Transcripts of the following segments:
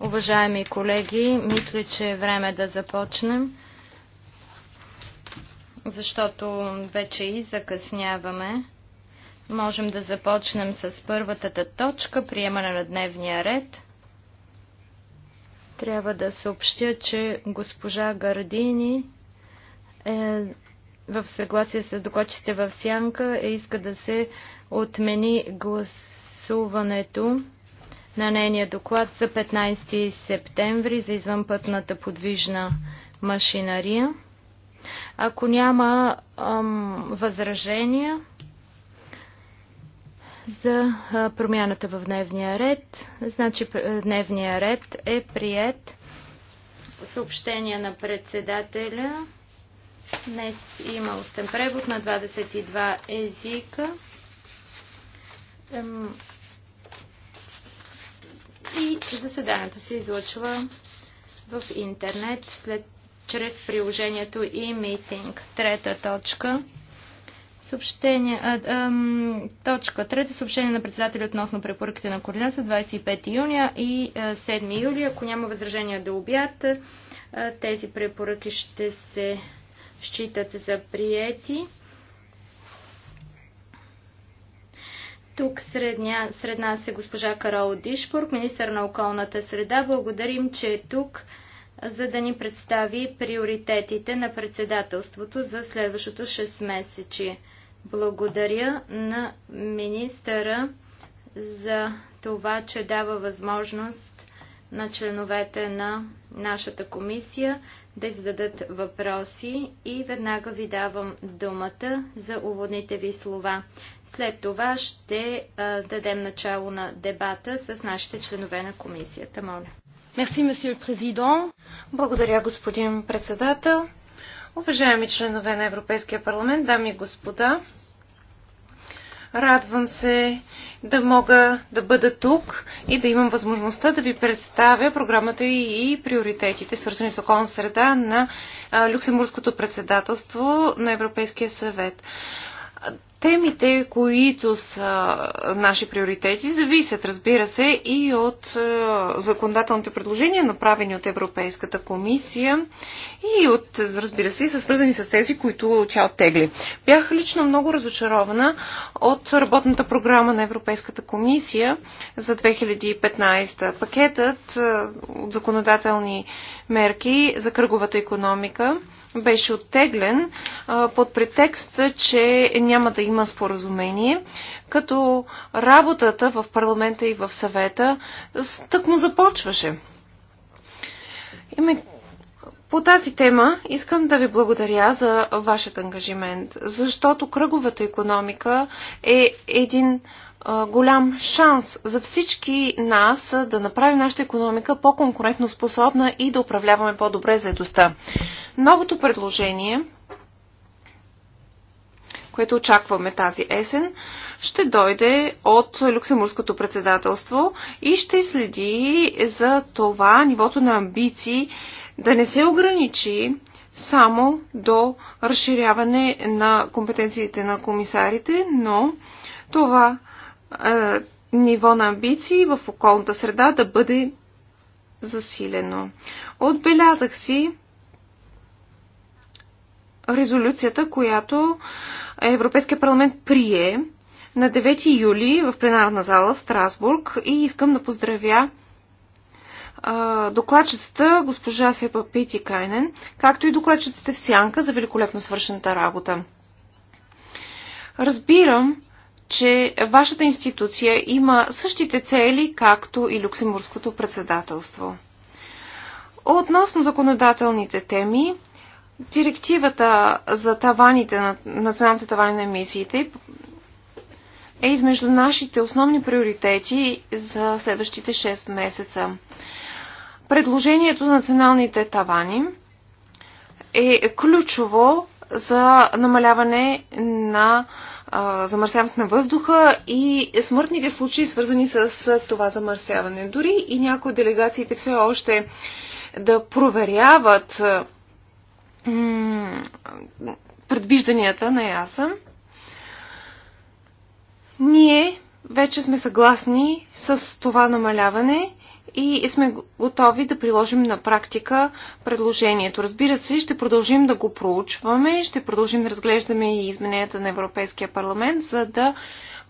Уважаеми колеги, мисля, че е време да започнем, защото вече и закъсняваме. Можем да започнем с първата точка, приемане на дневния ред. Трябва да съобщя, че госпожа Гардини е в съгласие с докладчите в Сянка е иска да се отмени гласуването на нейния доклад за 15 септември за извънпътната подвижна машинария. Ако няма ам, възражения за а, промяната в дневния ред, значи дневния ред е прият съобщение на председателя. Днес има устен превод на 22 езика. И заседанието се излъчва в интернет след, чрез приложението e-meeting. Трета точка. Съобщение, а, ам, точка. Трето съобщение на председателя относно препоръките на координация 25 юня и 7 юли. Ако няма възражения до да обяд, тези препоръки ще се считат за приети. Тук средня, сред нас е госпожа Карол Дишбург, министър на околната среда. Благодарим, че е тук, за да ни представи приоритетите на председателството за следващото 6 месечи. Благодаря на министъра за това, че дава възможност на членовете на нашата комисия да зададат въпроси и веднага ви давам думата за уводните ви слова. След това ще а, дадем начало на дебата с нашите членове на комисията. Моля. Мерси, месье президент. Благодаря, господин председател. Уважаеми членове на Европейския парламент, дами и господа, Радвам се да мога да бъда тук и да имам възможността да ви представя програмата и приоритетите, свързани с околна среда на Люксембургското председателство на Европейския съвет. Темите, които са наши приоритети, зависят, разбира се, и от е, законодателните предложения, направени от Европейската комисия и от, разбира се, и са свързани с тези, които тя оттегли. Бях лично много разочарована от работната програма на Европейската комисия за 2015. Пакетът е, от законодателни мерки за кръговата економика – беше оттеглен под претекст, че няма да има споразумение, като работата в парламента и в съвета тък му започваше. Име... По тази тема искам да ви благодаря за вашият ангажимент, защото кръговата економика е един голям шанс за всички нас да направим нашата економика по-конкурентно способна и да управляваме по-добре заедостта. Новото предложение, което очакваме тази есен, ще дойде от Люксембургското председателство и ще следи за това нивото на амбиции да не се ограничи само до разширяване на компетенциите на комисарите, но това ниво на амбиции в околната среда да бъде засилено. Отбелязах си резолюцията, която Европейския парламент прие на 9 юли в пленарна зала в Страсбург и искам да поздравя докладчицата госпожа Сепа Пити Кайнен, както и докладчицата в Сянка за великолепно свършената работа. Разбирам, че вашата институция има същите цели, както и Люксембургското председателство. Относно законодателните теми, директивата за таваните на националните тавани на емисиите е измежду нашите основни приоритети за следващите 6 месеца. Предложението за националните тавани е ключово за намаляване на замърсяването на въздуха и смъртните случаи, свързани с това замърсяване. Дори и някои от делегациите все още да проверяват предвижданията на ЯСА, ние вече сме съгласни с това намаляване и сме готови да приложим на практика предложението. Разбира се, ще продължим да го проучваме, ще продължим да разглеждаме и измененията на Европейския парламент, за да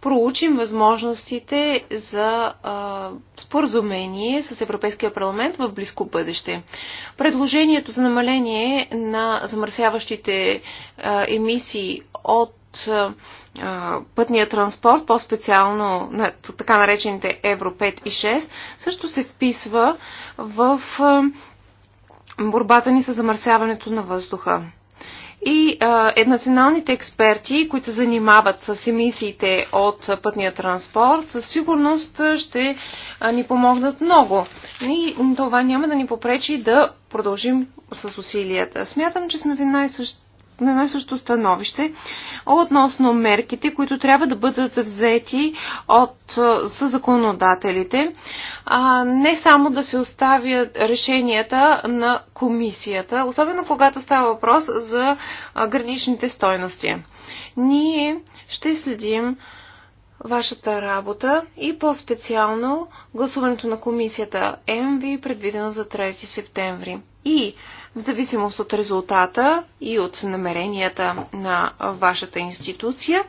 проучим възможностите за а, споразумение с Европейския парламент в близко бъдеще. Предложението за намаление на замърсяващите а, емисии от пътния транспорт, по-специално на така наречените Евро 5 и 6, също се вписва в борбата ни с замърсяването на въздуха. И е, националните експерти, които се занимават с емисиите от пътния транспорт, със сигурност ще ни помогнат много. И това няма да ни попречи да продължим с усилията. Смятам, че сме в една и съща на едно и също становище относно мерките, които трябва да бъдат взети от със законодателите, а не само да се оставят решенията на комисията, особено когато става въпрос за граничните стойности. Ние ще следим вашата работа и по-специално гласуването на комисията МВ, предвидено за 3 септември. И в зависимост от резултата и от намеренията на вашата институция.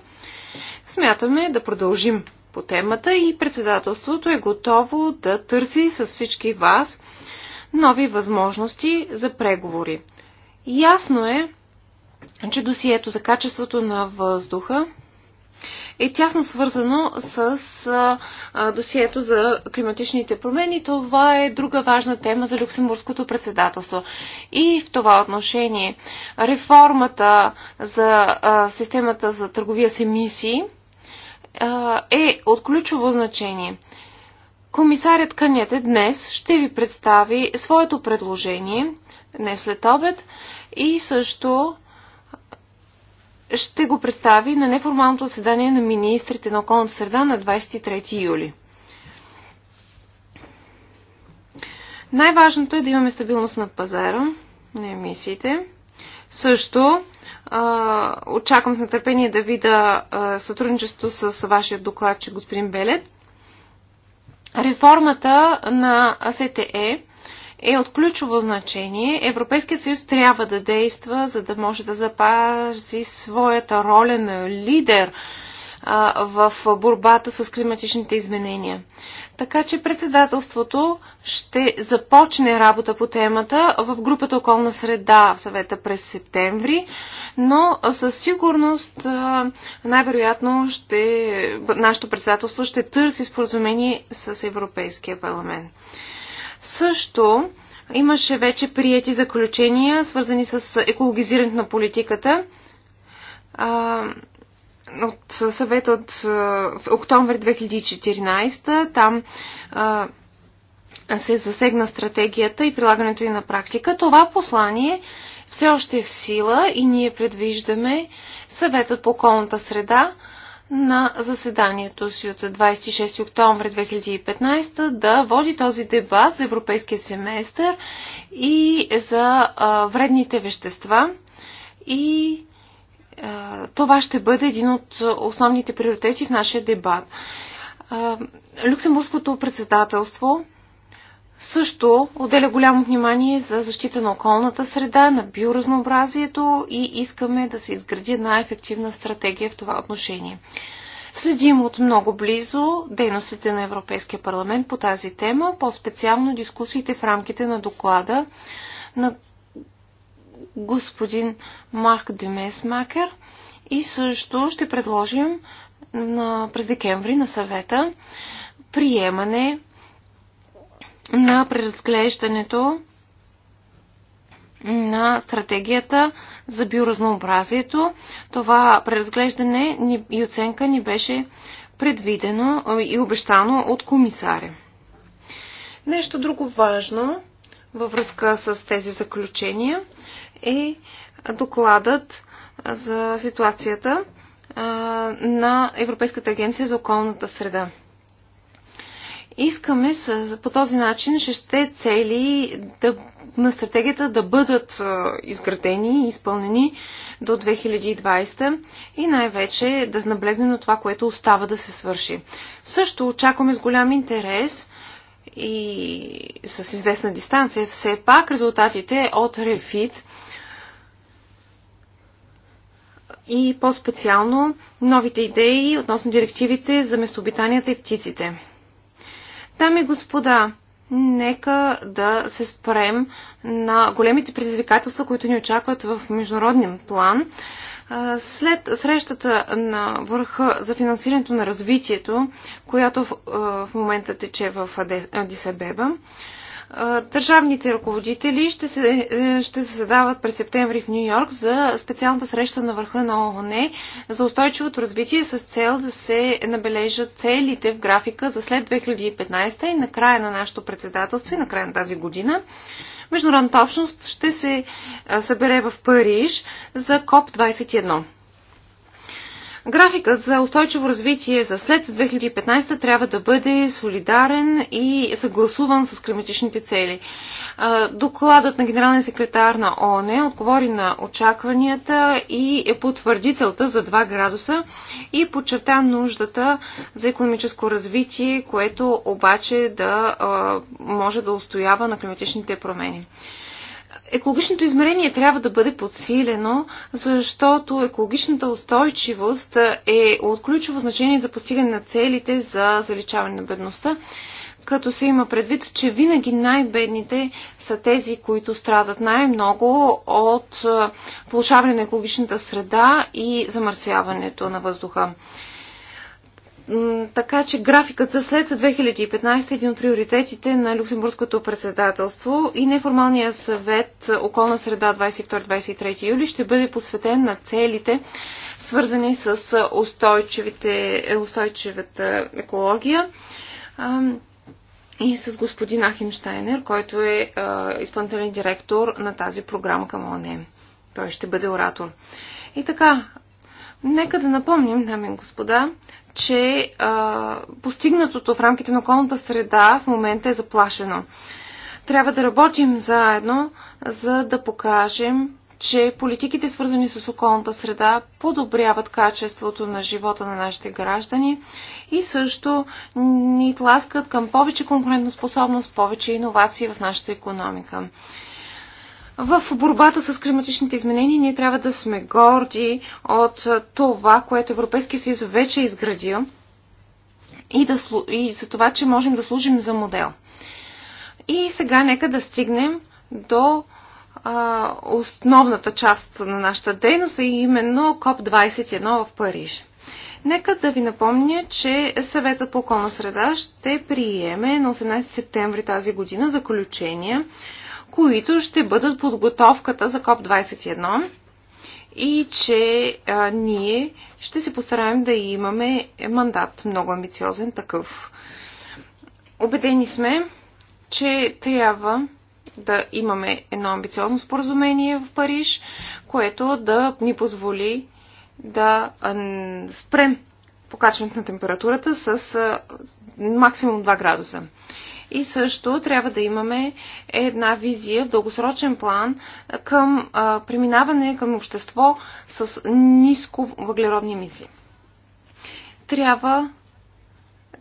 Смятаме да продължим по темата и председателството е готово да търси с всички вас нови възможности за преговори. Ясно е, че досието за качеството на въздуха е тясно свързано с досието за климатичните промени. Това е друга важна тема за Люксембургското председателство. И в това отношение реформата за системата за търговия с емисии е от ключово значение. Комисарят Каняте днес ще ви представи своето предложение днес след обед и също ще го представи на неформалното заседание на министрите на околната среда на 23 юли. Най-важното е да имаме стабилност на пазара на емисиите. Също очаквам с нетърпение да вида сътрудничество с вашия докладчик господин Белет. Реформата на СТЕ е от ключово значение. Европейският съюз трябва да действа, за да може да запази своята роля на лидер в борбата с климатичните изменения. Така че председателството ще започне работа по темата в групата околна среда в съвета през септември, но със сигурност най-вероятно ще, нашето председателство ще търси споразумение с Европейския парламент. Също имаше вече прияти заключения, свързани с екологизирането на политиката а, от съвета от а, октомври 2014. Там а, се засегна стратегията и прилагането и на практика. Това послание е все още е в сила и ние предвиждаме съветът по околната среда на заседанието си от 26 октомври 2015 да води този дебат за европейския семестър и за а, вредните вещества. И а, това ще бъде един от основните приоритети в нашия дебат. А, Люксембургското председателство също отделя голямо внимание за защита на околната среда, на биоразнообразието и искаме да се изгради една ефективна стратегия в това отношение. Следим от много близо дейностите на Европейския парламент по тази тема, по-специално дискусиите в рамките на доклада на господин Марк Демесмакер и също ще предложим на, през декември на съвета приемане на преразглеждането на стратегията за биоразнообразието. Това преразглеждане и оценка ни беше предвидено и обещано от комисаря. Нещо друго важно във връзка с тези заключения е докладът за ситуацията на Европейската агенция за околната среда. Искаме с, по този начин шесте цели да, на стратегията да бъдат изградени и изпълнени до 2020 и най-вече да наблегне на това, което остава да се свърши. Също очакваме с голям интерес и с известна дистанция все пак резултатите от Refit и по-специално новите идеи относно директивите за местообитанията и птиците. Дами и господа, нека да се спрем на големите предизвикателства, които ни очакват в международен план. След срещата на върха за финансирането на развитието, която в момента тече в Адисабеба, Адис Държавните ръководители ще се, е, ще се задават през септември в Нью Йорк за специалната среща на върха на ООН за устойчивото развитие с цел да се набележат целите в графика за след 2015 и на края на нашето председателство и на края на тази година. Международната общност ще се събере в Париж за КОП 21. Графикът за устойчиво развитие за след 2015 трябва да бъде солидарен и съгласуван с климатичните цели. Докладът на генералния секретар на ООН отговори на очакванията и е потвърди целта за 2 градуса и подчерта нуждата за економическо развитие, което обаче да може да устоява на климатичните промени екологичното измерение трябва да бъде подсилено, защото екологичната устойчивост е от ключово значение за постигане на целите за заличаване на бедността, като се има предвид, че винаги най-бедните са тези, които страдат най-много от влушаване на екологичната среда и замърсяването на въздуха така че графикът за след 2015 е един от приоритетите на Люксембургското председателство и неформалния съвет околна среда 22-23 юли ще бъде посветен на целите, свързани с е, устойчивата екология и с господин Ахимштайнер, който е изпълнителен директор на тази програма към ОНЕ. Той ще бъде оратор. И така, Нека да напомним, дами и господа, че а, постигнатото в рамките на околната среда в момента е заплашено. Трябва да работим заедно, за да покажем, че политиките, свързани с околната среда, подобряват качеството на живота на нашите граждани и също ни тласкат към повече конкурентоспособност, повече иновации в нашата економика. В борбата с климатичните изменения ние трябва да сме горди от това, което Европейския съюз вече е изградил и, да, и за това, че можем да служим за модел. И сега нека да стигнем до а, основната част на нашата дейност, а именно КОП-21 в Париж. Нека да ви напомня, че съветът по околна среда ще приеме на 18 септември тази година заключения които ще бъдат подготовката за КОП-21 и че а, ние ще се постараем да имаме мандат, много амбициозен такъв. Обедени сме, че трябва да имаме едно амбициозно споразумение в Париж, което да ни позволи да спрем покачването на температурата с максимум 2 градуса. И също трябва да имаме една визия в дългосрочен план към а, преминаване към общество с ниско въглеродни емисии. Трябва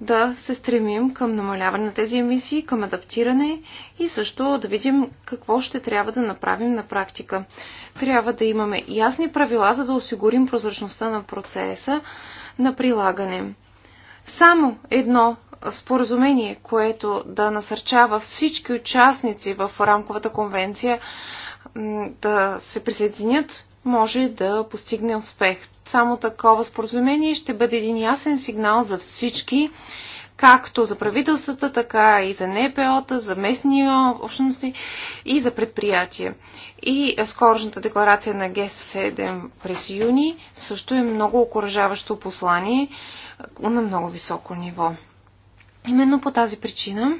да се стремим към намаляване на тези емисии, към адаптиране и също да видим какво ще трябва да направим на практика. Трябва да имаме ясни правила, за да осигурим прозрачността на процеса на прилагане. Само едно споразумение, което да насърчава всички участници в рамковата конвенция да се присъединят, може да постигне успех. Само такова споразумение ще бъде един ясен сигнал за всички, както за правителствата, така и за НПО-та, за местни общности и за предприятия. И скорошната декларация на Г7 през юни също е много окоръжаващо послание на много високо ниво. Именно по тази причина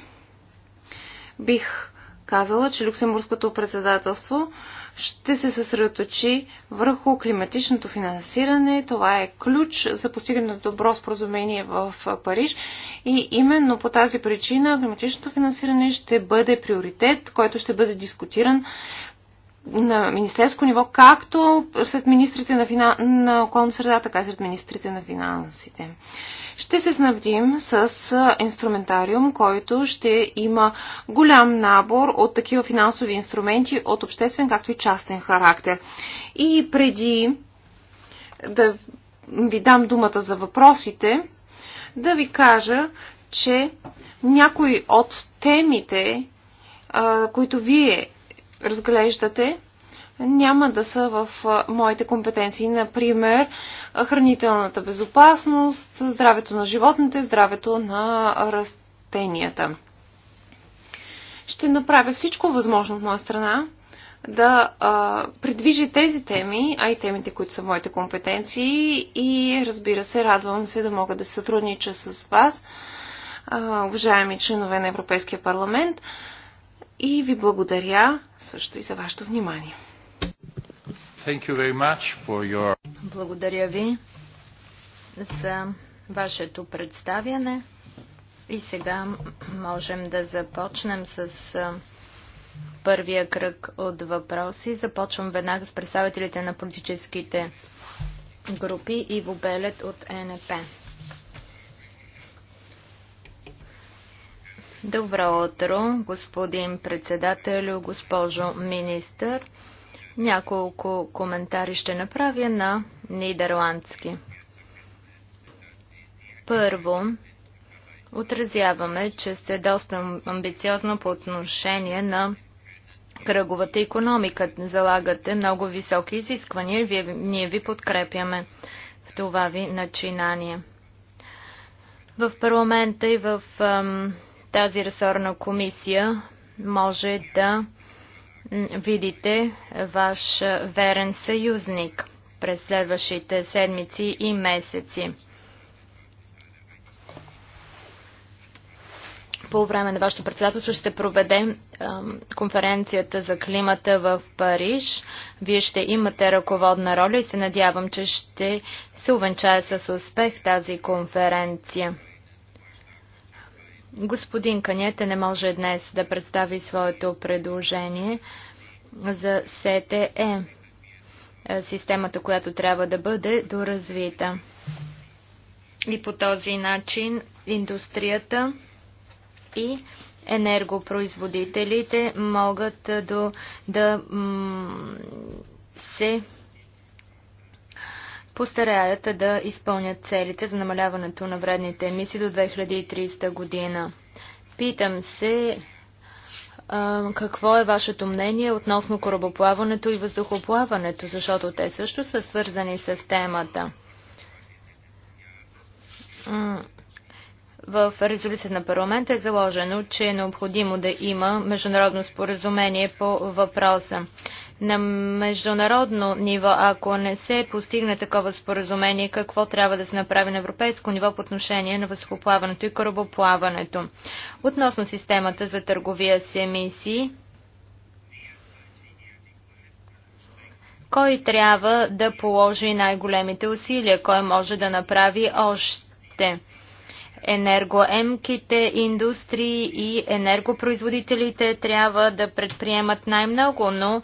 бих казала, че Люксембургското председателство ще се съсредоточи върху климатичното финансиране. Това е ключ за постигане на добро споразумение в Париж. И именно по тази причина климатичното финансиране ще бъде приоритет, който ще бъде дискутиран на министерско ниво, както сред министрите на, финан... на околна среда, така и сред министрите на финансите. Ще се снабдим с инструментариум, който ще има голям набор от такива финансови инструменти от обществен, както и частен характер. И преди да ви дам думата за въпросите, да ви кажа, че някои от темите, които вие разглеждате, няма да са в моите компетенции. Например, хранителната безопасност, здравето на животните, здравето на растенията. Ще направя всичко възможно от моя страна да а, предвижи тези теми, а и темите, които са моите компетенции и разбира се, радвам се да мога да се сътруднича с вас, а, уважаеми членове на Европейския парламент и ви благодаря също и за вашето внимание. Thank you very much for your... Благодаря ви за вашето представяне. И сега можем да започнем с първия кръг от въпроси. Започвам веднага с представителите на политическите групи и Вобелет от НП. Добро утро, господин председател, госпожо министър. Няколко коментари ще направя на нидерландски. Първо, отразяваме, че сте доста амбициозно по отношение на кръговата економика. Залагате много високи изисквания и вие, ние ви подкрепяме в това ви начинание. В парламента и в ам, тази ресорна комисия може да видите ваш верен съюзник през следващите седмици и месеци. По време на вашето председателство ще проведе конференцията за климата в Париж. Вие ще имате ръководна роля и се надявам, че ще се увенчае с успех тази конференция. Господин Канете не може днес да представи своето предложение за СТЕ, е, системата, която трябва да бъде доразвита. И по този начин индустрията и енергопроизводителите могат да, да се постараят да изпълнят целите за намаляването на вредните емисии до 2030 година. Питам се какво е вашето мнение относно корабоплаването и въздухоплаването, защото те също са свързани с темата. В резолюция на парламента е заложено, че е необходимо да има международно споразумение по въпроса на международно ниво, ако не се постигне такова споразумение, какво трябва да се направи на европейско ниво по отношение на възхоплаването и корабоплаването. Относно системата за търговия с емисии, кой трябва да положи най-големите усилия, кой може да направи още. Енергоемките индустрии и енергопроизводителите трябва да предприемат най-много, но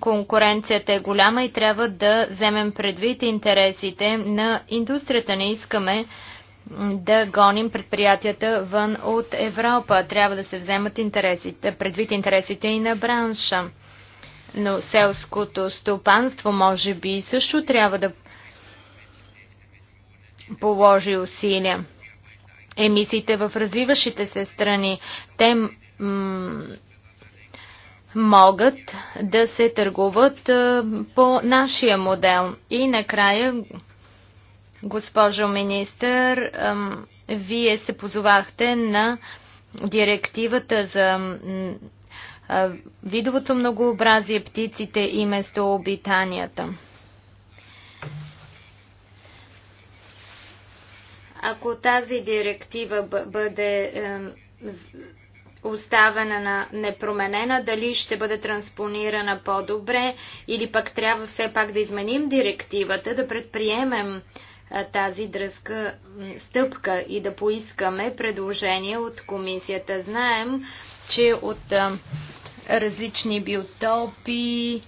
конкуренцията е голяма и трябва да вземем предвид интересите на индустрията. Не искаме да гоним предприятията вън от Европа. Трябва да се вземат интересите, предвид интересите и на бранша. Но селското стопанство може би също трябва да положи усилия. Емисиите в развиващите се страни, те могат да се търгуват по нашия модел. И накрая, госпожо министър, вие се позовахте на директивата за видовото многообразие, птиците и местообитанията. Ако тази директива бъде оставена непроменена, дали ще бъде транспонирана по-добре или пък трябва все пак да изменим директивата, да предприемем тази дръзка стъпка и да поискаме предложение от комисията. Знаем, че от различни биотопи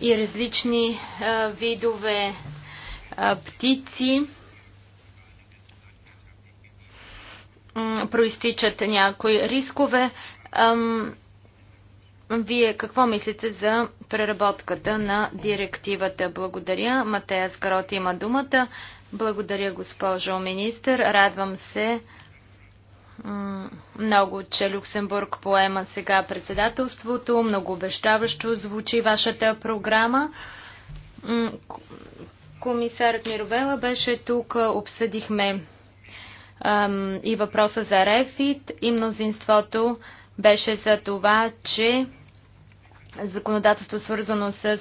и различни видове птици проистичат някои рискове. Вие какво мислите за преработката на директивата? Благодаря. Матея Скарот има думата. Благодаря, госпожо министър. Радвам се много, че Люксембург поема сега председателството. Много обещаващо звучи вашата програма. Комисарът Мировела беше тук. Обсъдихме и въпроса за Рефит и мнозинството беше за това, че законодателство свързано с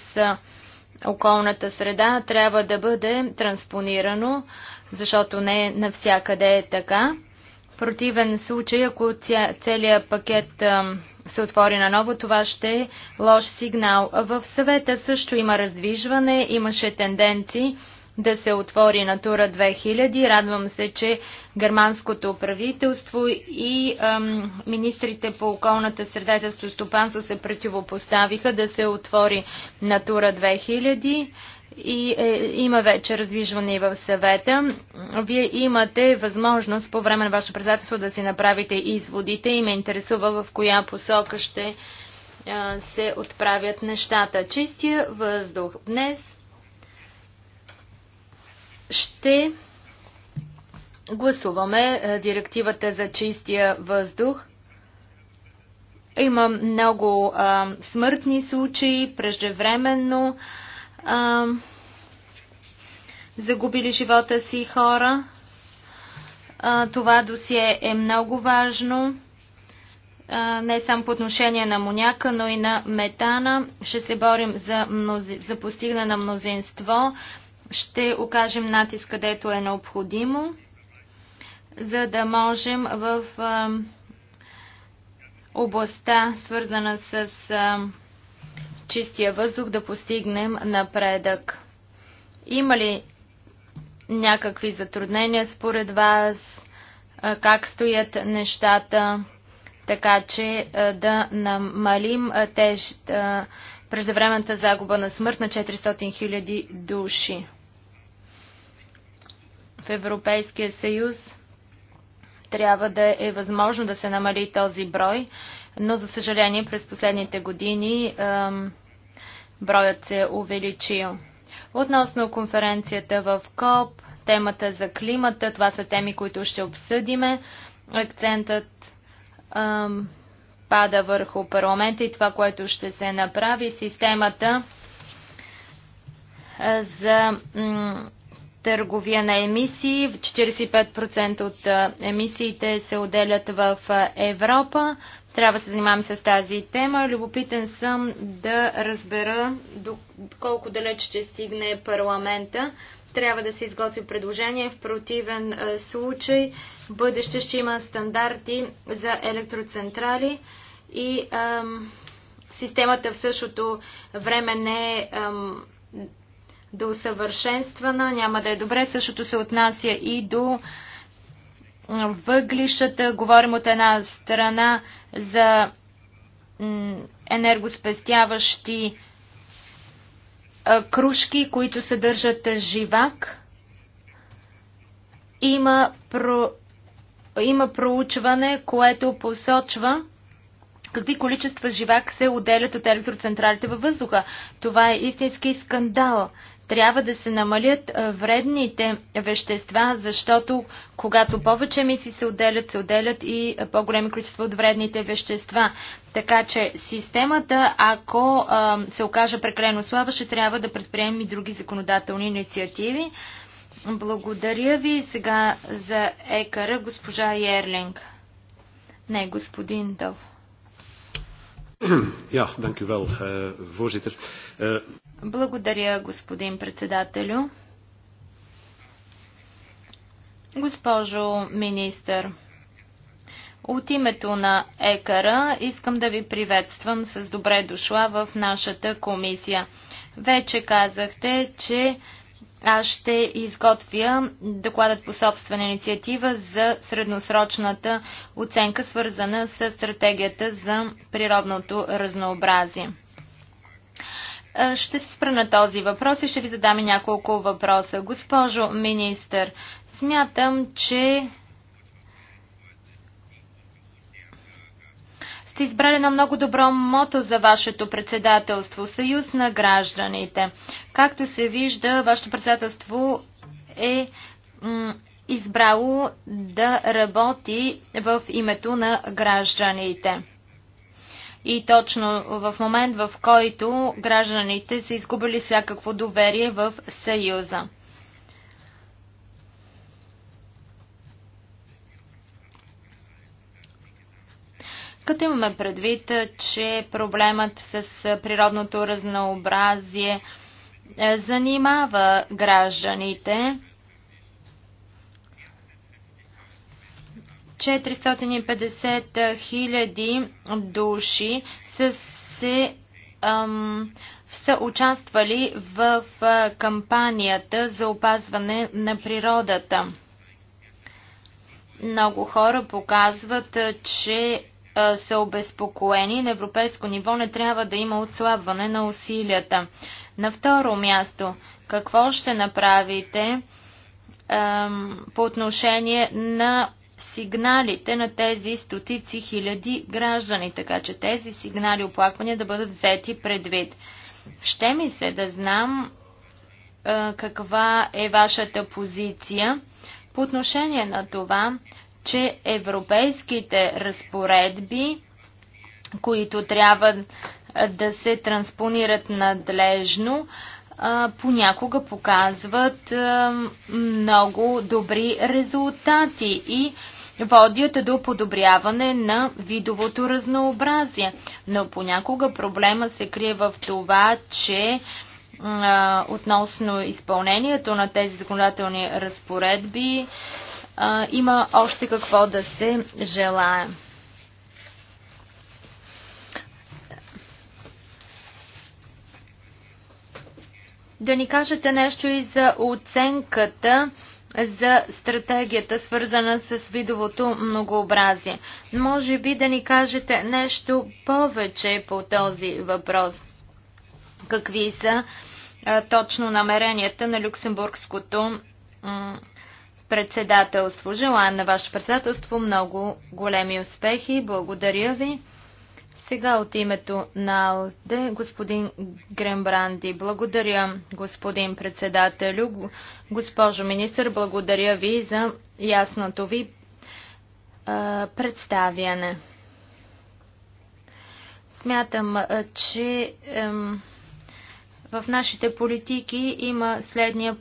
околната среда трябва да бъде транспонирано, защото не навсякъде е така. В противен случай, ако целият пакет се отвори на ново, това ще е лош сигнал. В съвета също има раздвижване, имаше тенденции да се отвори Натура 2000. Радвам се, че германското правителство и ам, министрите по околната среда и стопанство се противопоставиха да се отвори Натура 2000 и е, има вече раздвижване и в съвета. Вие имате възможност по време на ваше председателство да си направите изводите и ме интересува в коя посока ще е, се отправят нещата. Чистия въздух. Днес ще гласуваме е, директивата за чистия въздух. Има много а, смъртни случаи, преждевременно а, загубили живота си хора. А, това досие е много важно, а, не само по отношение на моняка, но и на метана. Ще се борим за, мнози... за постигане на мнозинство ще окажем натиск където е необходимо, за да можем в областта, свързана с чистия въздух, да постигнем напредък. Има ли някакви затруднения според вас? Как стоят нещата? Така че да намалим теж, преждевременната загуба на смърт на 400 000 души. В Европейския съюз трябва да е възможно да се намали този брой, но за съжаление през последните години ем, броят се е увеличил. Относно конференцията в КОП, темата за климата, това са теми, които ще обсъдиме. Акцентът ем, пада върху парламента и това, което ще се направи. Системата за търговия на емисии. 45% от емисиите се отделят в Европа. Трябва да се занимавам с тази тема. Любопитен съм да разбера колко далеч ще стигне парламента. Трябва да се изготви предложение. В противен случай бъдеще ще има стандарти за електроцентрали и ам, системата в същото време не е ам, до усъвършенствана, няма да е добре. Същото се отнася и до въглищата. Говорим от една страна за енергоспестяващи кружки, които съдържат живак. Има, про... има проучване, което посочва, какви количества живак се отделят от електроцентралите във въздуха. Това е истински скандал. Трябва да се намалят вредните вещества, защото когато повече емисии се отделят, се отделят и по-големи количества от вредните вещества. Така че системата, ако се окаже прекалено слаба, ще трябва да предприемем и други законодателни инициативи. Благодаря ви сега за екара госпожа Ерлинг. Не, господин Дов. Eh, eh, Благодаря, господин председателю. Госпожо министър, от името на ЕКАРА искам да ви приветствам с добре дошла в нашата комисия. Вече казахте, че аз ще изготвя докладът по собствена инициатива за средносрочната оценка, свързана с стратегията за природното разнообразие. Ще се спра на този въпрос и ще ви задам няколко въпроса. Госпожо министър, смятам, че сте избрали едно много добро мото за вашето председателство – Съюз на гражданите. Както се вижда, вашето председателство е избрало да работи в името на гражданите. И точно в момент, в който гражданите са изгубили всякакво доверие в Съюза. Като имаме предвид, че проблемът с природното разнообразие занимава гражданите, 450 хиляди души са се ам, са участвали в кампанията за опазване на природата. Много хора показват, че са обезпокоени. На европейско ниво не трябва да има отслабване на усилията. На второ място, какво ще направите ем, по отношение на сигналите на тези стотици хиляди граждани, така че тези сигнали оплаквания да бъдат взети предвид. Ще ми се да знам е, каква е вашата позиция по отношение на това, че европейските разпоредби, които трябва да се транспонират надлежно, понякога показват много добри резултати и водят до подобряване на видовото разнообразие. Но понякога проблема се крие в това, че относно изпълнението на тези законодателни разпоредби а, има още какво да се желая. Да ни кажете нещо и за оценката за стратегията, свързана с видовото многообразие. Може би да ни кажете нещо повече по този въпрос. Какви са а, точно намеренията на Люксембургското председателство. Желаем на ваше председателство много големи успехи. Благодаря ви. Сега от името на АЛДЕ, господин Грембранди. Благодаря, господин председателю. Госпожо министр, благодаря ви за ясното ви а, представяне. Смятам, а, че... Ам, в нашите политики има следния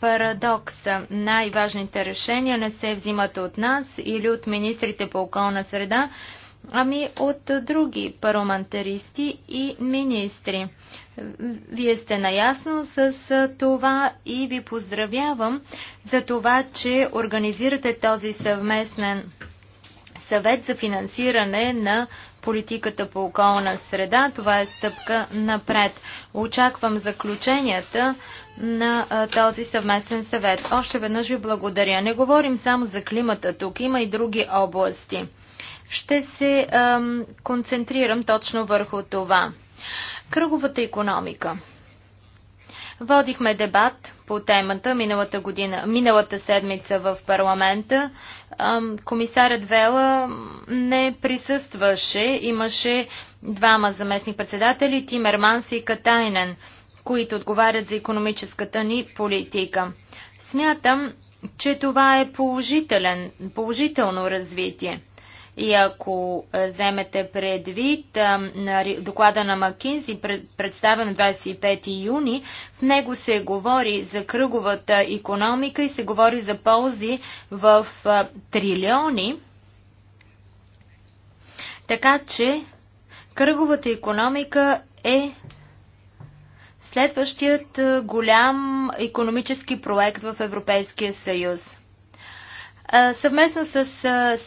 парадокс. Най-важните решения не се взимат от нас или от министрите по околна среда, ами от други парламентаристи и министри. Вие сте наясно с това и ви поздравявам за това, че организирате този съвместен съвет за финансиране на политиката по околна среда. Това е стъпка напред. Очаквам заключенията на този съвместен съвет. Още веднъж ви благодаря. Не говорим само за климата тук, има и други области. Ще се ем, концентрирам точно върху това. Кръговата економика. Водихме дебат по темата миналата, година, миналата седмица в парламента. Комисарът Вела не присъстваше. Имаше двама заместник-председатели, Тимерманс и Катайнен, които отговарят за економическата ни политика. Смятам, че това е положителен, положително развитие. И ако е, вземете предвид е, доклада на Макинзи, представен на 25 юни, в него се говори за кръговата економика и се говори за ползи в е, трилиони. Така че кръговата економика е следващият голям економически проект в Европейския съюз съвместно с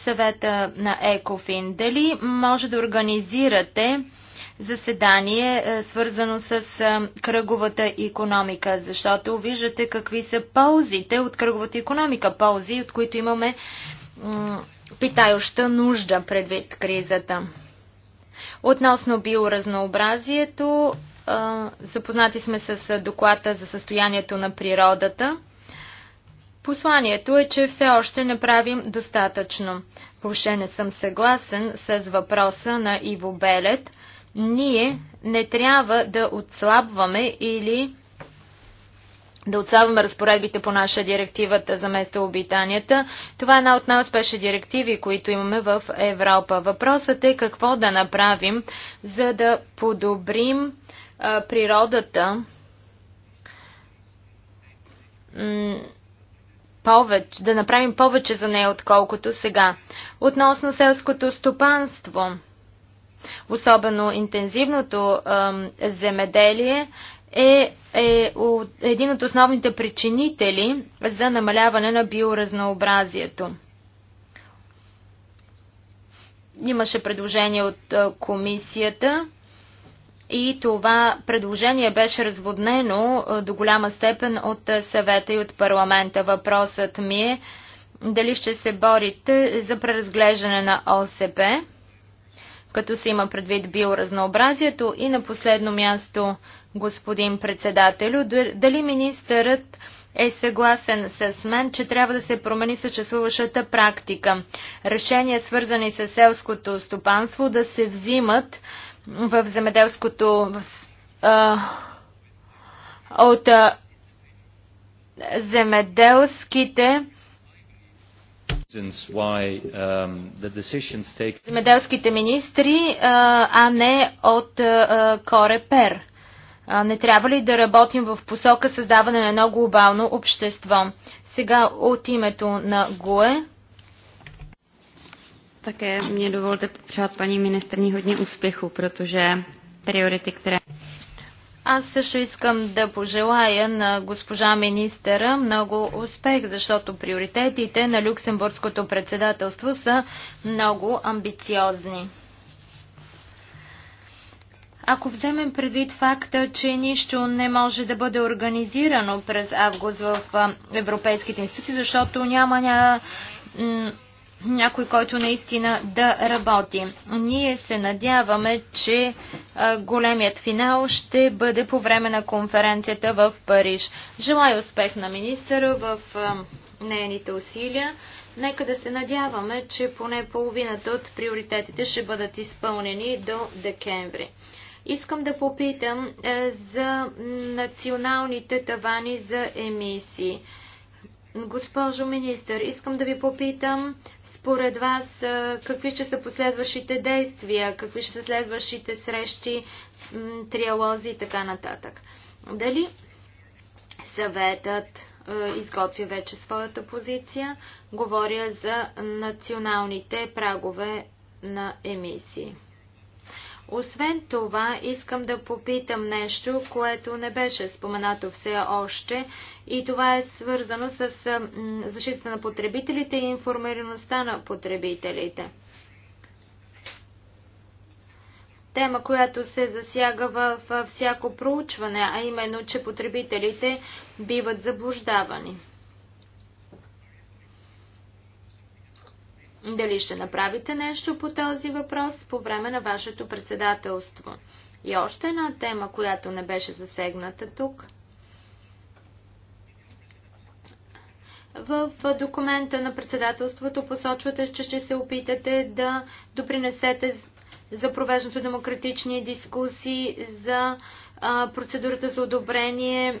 съвета на ЕКОФИН, дали може да организирате заседание, свързано с кръговата економика, защото виждате какви са ползите от кръговата економика, ползи, от които имаме питающа нужда предвид кризата. Относно биоразнообразието, запознати сме с доклада за състоянието на природата – Посланието е, че все още не правим достатъчно. Въобще не съм съгласен с въпроса на Иво Белет. Ние не трябва да отслабваме или да отслабваме разпоредбите по наша директивата за местообитанията. Това е една от най-успешни директиви, които имаме в Европа. Въпросът е какво да направим, за да подобрим а, природата повече, да направим повече за нея, отколкото сега. Относно селското стопанство, особено интензивното е, земеделие, е, е от, един от основните причинители за намаляване на биоразнообразието. Имаше предложение от е, комисията и това предложение беше разводнено до голяма степен от съвета и от парламента. Въпросът ми е дали ще се борите за преразглеждане на ОСП, като се има предвид биоразнообразието. И на последно място, господин председателю, дали министърът е съгласен с мен, че трябва да се промени съществуващата практика. Решения, свързани с селското стопанство, да се взимат в земеделското а, от а, земеделските um, земеделските министри, а не от Корепер. Не трябва ли да работим в посока създаване на едно глобално общество? Сега от името на ГУЕ Také mě dovolte popřát paní ministrní hodně úspěchu, protože priority, které... Аз също искам да пожелая на госпожа министъра много успех, защото приоритетите на Люксембургското председателство са много амбициозни. Ако вземем предвид факта, че нищо не може да бъде организирано през август в европейските институции, защото няма, няма някой, който наистина да работи. Ние се надяваме, че големият финал ще бъде по време на конференцията в Париж. Желая успех на министъра в нейните усилия. Нека да се надяваме, че поне половината от приоритетите ще бъдат изпълнени до декември. Искам да попитам е, за националните тавани за емисии. Госпожо министър, искам да ви попитам според вас какви ще са последващите действия, какви ще са следващите срещи, триалози и така нататък. Дали съветът изготвя вече своята позиция? Говоря за националните прагове на емисии. Освен това, искам да попитам нещо, което не беше споменато все още и това е свързано с защита на потребителите и информираността на потребителите. Тема, която се засяга във всяко проучване, а именно, че потребителите биват заблуждавани. Дали ще направите нещо по този въпрос по време на вашето председателство? И още една тема, която не беше засегната тук. В документа на председателството посочвате, че ще се опитате да допринесете за провеждането демократични дискусии, за процедурата за одобрение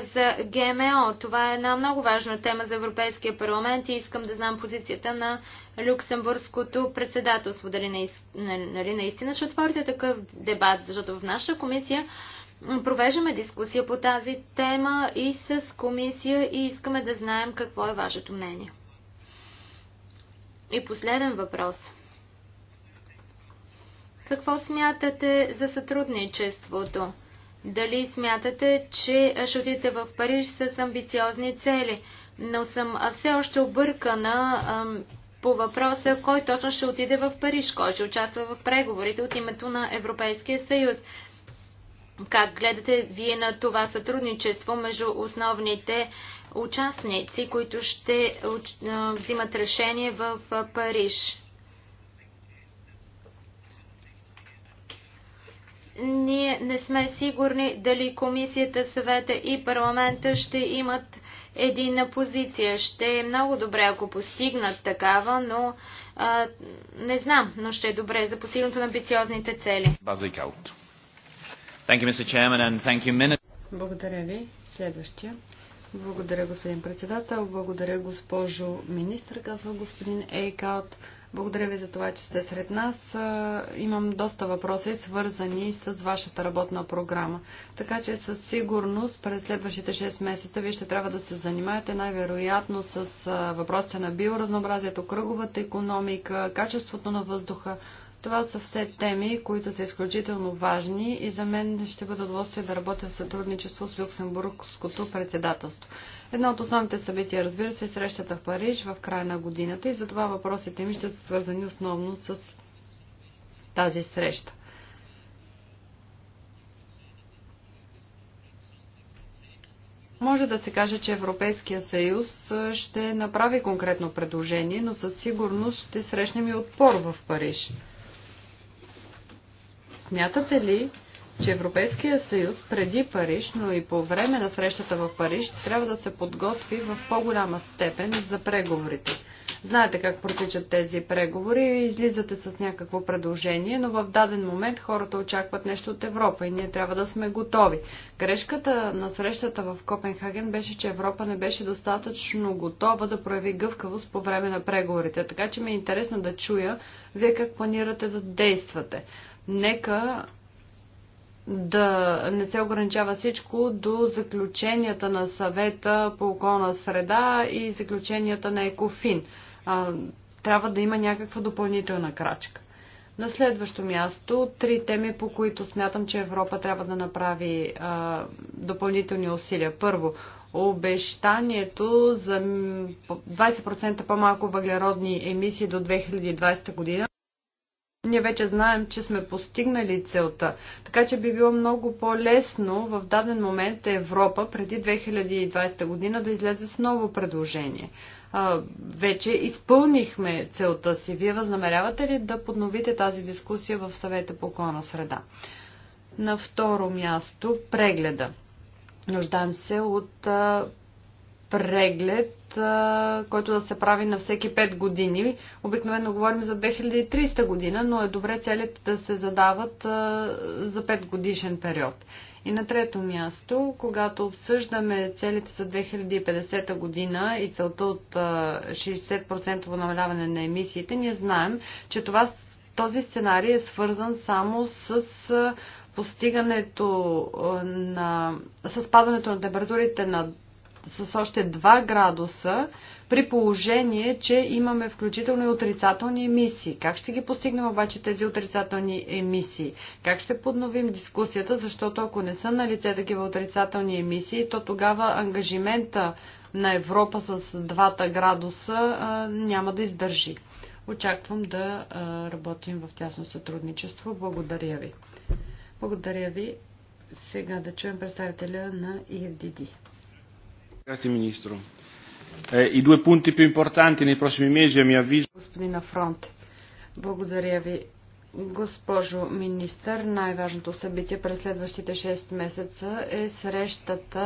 за ГМО. Това е една много важна тема за Европейския парламент и искам да знам позицията на Люксембургското председателство. Дали, нали наистина ще отворите такъв дебат, защото в нашата комисия провеждаме дискусия по тази тема и с комисия и искаме да знаем какво е вашето мнение. И последен въпрос. Какво смятате за сътрудничеството? Дали смятате, че ще отидете в Париж с амбициозни цели? Но съм все още объркана ам, по въпроса кой точно ще отиде в Париж, кой ще участва в преговорите от името на Европейския съюз. Как гледате вие на това сътрудничество между основните участници, които ще взимат решение в Париж? ние не сме сигурни дали комисията, съвета и парламента ще имат единна позиция. Ще е много добре, ако постигнат такава, но а, не знам, но ще е добре за постигнато на амбициозните цели. Благодаря ви. Следващия. Благодаря, господин председател. Благодаря, госпожо министър, казва господин Ейкаут. Благодаря ви за това, че сте сред нас. Имам доста въпроси, свързани с вашата работна програма. Така че със сигурност през следващите 6 месеца вие ще трябва да се занимаете най-вероятно с въпросите на биоразнообразието, кръговата економика, качеството на въздуха, това са все теми, които са изключително важни и за мен ще бъде удоволствие да работя в сътрудничество с Люксембургското председателство. Едно от основните събития, разбира се, е срещата в Париж в края на годината и затова въпросите ми ще са свързани основно с тази среща. Може да се каже, че Европейския съюз ще направи конкретно предложение, но със сигурност ще срещнем и отпор в Париж. Смятате ли, че Европейския съюз преди Париж, но и по време на срещата в Париж, трябва да се подготви в по-голяма степен за преговорите? Знаете как протичат тези преговори, излизате с някакво предложение, но в даден момент хората очакват нещо от Европа и ние трябва да сме готови. Грешката на срещата в Копенхаген беше, че Европа не беше достатъчно готова да прояви гъвкавост по време на преговорите. Така че ми е интересно да чуя вие как планирате да действате. Нека да не се ограничава всичко до заключенията на съвета по околна среда и заключенията на Екофин. трябва да има някаква допълнителна крачка. На следващо място, три теми, по които смятам, че Европа трябва да направи а, допълнителни усилия. Първо, обещанието за 20% по-малко въглеродни емисии до 2020 година ние вече знаем, че сме постигнали целта. Така че би било много по-лесно в даден момент Европа преди 2020 година да излезе с ново предложение. А, вече изпълнихме целта си. Вие възнамерявате ли да подновите тази дискусия в съвета по околна среда? На второ място прегледа. Нуждаем се от а, преглед който да се прави на всеки 5 години. Обикновено говорим за 2300 година, но е добре целите да се задават за 5 годишен период. И на трето място, когато обсъждаме целите за 2050 година и целта от 60% намаляване на емисиите, ние знаем, че това, този сценарий е свързан само с постигането на, с падането на температурите на с още 2 градуса, при положение, че имаме включително и отрицателни емисии. Как ще ги постигнем обаче тези отрицателни емисии? Как ще подновим дискусията, защото ако не са на лице такива отрицателни емисии, то тогава ангажимента на Европа с 2 градуса а, няма да издържи. Очаквам да а, работим в тясно сътрудничество. Благодаря ви. Благодаря ви. Сега да чуем представителя на EFDD. Е Grazie, Ministro. Eh, I due punti più importanti nei prossimi mesi, a mio avviso... Господин Афронт, благодаря ви. Госпожо министър, най-важното събитие през следващите 6 месеца е срещата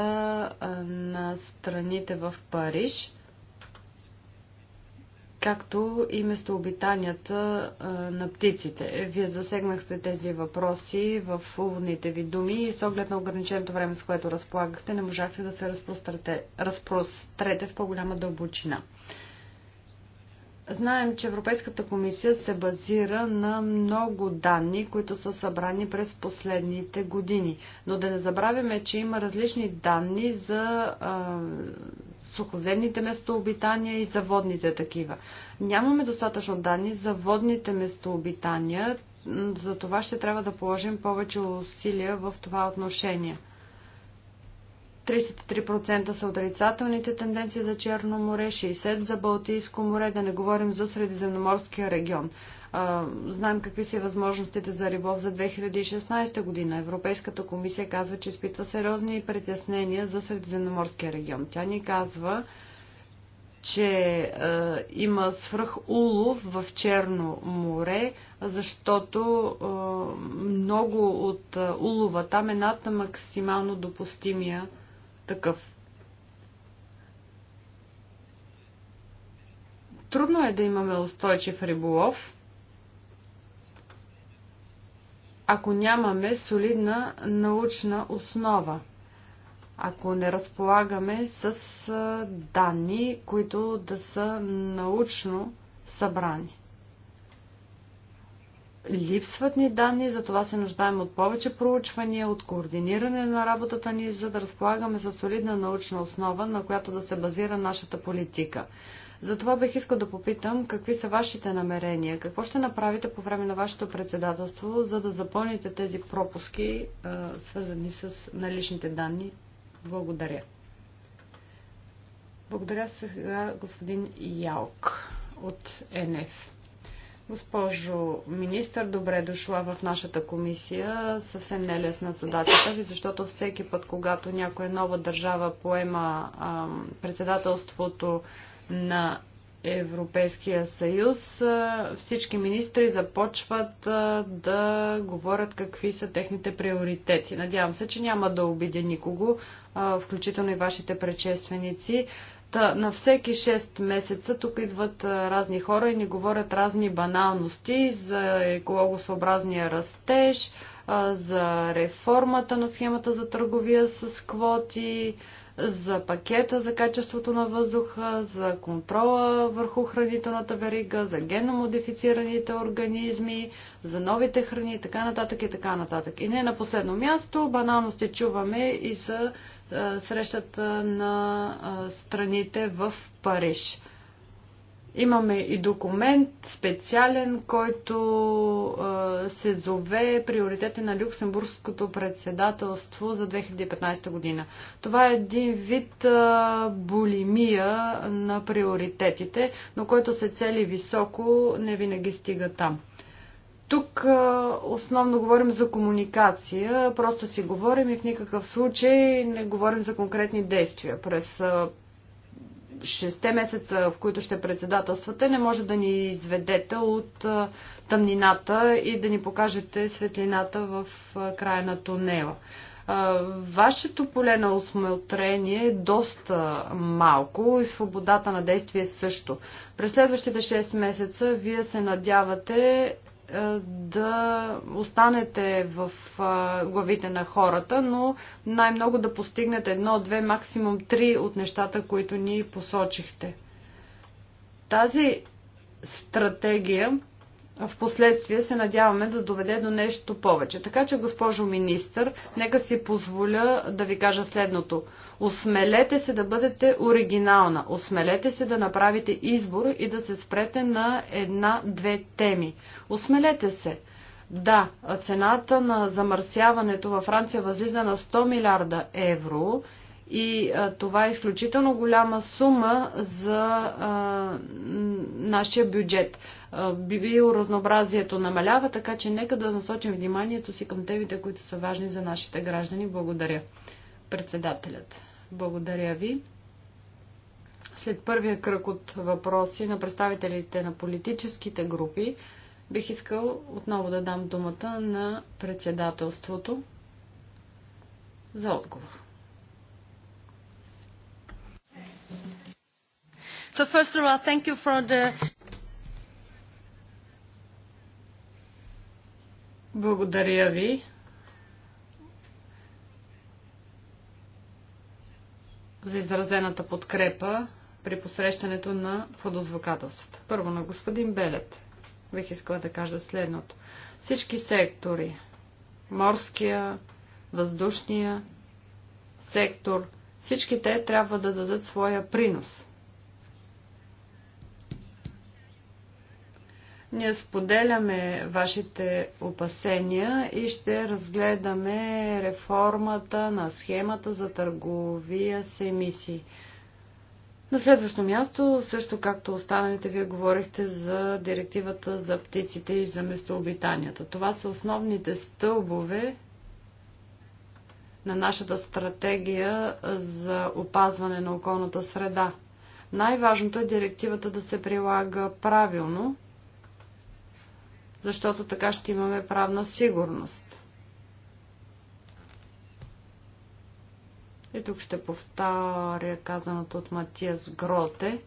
на страните в Париж – както и местообитанията на птиците. Вие засегнахте тези въпроси в уводните ви думи и с оглед на ограниченото време, с което разполагахте, не можахте да се разпрострете, разпрострете в по-голяма дълбочина. Знаем, че Европейската комисия се базира на много данни, които са събрани през последните години. Но да не забравяме, че има различни данни за а, сухоземните местообитания и за водните такива. Нямаме достатъчно данни за водните местообитания, за това ще трябва да положим повече усилия в това отношение. 33% са отрицателните тенденции за Черно море, 60% за Балтийско море, да не говорим за Средиземноморския регион. Знаем какви са възможностите за рибов за 2016 година. Европейската комисия казва, че изпитва сериозни притеснения за Средиземноморския регион. Тя ни казва, че е, има свръх улов в Черно море, защото е, много от е, улова там е над максимално допустимия такъв. Трудно е да имаме устойчив риболов ако нямаме солидна научна основа, ако не разполагаме с данни, които да са научно събрани. Липсват ни данни, затова се нуждаем от повече проучвания, от координиране на работата ни, за да разполагаме с солидна научна основа, на която да се базира нашата политика. Затова бих искал да попитам какви са вашите намерения, какво ще направите по време на вашето председателство, за да запълните тези пропуски, свързани с наличните данни. Благодаря. Благодаря сега господин Ялк от НФ. Госпожо министър, добре дошла в нашата комисия. Съвсем не лесна задачата ви, защото всеки път, когато някоя нова държава поема председателството на Европейския съюз, всички министри започват да говорят какви са техните приоритети. Надявам се, че няма да обидя никого, включително и вашите предшественици. Та, на всеки 6 месеца тук идват разни хора и ни говорят разни баналности за екологосъобразния растеж, за реформата на схемата за търговия с квоти, за пакета за качеството на въздуха, за контрола върху хранителната верига, за генномодифицираните организми, за новите храни и така нататък и така нататък. И не на последно място, банално сте чуваме и за е, срещата на е, страните в Париж. Имаме и документ специален, който е, се зове Приоритети на Люксембургското председателство за 2015 година. Това е един вид е, булимия на приоритетите, но който се цели високо, не винаги стига там. Тук основно говорим за комуникация, просто си говорим и в никакъв случай не говорим за конкретни действия. През шесте месеца, в които ще председателствате, не може да ни изведете от тъмнината и да ни покажете светлината в края на тунела. Вашето поле на осмотрение е доста малко и свободата на действие също. През следващите 6 месеца вие се надявате е, да останете в е, главите на хората, но най-много да постигнете едно, две, максимум три от нещата, които ни посочихте. Тази стратегия в последствие се надяваме да доведе до нещо повече. Така че, госпожо министър, нека си позволя да ви кажа следното. Осмелете се да бъдете оригинална. Осмелете се да направите избор и да се спрете на една-две теми. Осмелете се. Да, цената на замърсяването във Франция възлиза на 100 милиарда евро и а, това е изключително голяма сума за а, нашия бюджет. биоразнообразието намалява, така че нека да насочим вниманието си към темите, които са важни за нашите граждани. Благодаря. Председателят. Благодаря ви. След първия кръг от въпроси на представителите на политическите групи, бих искал отново да дам думата на председателството за отговор. So first of all, thank you for the... Благодаря ви. за изразената подкрепа при посрещането на подозвукателствата. Първо на господин Белет бих искала да кажа следното. Всички сектори, морския, въздушния сектор, всички те трябва да дадат своя принос – Ние споделяме вашите опасения и ще разгледаме реформата на схемата за търговия с емисии. На следващо място, също както останалите, вие говорихте за директивата за птиците и за местообитанията. Това са основните стълбове на нашата стратегия за опазване на околната среда. Най-важното е директивата да се прилага правилно – защото така ще имаме правна сигурност. И тук ще повторя казаното от Матиас Гроте.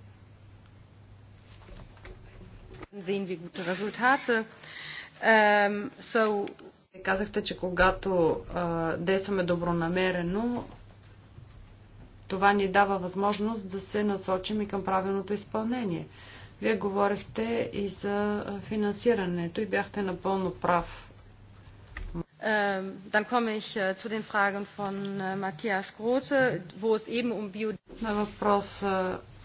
Sehen wir gute Resultate. Um, so... Казахте, че когато uh, действаме добронамерено, това ни дава възможност да се насочим и към правилното изпълнение. Uh, вие говорихте и за финансирането и бяхте напълно прав. Dann komme ich е, zu den Fragen von е, Matthias Grote, wo es eben um Bio... На въпрос е,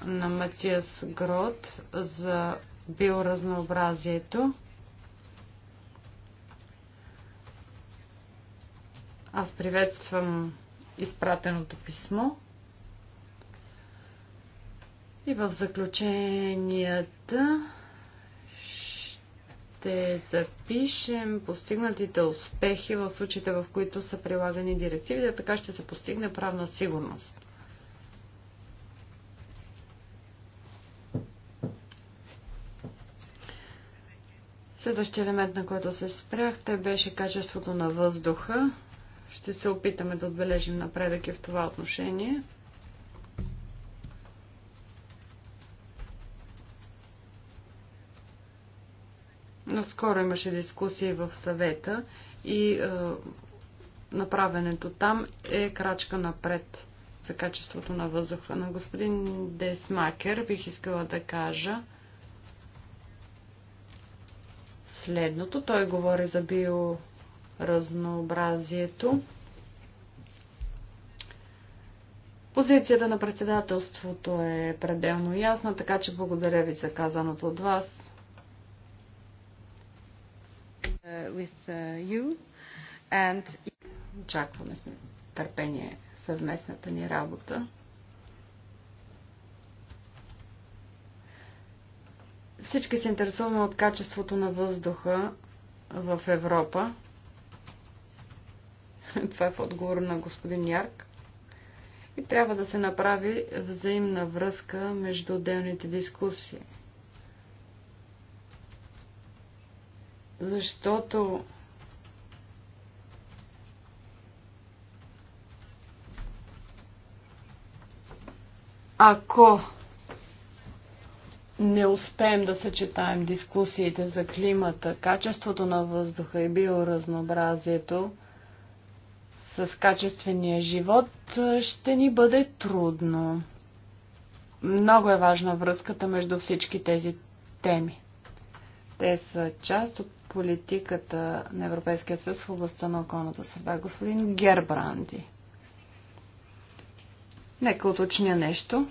на Матиас Грот за биоразнообразието. Аз приветствам изпратеното писмо. И в заключенията ще запишем постигнатите успехи в случаите, в които са прилагани директивите, така ще се постигне правна сигурност. Следващия елемент, на който се спряхте, беше качеството на въздуха. Ще се опитаме да отбележим напредък и в това отношение. Наскоро имаше дискусии в съвета и е, направенето там е крачка напред за качеството на въздуха. На господин Десмакер бих искала да кажа следното. Той говори за биоразнообразието. Позицията на председателството е пределно ясна, така че благодаря ви за казаното от вас. Uh, with uh, you. And... Очакваме с търпение съвместната ни работа. Всички се интересуваме от качеството на въздуха в Европа. Това е в отговор на господин Ярк. И трябва да се направи взаимна връзка между отделните дискусии. защото ако не успеем да съчетаем дискусиите за климата, качеството на въздуха и биоразнообразието с качествения живот, ще ни бъде трудно. Много е важна връзката между всички тези теми. Те са част от политиката на Европейския съюз в областта на околната среда. Господин Гербранди. Нека уточня нещо.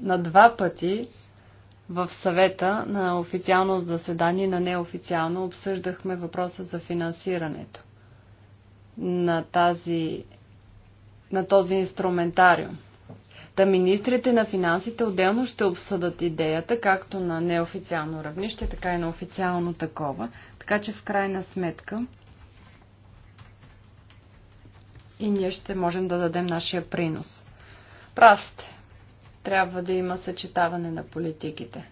На два пъти в съвета на официално заседание на неофициално обсъждахме въпроса за финансирането на, тази, на този инструментариум. Та министрите на финансите отделно ще обсъдат идеята, както на неофициално равнище, така и на официално такова. Така че в крайна сметка и ние ще можем да дадем нашия принос. Прав сте. Трябва да има съчетаване на политиките.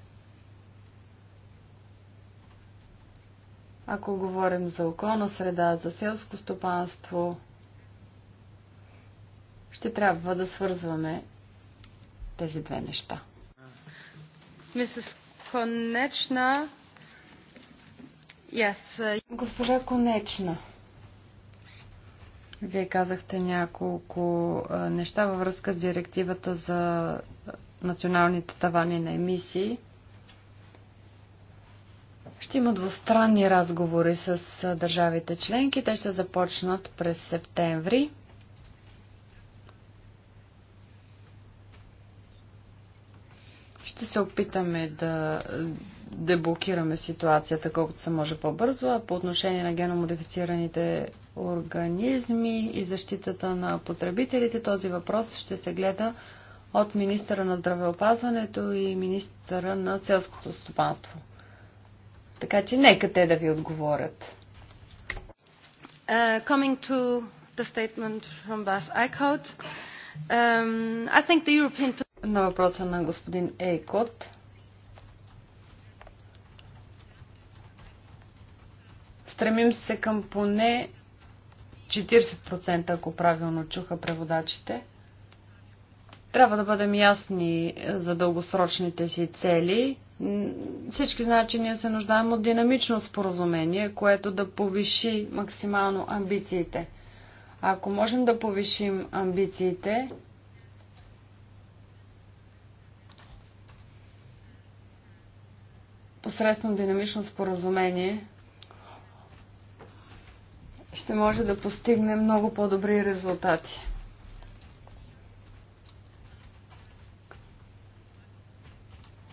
Ако говорим за околна среда, за селско стопанство, ще трябва да свързваме тези две неща. Мисис Конечна. Yes. Uh, Госпожа Конечна. Вие казахте няколко неща във връзка с директивата за националните тавани на емисии. Ще има двустранни разговори с държавите членки. Те ще започнат през септември. ще се опитаме да деблокираме ситуацията колкото се може по-бързо, а по отношение на геномодифицираните организми и защитата на потребителите, този въпрос ще се гледа от министъра на здравеопазването и министъра на селското стопанство. Така че нека те да ви отговорят. Uh, coming to the statement from Bas Eichhout, um, I think the European на въпроса на господин Ейкот. Стремим се към поне 40%, ако правилно чуха преводачите. Трябва да бъдем ясни за дългосрочните си цели. Всички знаят, че ние се нуждаем от динамично споразумение, което да повиши максимално амбициите. ако можем да повишим амбициите, посредством динамично споразумение ще може да постигне много по-добри резултати.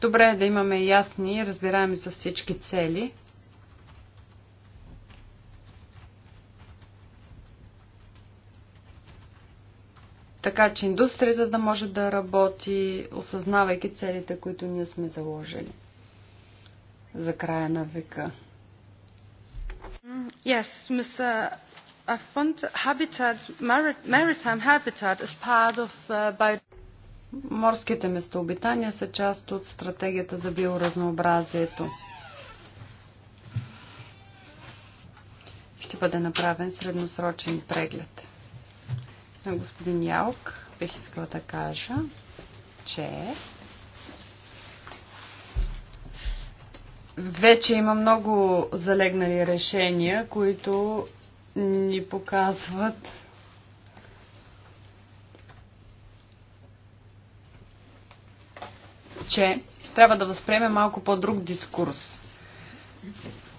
Добре е да имаме ясни и разбираеми за всички цели. Така че индустрията да може да работи, осъзнавайки целите, които ние сме заложили за края на века. Mm, yes, Mr. Uh, habitat, maritime habitat is part of uh, Морските местообитания са част от стратегията за биоразнообразието. Ще бъде направен средносрочен преглед. На господин Ялк бих искала да кажа, че вече има много залегнали решения, които ни показват че трябва да възприеме малко по-друг дискурс,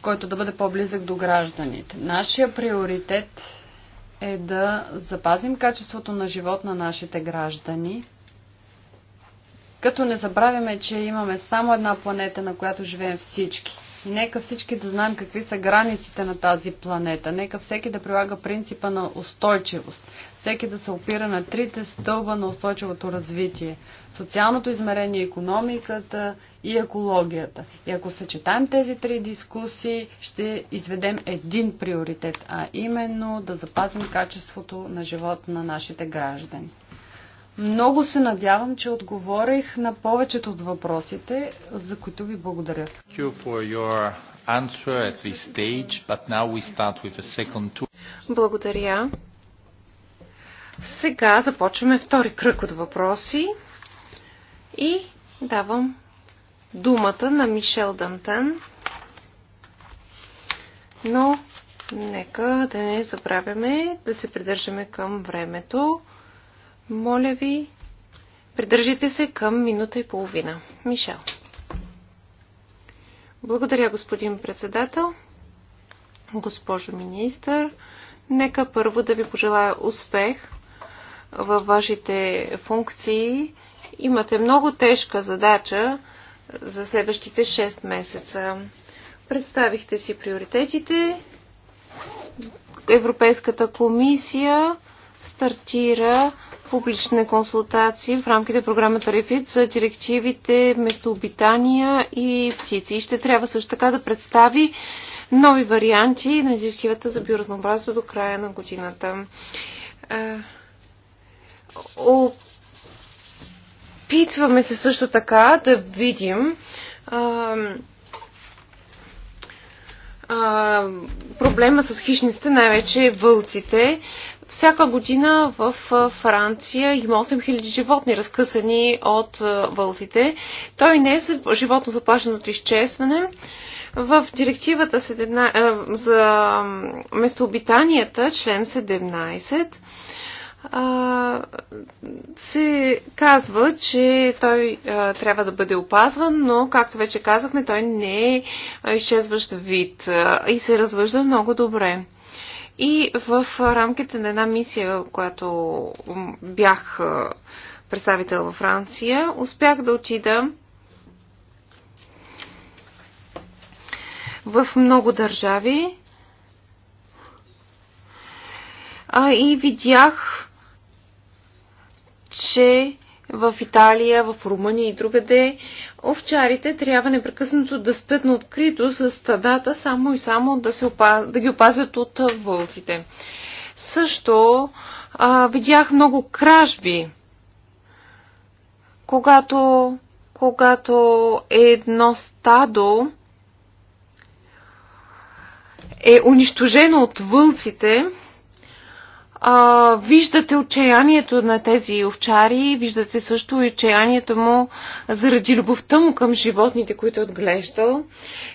който да бъде по-близък до гражданите. Нашия приоритет е да запазим качеството на живот на нашите граждани – като не забравяме, че имаме само една планета, на която живеем всички. И нека всички да знаем какви са границите на тази планета. Нека всеки да прилага принципа на устойчивост. Всеки да се опира на трите стълба на устойчивото развитие. Социалното измерение, економиката и екологията. И ако съчетаем тези три дискусии, ще изведем един приоритет, а именно да запазим качеството на живот на нашите граждани. Много се надявам, че отговорих на повечето от въпросите, за които ви благодаря. Благодаря. Сега започваме втори кръг от въпроси и давам думата на Мишел Дантен. Но нека да не забравяме да се придържаме към времето. Моля ви, придържите се към минута и половина. Мишел. Благодаря, господин председател. Госпожо министър, нека първо да ви пожелая успех във вашите функции. Имате много тежка задача за следващите 6 месеца. Представихте си приоритетите. Европейската комисия стартира публични консултации в рамките на програмата Рефит за директивите местообитания и птици. Ще трябва също така да представи нови варианти на директивата за биоразнообразието до края на годината. Опитваме се също така да видим проблема с хищниците, най-вече вълците. Всяка година в Франция има 8000 животни разкъсани от вълците. Той не е животно заплашено от изчезване. В директивата за местообитанията, член 17, се казва, че той трябва да бъде опазван, но, както вече казахме, той не е изчезващ вид и се развъжда много добре. И в рамките на една мисия, която бях представител във Франция, успях да отида в много държави и видях, че в Италия, в Румъния и другаде, овчарите трябва непрекъснато да спят на открито с стадата, само и само да, се опаз... да ги опазят от вълците. Също а, видях много кражби, когато, когато едно стадо е унищожено от вълците, а, виждате отчаянието на тези овчари, виждате също и отчаянието му заради любовта му към животните, които е отглеждал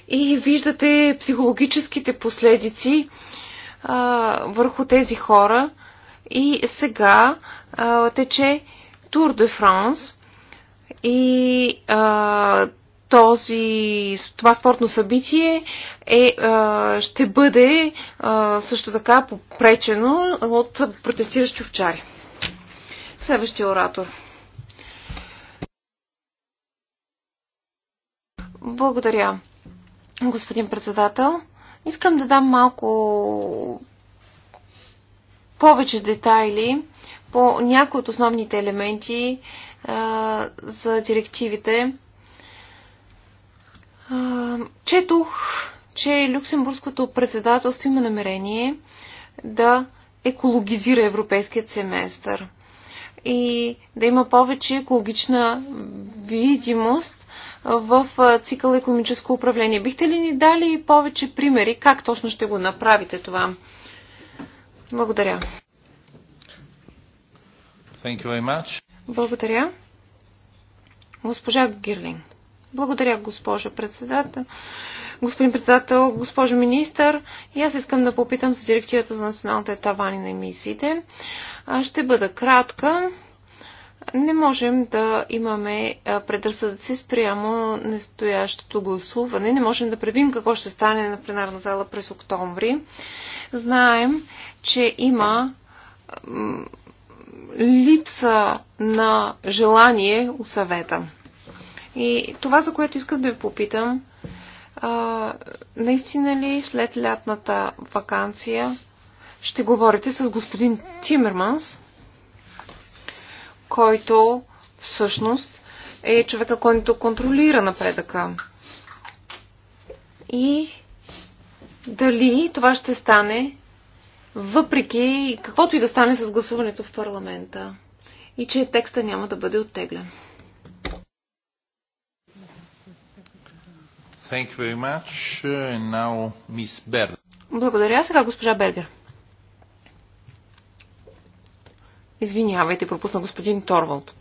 и виждате психологическите последици а, върху тези хора. И сега а, тече Тур де Франс и а, този, това спортно събитие е, ще бъде също така попречено от протестиращи овчари. Следващия оратор. Благодаря, господин председател. Искам да дам малко повече детайли по някои от основните елементи а, за директивите, четох, че Люксембургското председателство има намерение да екологизира европейският семестър и да има повече екологична видимост в цикъл економическо управление. Бихте ли ни дали повече примери как точно ще го направите това? Благодаря. Thank you very much. Благодаря. Госпожа Гирлин. Благодаря, госпожо председател. Господин председател, госпожо министър, и аз искам да попитам с директивата за националните тавани на емисиите. Ще бъда кратка. Не можем да имаме предразсъдъци спрямо настоящото гласуване. Не можем да предвидим какво ще стане на пленарна зала през октомври. Знаем, че има липса на желание у съвета. И това, за което искам да ви попитам, а, наистина ли след лятната вакансия ще говорите с господин Тимерманс, който всъщност е човека, който контролира напредъка. И дали това ще стане въпреки каквото и да стане с гласуването в парламента и че текста няма да бъде оттеглен. Thank you very much. And now, Miss Berger. Благодаря. Сега госпожа Бергер. Извинявайте, пропусна господин Торвалд.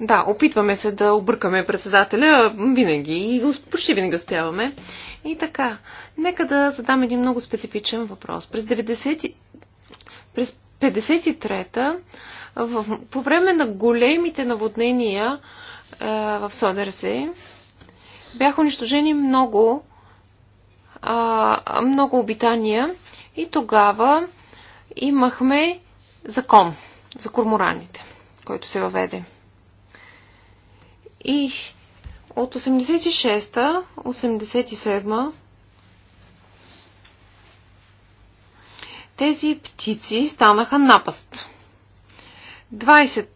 Да, опитваме се да объркаме председателя винаги и почти винаги успяваме. И така, нека да задам един много специфичен въпрос. През 90... През 53-та, в... по време на големите наводнения е, в Содерсе, бяха унищожени много, а, много обитания и тогава имахме закон за кормораните, който се въведе. И от 86-та, 87-та, тези птици станаха напаст. 20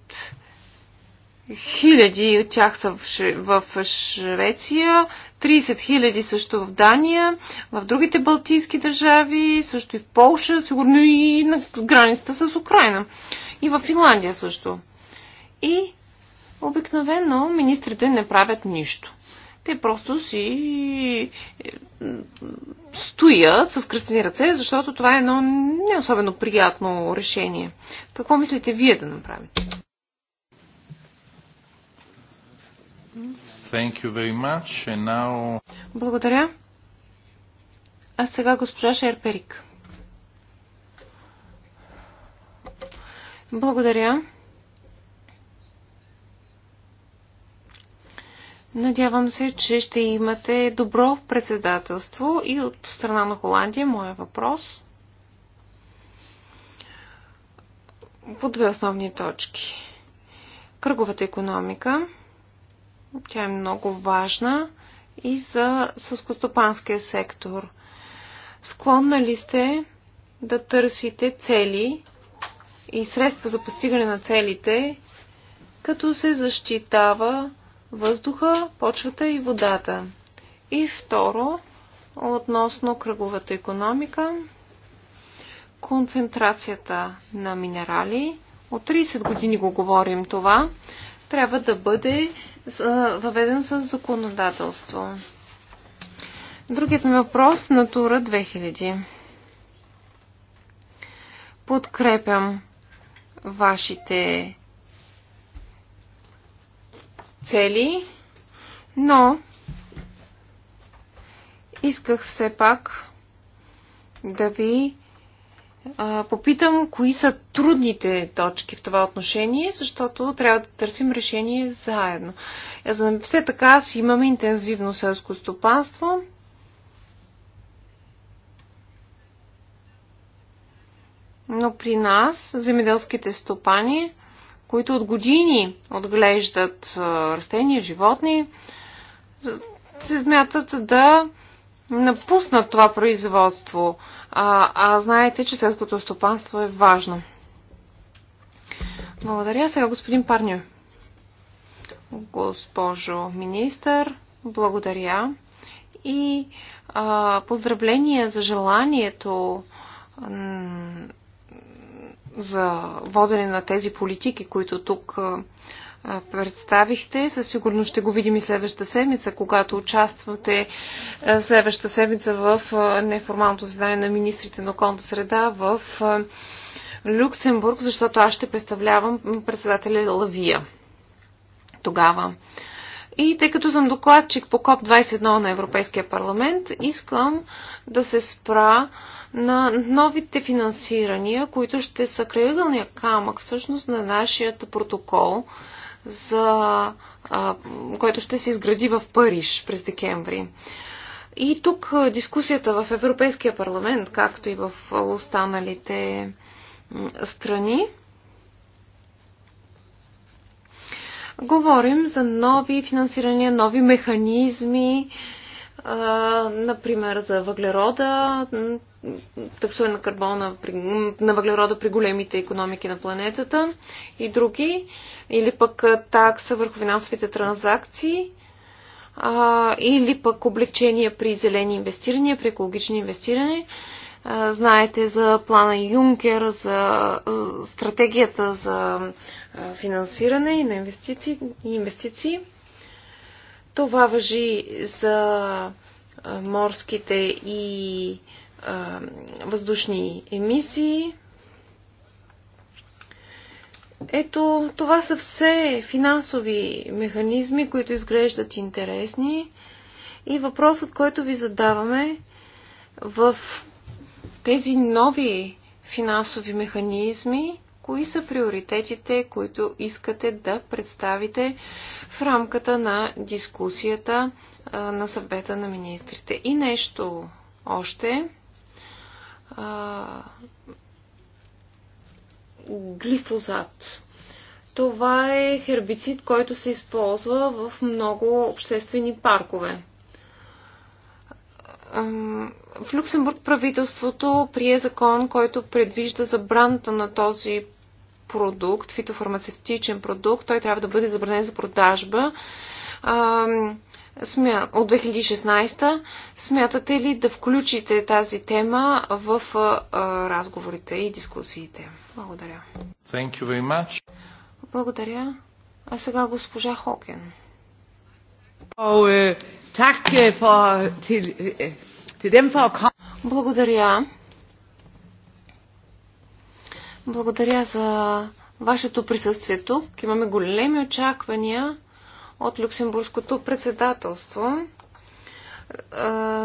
хиляди от тях са в, Швеция, 30 хиляди също в Дания, в другите балтийски държави, също и в Полша, сигурно и на границата с Украина. И в Финландия също. И обикновено министрите не правят нищо. Те просто си е, стоят с кръстени ръце, защото това е едно не особено приятно решение. Какво мислите вие да направите? Thank you very much. And now... Благодаря. А сега госпожа Шерперик. Благодаря. Надявам се, че ще имате добро председателство и от страна на Холандия моя въпрос по две основни точки. Кръговата економика – тя е много важна и за съскостопанския сектор. Склонна ли сте да търсите цели и средства за постигане на целите, като се защитава въздуха, почвата и водата? И второ, относно кръговата економика, концентрацията на минерали. От 30 години го говорим това. Трябва да бъде въведено с законодателство. Другият ми въпрос – Натура 2000. Подкрепям вашите цели, но исках все пак да ви а, попитам кои са трудните точки в това отношение, защото трябва да търсим решение заедно. Е, за все така си имаме интензивно селско стопанство. Но при нас, земеделските стопани, които от години отглеждат растения, животни, се смятат да напуснат това производство. А, а знаете, че селското стопанство е важно. Благодаря. Сега господин Парню. Госпожо министър, благодаря. И а, поздравления за желанието за водене на тези политики, които тук представихте. Със сигурност ще го видим и следващата седмица, когато участвате следващата седмица в неформалното заседание на министрите на околната среда в Люксембург, защото аз ще представлявам председателя Лавия тогава. И тъй като съм докладчик по КОП-21 на Европейския парламент, искам да се спра на новите финансирания, които ще са крайъгълния камък всъщност на нашия протокол за, а, който ще се изгради в Париж през декември. И тук дискусията в Европейския парламент, както и в останалите страни, говорим за нови финансирания, нови механизми, например за въглерода, таксуване на карбона на въглерода при големите економики на планетата и други, или пък такса върху финансовите транзакции, а, или пък облегчения при зелени инвестирания, при екологични инвестирания. знаете за плана Юнкер, за стратегията за финансиране и на инвестиции, инвестиции. Това въжи за морските и а, въздушни емисии. Ето, това са все финансови механизми, които изглеждат интересни. И въпросът, който ви задаваме в тези нови финансови механизми, кои са приоритетите, които искате да представите в рамката на дискусията на съвета на министрите. И нещо още а, глифозат. Това е хербицид, който се използва в много обществени паркове. В Люксембург правителството прие закон, който предвижда забраната на този продукт, фитофармацевтичен продукт. Той трябва да бъде забранен за продажба Смя... от 2016. Смятате ли да включите тази тема в а, разговорите и дискусиите? Благодаря. Thank you very much. Благодаря. А сега госпожа Хокен. Øh, øh, øh, Благодаря. Благодаря за вашето присъствие тук. Имаме големи очаквания от Люксембургското председателство.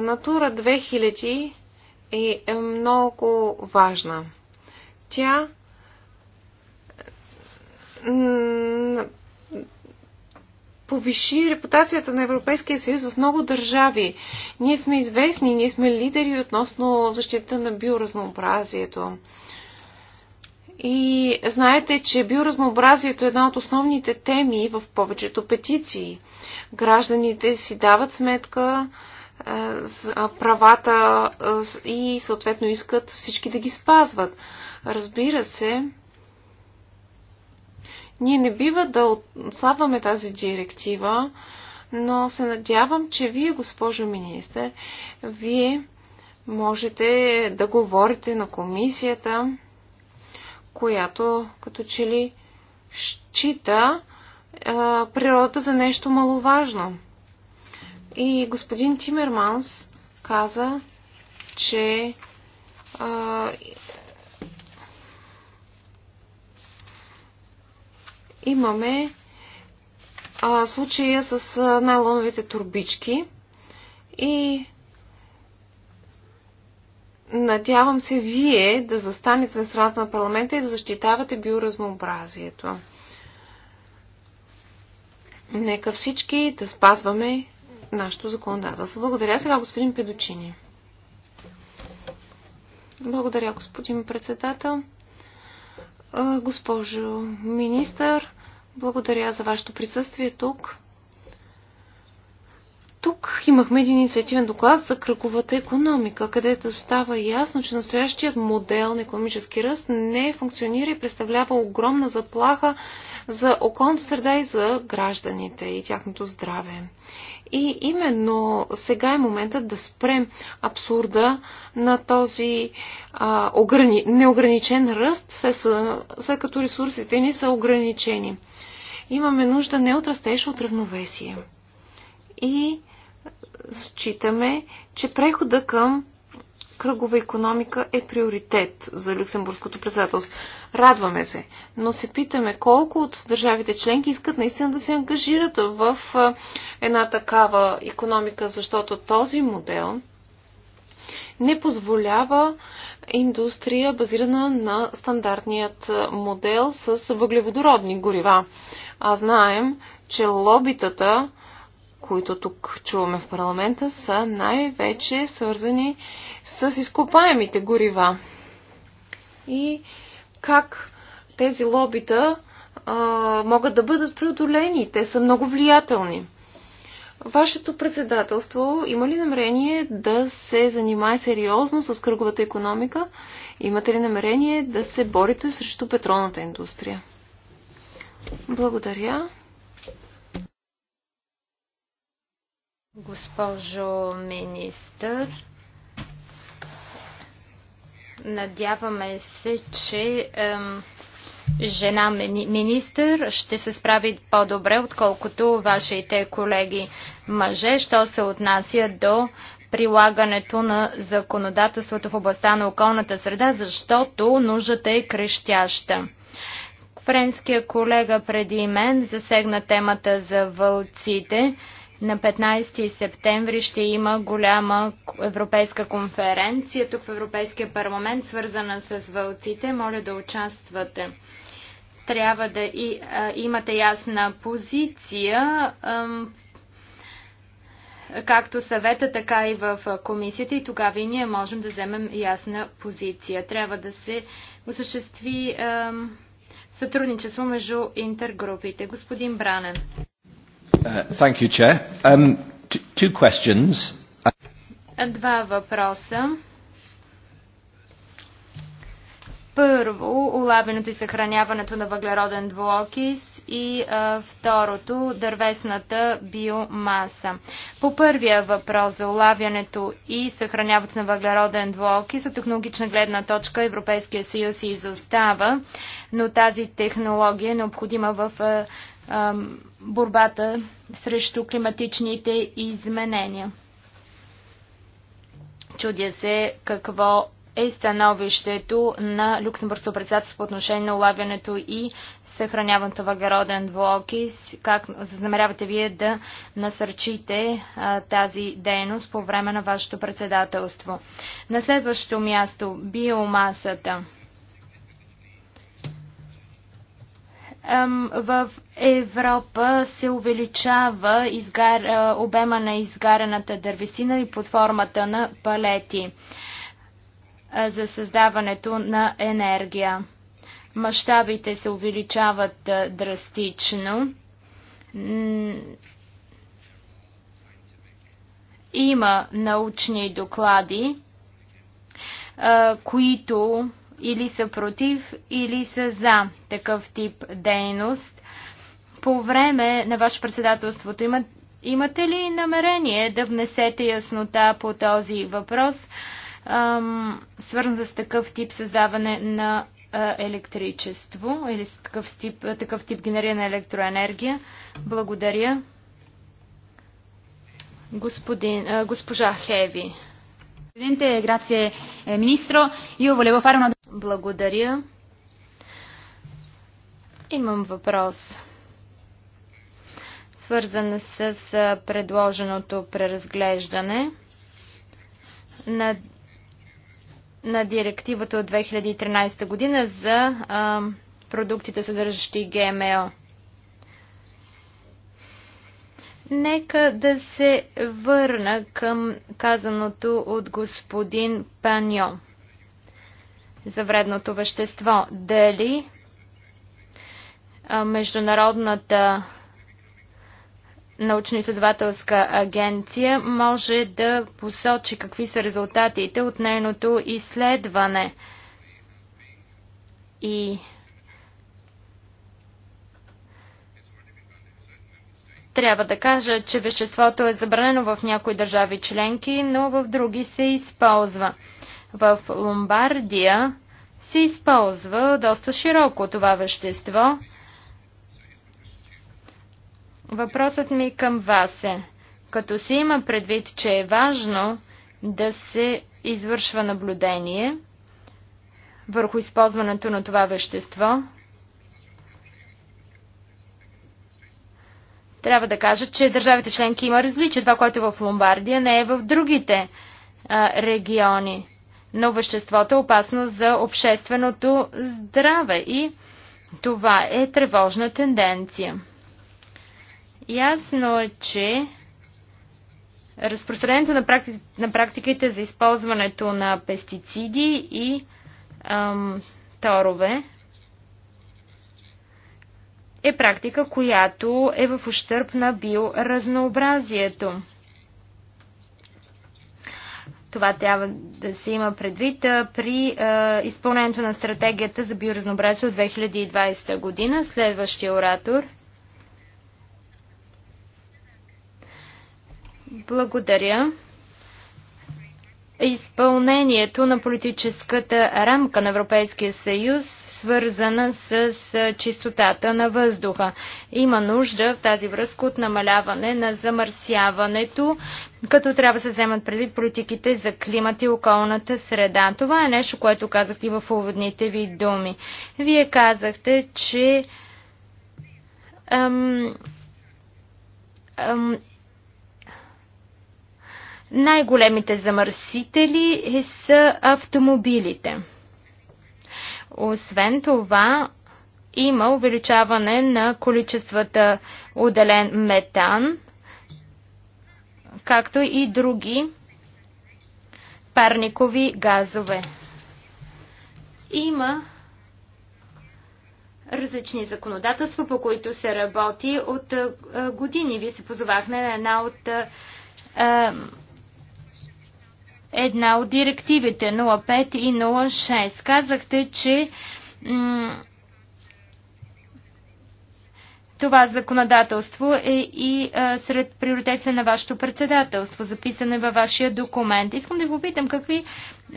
Натура 2000 е много важна. Тя повиши репутацията на Европейския съюз в много държави. Ние сме известни, ние сме лидери относно защита на биоразнообразието. И знаете, че биоразнообразието е една от основните теми в повечето петиции. Гражданите си дават сметка за е, правата е, и съответно искат всички да ги спазват. Разбира се, ние не бива да отслабваме тази директива, но се надявам, че вие, госпожо министър, вие можете да говорите на комисията която като че ли счита а, природата за нещо маловажно. И господин Тимерманс каза, че а, имаме а, случая с найлоновите турбички и Надявам се вие да застанете на страната на парламента и да защитавате биоразнообразието. Нека всички да спазваме нашето законодателство. Благодаря сега, господин Педочини. Благодаря, господин председател. Госпожо министър, благодаря за вашето присъствие тук. Тук имахме един инициативен доклад за кръговата економика, където става ясно, че настоящият модел на економически ръст не функционира и представлява огромна заплаха за околната среда и за гражданите и тяхното здраве. И именно сега е моментът да спрем абсурда на този а, ограни... неограничен ръст, след като ресурсите ни са ограничени. Имаме нужда не от растеж, от равновесие и считаме, че прехода към кръгова економика е приоритет за люксембургското председателство. Радваме се, но се питаме колко от държавите членки искат наистина да се ангажират в една такава економика, защото този модел не позволява индустрия базирана на стандартният модел с въглеводородни горива. А знаем, че лобитата които тук чуваме в парламента, са най-вече свързани с изкопаемите горива. И как тези лобита а, могат да бъдат преодолени. Те са много влиятелни. Вашето председателство има ли намерение да се занимае сериозно с кръговата економика? Имате ли намерение да се борите срещу петролната индустрия? Благодаря. Госпожо министър, надяваме се, че жена министър ще се справи по-добре, отколкото вашите колеги мъже, що се отнася до прилагането на законодателството в областта на околната среда, защото нуждата е крещяща. Френския колега преди мен засегна темата за вълците. На 15 септември ще има голяма европейска конференция тук в Европейския парламент, свързана с вълците. Моля да участвате. Трябва да и, а, имате ясна позиция, ам, както съвета, така и в комисията и тогава и ние можем да вземем ясна позиция. Трябва да се осъществи ам, сътрудничество между интергрупите. Господин Бранен. Uh, thank you, Chair. Um, two questions. Два въпроса. Първо, улавянето и съхраняването на въглероден двуокис и а, второто, дървесната биомаса. По първия въпрос за улавянето и съхраняването на въглероден двуокис, от технологична гледна точка Европейския съюз изостава, но тази технология е необходима в а, борбата срещу климатичните изменения. Чудя се какво е становището на Люксембургското председателство по отношение на улавянето и съхраняването въглероден двуокис. Как замерявате вие да насърчите а, тази дейност по време на вашето председателство? На следващото място биомасата. в Европа се увеличава изгар, обема на изгарената дървесина и под формата на палети за създаването на енергия. Мащабите се увеличават драстично. Има научни доклади, които или са против, или са за такъв тип дейност. По време на ваше председателството има, имате ли намерение да внесете яснота по този въпрос, ам, свързан с такъв тип създаване на а, електричество или с такъв тип, такъв тип генерирана електроенергия? Благодаря. Господин, а, госпожа Хеви. Президенте, грация, министро, Ministro. Io volevo благодаря. Имам въпрос свързан с предложеното преразглеждане на, на директивата от 2013 година за а, продуктите, съдържащи ГМО. Нека да се върна към казаното от господин Паньо за вредното вещество. Дали Международната научно-изследователска агенция може да посочи какви са резултатите от нейното изследване и Трябва да кажа, че веществото е забранено в някои държави членки, но в други се използва. В Ломбардия се използва доста широко това вещество. Въпросът ми към вас е, като се има предвид, че е важно да се извършва наблюдение върху използването на това вещество, трябва да кажа, че държавите членки има различия. Това, което е в Ломбардия, не е в другите а, региони на веществото е опасно за общественото здраве и това е тревожна тенденция. Ясно е, че разпространението на, практи... на практиките за използването на пестициди и ам, торове е практика, която е в ущърп на биоразнообразието. Това трябва да се има предвид при изпълнението на стратегията за биоразнообразие от 2020 година. Следващия оратор. Благодаря изпълнението на политическата рамка на Европейския съюз, свързана с чистотата на въздуха. Има нужда в тази връзка от намаляване на замърсяването, като трябва да се вземат предвид политиките за климат и околната среда. Това е нещо, което казахте и в уводните ви думи. Вие казахте, че ам, ам, най-големите замърсители е, са автомобилите. Освен това, има увеличаване на количествата отделен метан, както и други парникови газове. Има различни законодателства, по които се работи от години. Ви се позовахме на една от една от директивите 05 и 06. Казахте, че това законодателство е и а, сред приоритетите на вашето председателство, записане във вашия документ. Искам да ви попитам какви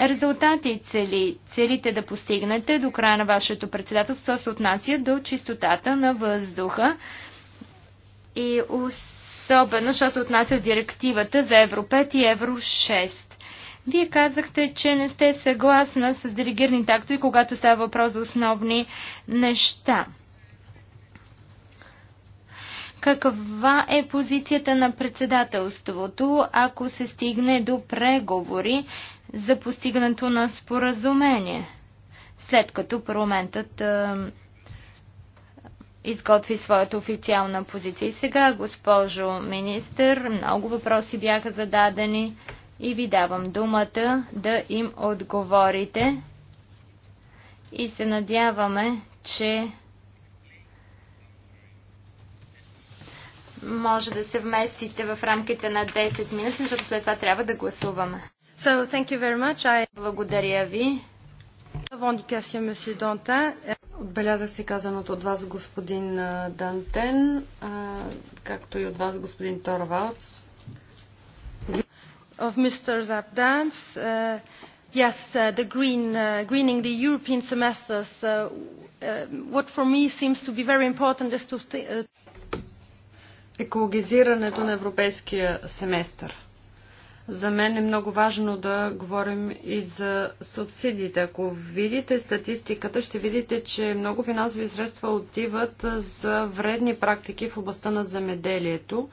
резултати цели, целите да постигнете до края на вашето председателство, се отнася до чистотата на въздуха и особено, що се отнася от директивата за Евро 5 и Евро 6. Вие казахте, че не сте съгласна с делегирани тактови, когато става въпрос за основни неща. Каква е позицията на председателството, ако се стигне до преговори за постигането на споразумение, след като парламентът е, изготви своята официална позиция? И сега, госпожо министър, много въпроси бяха зададени и ви давам думата да им отговорите. И се надяваме, че може да се вместите в рамките на 10 минути, защото след това трябва да гласуваме. So, thank you very much. I... Благодаря ви. Отбелязах си казаното от вас господин Дантен, както и от вас господин Торвалц of Mr. Rapdans. Uh, yes, uh, the green, uh, greening the European semesters. Uh, uh, what for me seems to be very important is to... Uh, Екологизирането на европейския семестър. За мен е много важно да говорим и за субсидиите. Ако видите статистиката, ще видите, че много финансови средства отиват за вредни практики в областта на замеделието.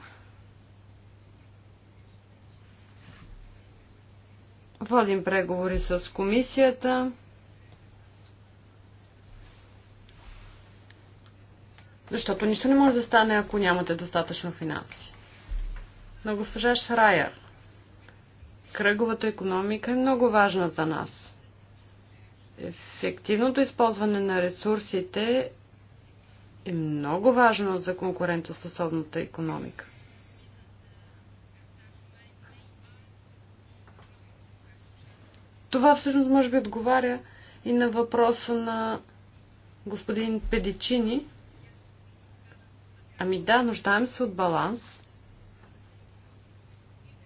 Водим преговори с комисията. Защото нищо не може да стане, ако нямате достатъчно финанси. На госпожа Шрайер. Кръговата економика е много важна за нас. Ефективното използване на ресурсите е много важно за конкурентоспособната економика. Това всъщност може би отговаря и на въпроса на господин Педичини. Ами да, нуждаем се от баланс.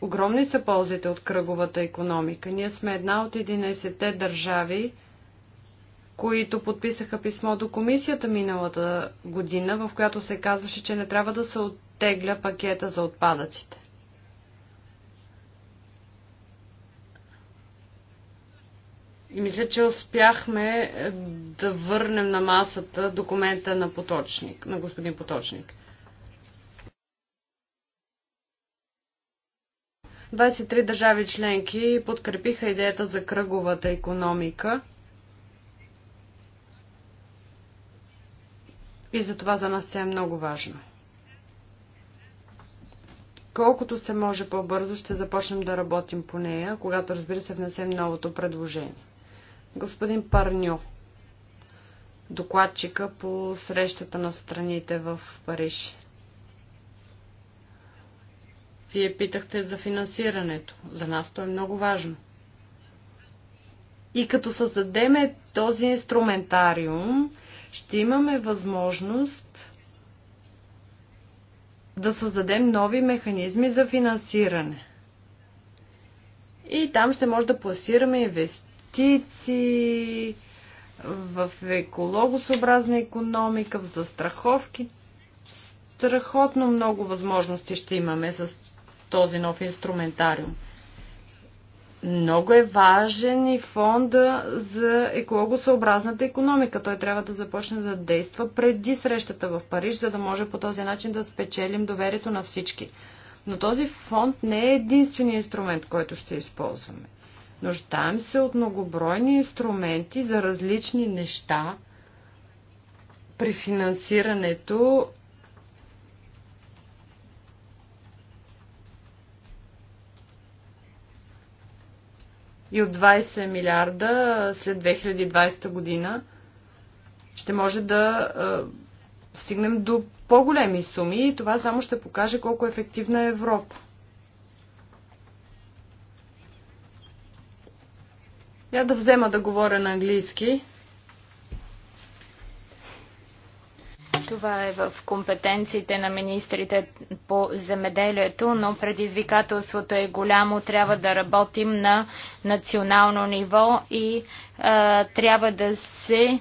Огромни са ползите от кръговата економика. Ние сме една от 11-те държави, които подписаха писмо до комисията миналата година, в която се казваше, че не трябва да се оттегля пакета за отпадъците. И мисля, че успяхме е, да върнем на масата документа на Поточник, на господин Поточник. 23 държави членки подкрепиха идеята за кръговата економика. И за това за нас тя е много важна. Колкото се може по-бързо ще започнем да работим по нея, когато разбира се внесем новото предложение. Господин Парньо, докладчика по срещата на страните в Париж. Вие питахте за финансирането. За нас то е много важно. И като създадеме този инструментариум, ще имаме възможност да създадем нови механизми за финансиране. И там ще може да пласираме инвести инвестиции, в екологосъобразна економика, в застраховки. Страхотно много възможности ще имаме с този нов инструментариум. Много е важен и фонда за екологосъобразната економика. Той трябва да започне да действа преди срещата в Париж, за да може по този начин да спечелим доверието на всички. Но този фонд не е единствения инструмент, който ще използваме. Нуждаем се от многобройни инструменти за различни неща при финансирането и от 20 милиарда след 2020 година ще може да е, стигнем до по-големи суми и това само ще покаже колко ефективна е Европа. Я да взема да говоря на английски. Това е в компетенциите на министрите по земеделието, но предизвикателството е голямо. Трябва да работим на национално ниво и а, трябва да се а,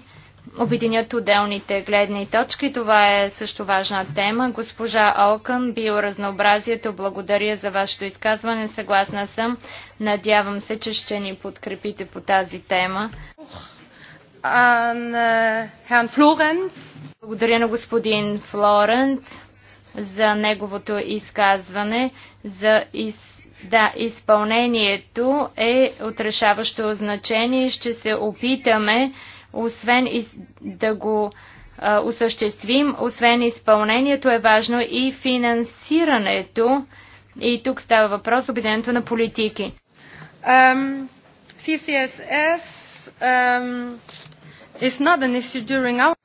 обединят отделните гледни точки. Това е също важна тема. Госпожа Олкън, биоразнообразието, благодаря за вашето изказване. Съгласна съм. Надявам се, че ще ни подкрепите по тази тема. Е, благодаря на господин Флоренц за неговото изказване. За из... Да, изпълнението е отрешаващо значение. Ще се опитаме освен и да го осъществим, освен изпълнението е важно и финансирането. И тук става въпрос обединението на политики. Um, CCSS um, is not an issue during our...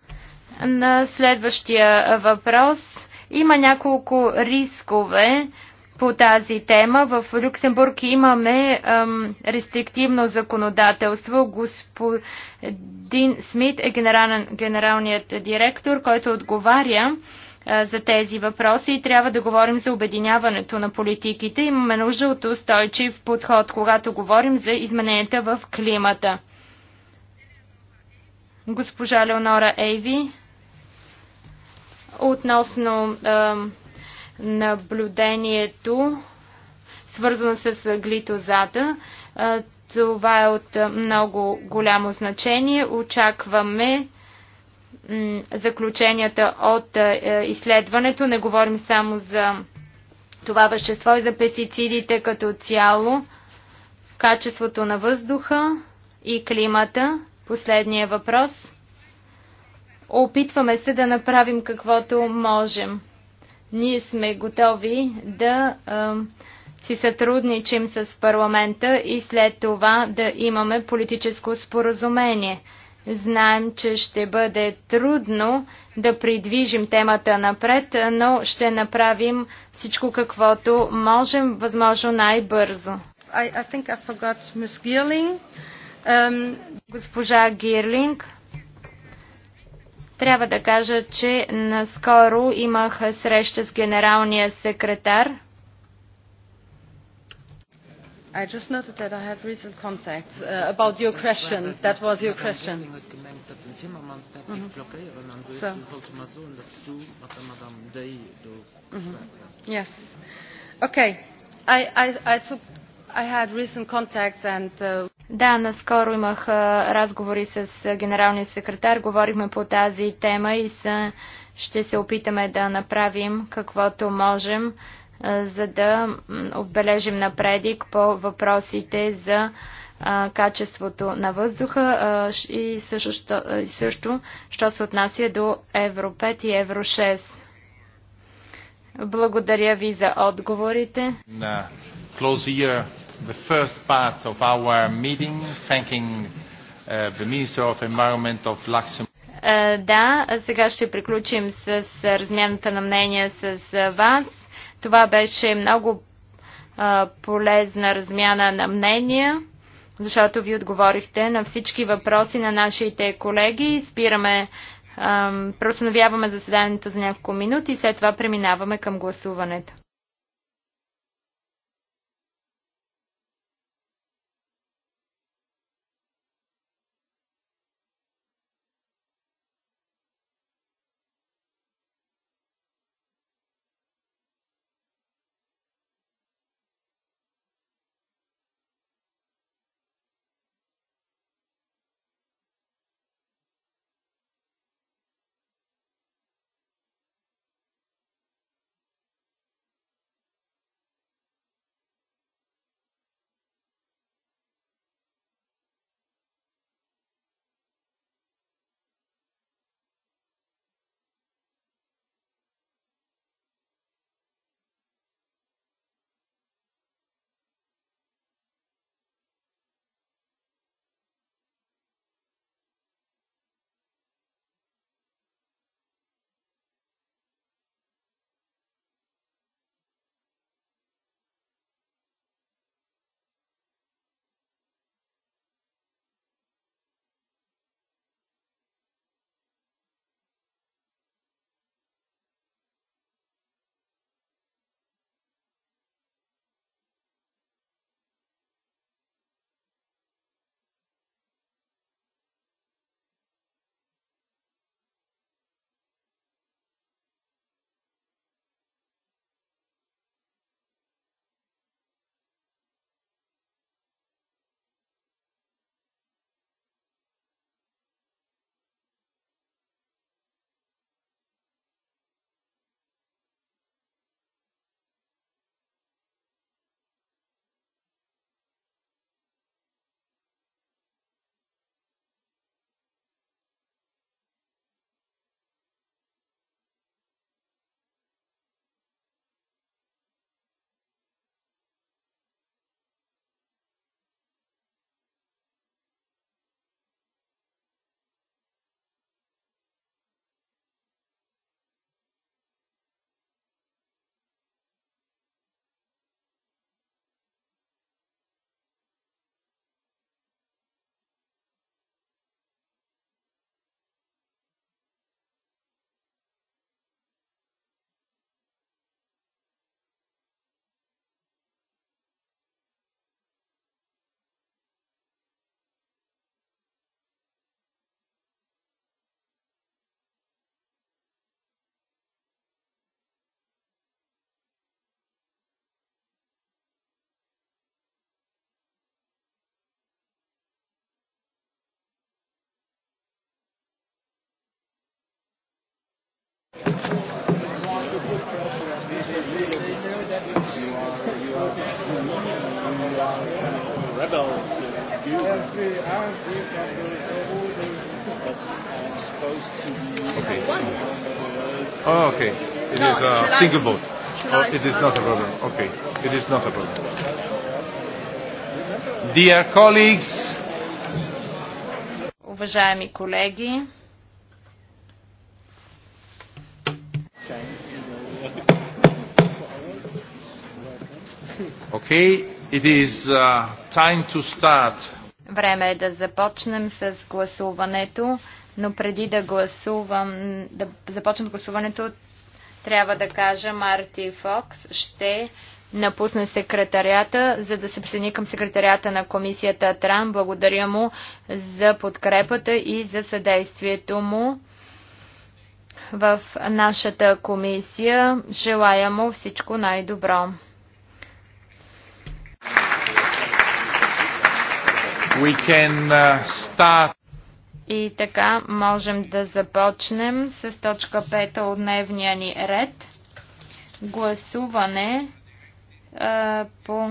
На следващия въпрос има няколко рискове по тази тема. В Люксембург имаме ем, рестриктивно законодателство. Господин Смит е генерал, генералният директор, който отговаря е, за тези въпроси и трябва да говорим за обединяването на политиките. Имаме нужда от устойчив подход, когато говорим за измененията в климата. Госпожа Леонора Ейви относно е, наблюдението, свързано с глитозата. Това е от много голямо значение. Очакваме заключенията от е, изследването. Не говорим само за това вещество и за пестицидите като цяло, качеството на въздуха и климата. Последния въпрос. Опитваме се да направим каквото можем. Ние сме готови да си сътрудничим с парламента и след това да имаме политическо споразумение. Знаем, че ще бъде трудно да придвижим темата напред, но ще направим всичко каквото можем, възможно най-бързо. Um... Госпожа Гирлинг. Трябва да кажа, че наскоро имах среща с генералния секретар. I just noted that I had recent contacts uh, about your question. That was your question. Mm-hmm. So. Mm-hmm. Yes. Okay. I, I, I took Uh, да, наскоро имах разговори с генералния секретар, говорихме по тази тема и са, ще се опитаме да направим каквото можем, за да отбележим напредик по въпросите за качеството на въздуха и също, също, що се отнася до Евро 5 и Евро 6. Благодаря ви за отговорите the first part of our meeting, thanking uh, the Minister of Environment of Luxembourg. Е, да, сега ще приключим с размяната на мнения с вас. Това беше много полезна размяна на мнения, защото ви отговорихте на всички въпроси на нашите колеги. Спираме, преустановяваме заседанието за няколко минути и след това преминаваме към гласуването. rebels and excuse. But I'm supposed to be okay. Oh, okay. It no, is a single vote. Oh, it is not a problem. Okay. It is not a problem. Dear colleagues. Уважаеми колеги. Okay. It is uh, time to start. Време е да започнем с гласуването, но преди да гласувам, да започнем гласуването, трябва да кажа Марти Фокс ще напусне секретарията, за да се присъедини към секретарията на комисията Трам. Благодаря му за подкрепата и за съдействието му в нашата комисия. Желая му всичко най-добро. We can uh, start. И така можем да започнем с точка 5 от дневния ни ред. Гласуване а, по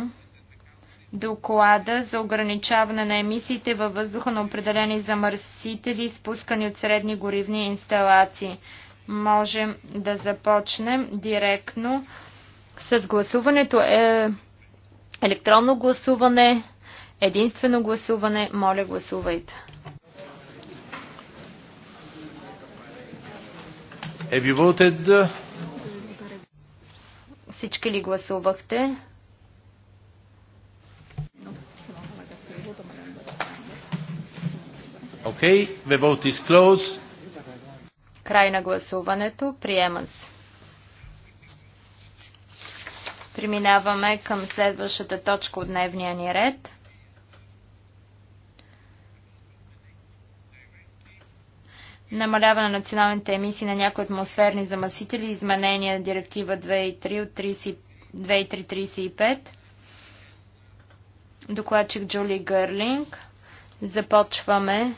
доклада за ограничаване на емисиите във въздуха на определени замърсители, спускани от средни горивни инсталации. Можем да започнем директно с гласуването. Е, електронно гласуване Единствено гласуване, моля гласувайте. Have you voted? Всички ли гласувахте? Okay, the vote is closed. Край на гласуването. Приема се. Преминаваме към следващата точка от дневния ни ред – намаляване на националните емисии на някои атмосферни замасители, изменение на директива 23 от 2335. Докладчик Джули Гърлинг. Започваме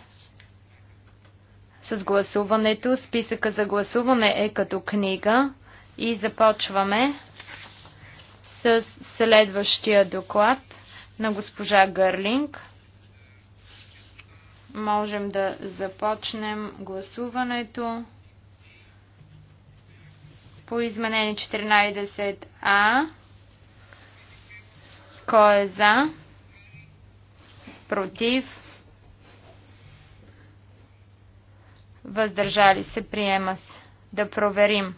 с гласуването. Списъка за гласуване е като книга и започваме с следващия доклад на госпожа Гърлинг. Можем да започнем гласуването по изменение 14а. Кой е за? Против? Въздържали се? Приема се. Да проверим.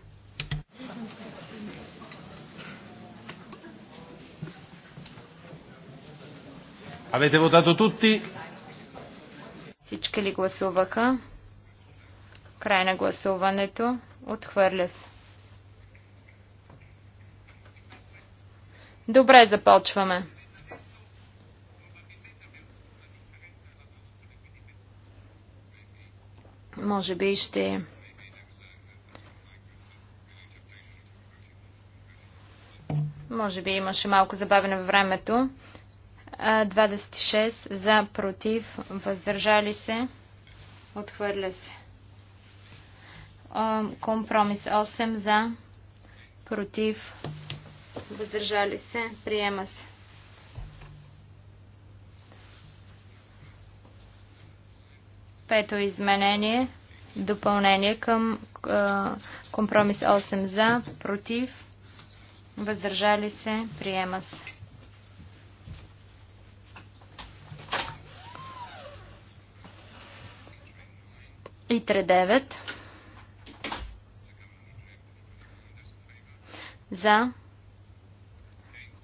Avete votato tutti? Всички ли гласуваха? Край на гласуването. Отхвърля се. Добре, започваме. Може би ще... Може би имаше малко забавене във времето. 26 за, против, въздържали се, отхвърля се. Компромис 8 за, против, въздържали се, приема се. Пето изменение, допълнение към компромис 8 за, против, въздържали се, приема се. И 39. За.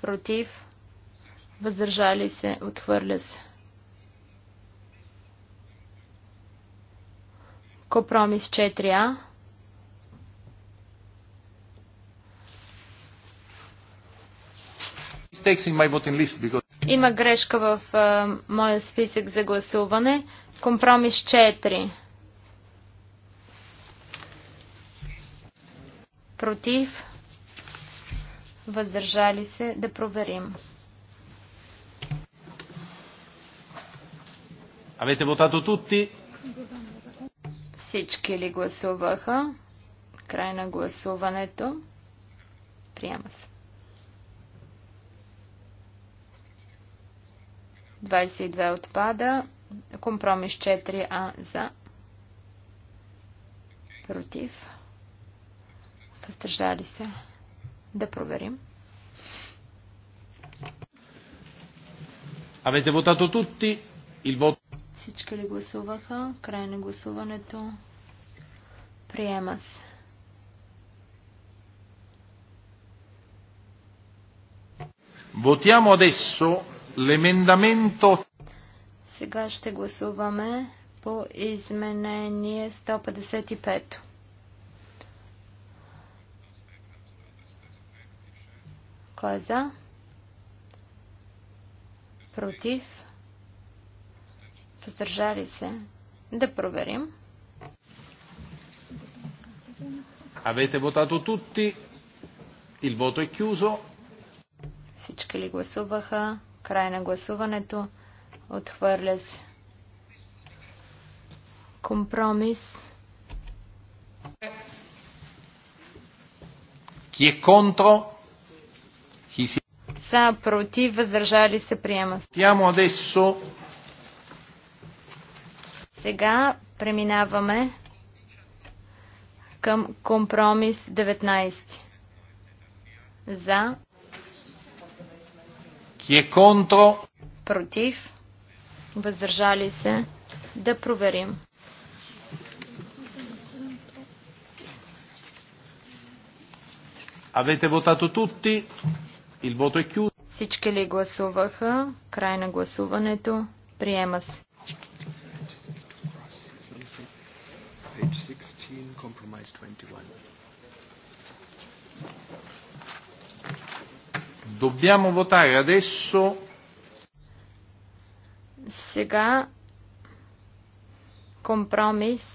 Против. Въздържали се. Отхвърля се. Компромис 4А. Има грешка в моя списък за гласуване. Компромис 4. против, въздържали се, да проверим. Авете вотато тутти? Всички ли гласуваха? Край на гласуването. Приема се. 22 отпада. Компромис 4А за. Против. Въздържали се. Да проверим. Avete votato tutti il voto. Всички ли гласуваха? Край на гласуването. Приема се. Votiamo adesso l'emendamento. Сега ще гласуваме по изменение 155. Кой е за? Против? Въздържали се? Да проверим. Avete votato tutti? Il voto è chiuso. Всички ли гласуваха? Край на гласуването. Отхвърля се. Компромис. Chi è contro? за, против, въздържали се, приема се. Сега преминаваме към компромис 19. За. Chi е контро. Против. Въздържали се. Да проверим. Avete votato tutti? Il voto è chiuso. Всички ли гласуваха? Край на гласуването. Приема се. Dobbiamo votare adesso. Сега компромис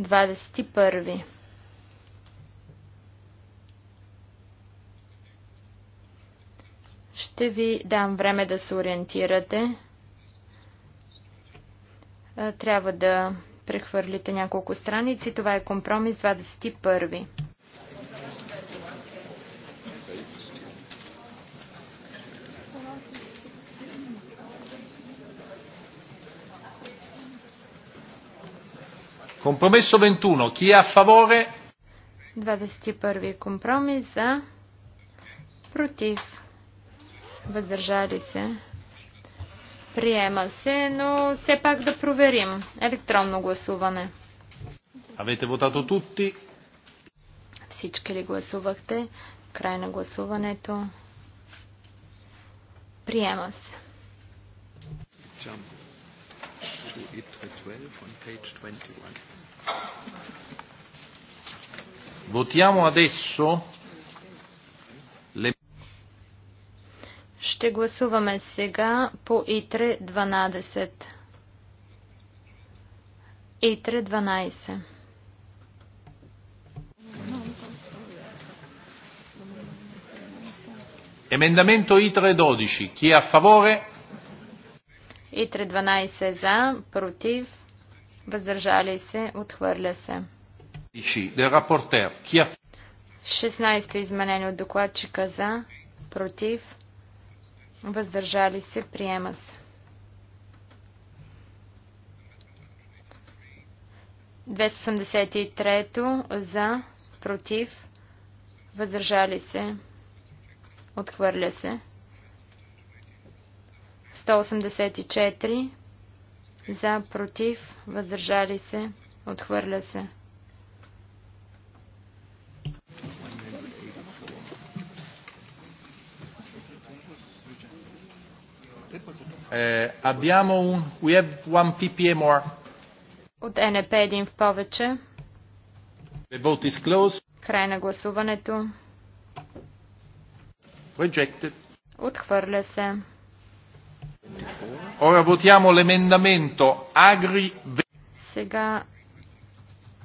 21. Ще ви дам време да се ориентирате. Трябва да прехвърлите няколко страници. Това е компромис 21. Компромисо 21. Кия è a 21 компромис за против въздържали се. Приема се, но все пак да проверим. Електронно гласуване. Авете вотато тутти. Всички ли гласувахте? Край на гласуването. Приема се. Votiamo adesso Ще гласуваме сега по ИТРЕ 12. ИТРЕ 12. Emendamento ITRE 12. Chi è a favore? ITRE 12 за, против, въздържали се, отхвърля се. 16 изменение от докладчика за, против, въздържали се, приема се. 283 за, против, въздържали се, отхвърля се. 184 за, против, въздържали се, отхвърля се. Eh, abbiamo un, we have one PPA more. От НП един в повече. The vote is closed. Край на гласуването. Rejected. Отхвърля се. Ora votiamo l'emendamento Agri Сега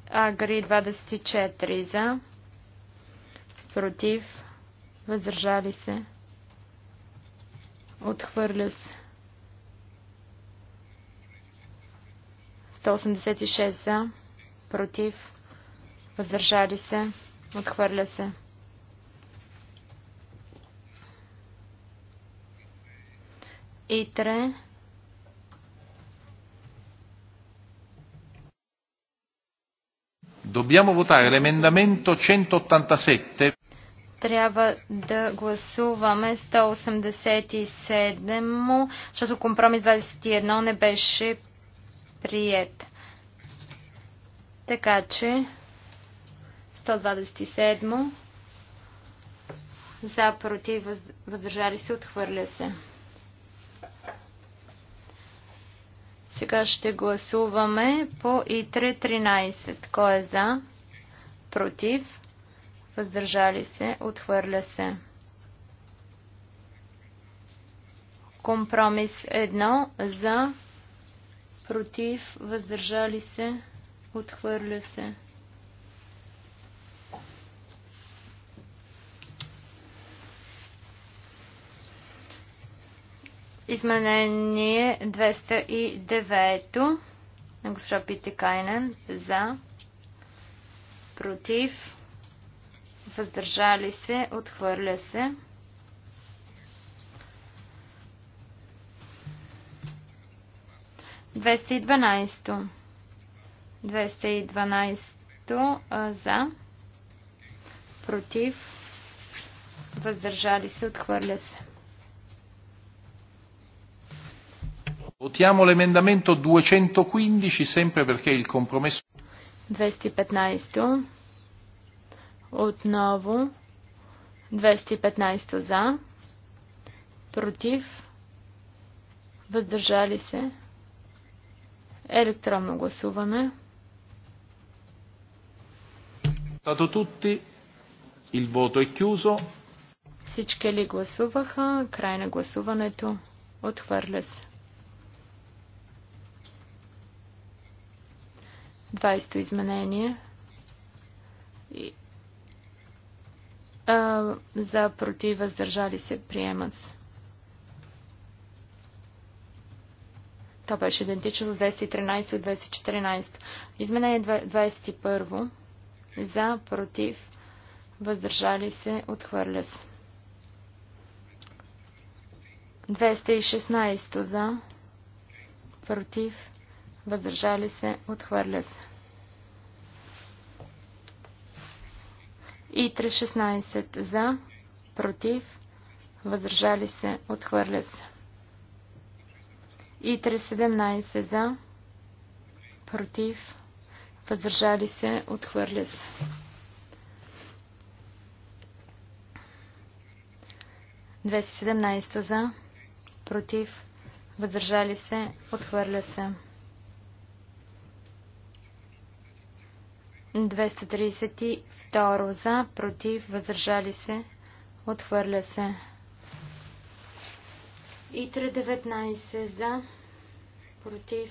Агри 24 за против въздържали се отхвърля се 186 за, против, въздържали се, отхвърля се. Итре. Добиамо вотаре l'emendamento 187. Трябва да гласуваме 187, защото компромис 21 не беше прият. Така че 127 за, против, въздържали се, отхвърля се. Сега ще гласуваме по ИТРЕ 13. Кой е за? Против? Въздържали се? Отхвърля се. Компромис 1 за против, въздържали се, отхвърля се. Изменение 209 на госпожа Питекайнен за против въздържали се, отхвърля се. 212. 212 за. Против. Въздържали се. Отхвърля се. Votiamo l'emendamento 215 sempre perché il compromesso 215 отново 215 за против въздържали се Електронно гласуване. Il voto chiuso. Всички ли гласуваха? Край на гласуването. Отхвърля се. 20-то изменение. И, а, за против въздържали се приема се. То беше идентично с 213 и 214. Изменение 21. За, против, въздържали се, отхвърля се. 216 за, против, въздържали се, отхвърля се. И 316 за, против, въздържали се, отхвърля се. И 317 за, против, въздържали се, отхвърля се. Двеста за, против, въздържали се, отхвърля се. 232 за, против, въздържали се, отхвърля се. Итра 19 за, против,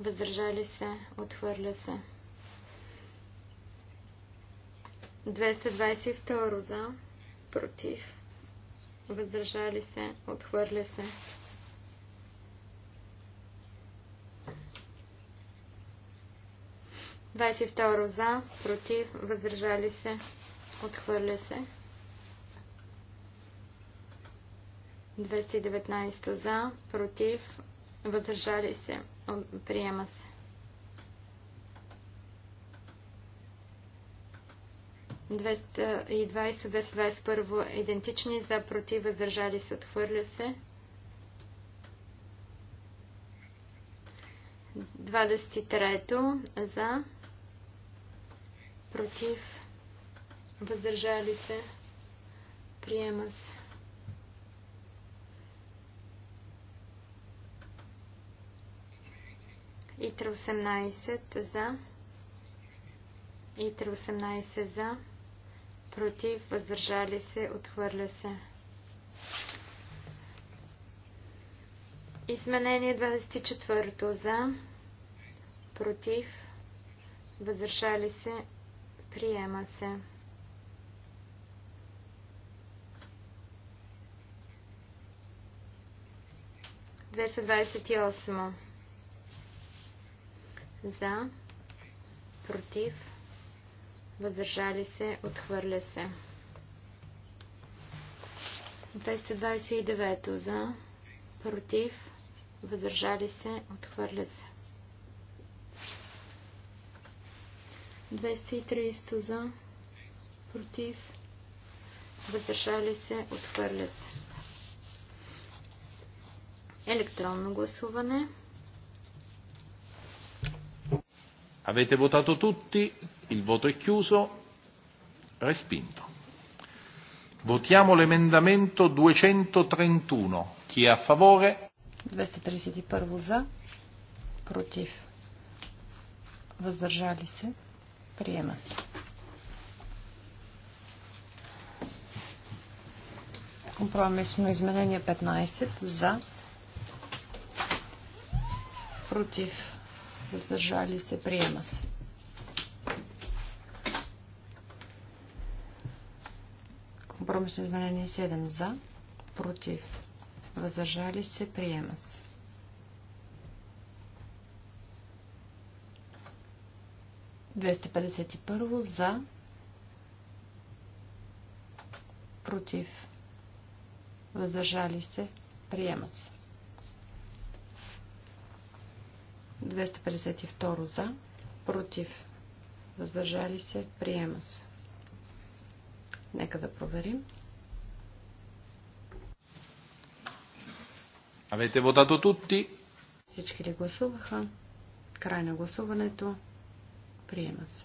въздържали се, отхвърля се. 222 за, против, въздържали се, отхвърля се. 22 за, против, въздържали се, отхвърля се. 219 за, против, въздържали се, приема се. и 220-221 идентични, за, против, въздържали се, отхвърля се. 23 за, против, въздържали се, приема се. Итра 18 за. Итра 18 за. Против, въздържали се, отхвърля се. Изменение 24 за. Против, въздържали се, приема се. Двеста за, против, въздържали се, отхвърля се. 229 за, против, въздържали се, отхвърля се. 230 за, против, въздържали се, отхвърля се. Електронно гласуване. Avete votato tutti? Il voto è chiuso. Respinto. Votiamo l'emendamento 231. Chi è a favore? 231 за. Против. Въздържали се. Приема се. Компромисно изменение 15 за. Против въздържали се, приема се. Компромисно изменение 7 за, против, въздържали се, приема се. Двеста за, против, въздържали се, приема се. 252 за, против, въздържали се, приема се. Нека да проверим. Avete водато tutti? Всички ли гласуваха? Край на гласуването. Приема се.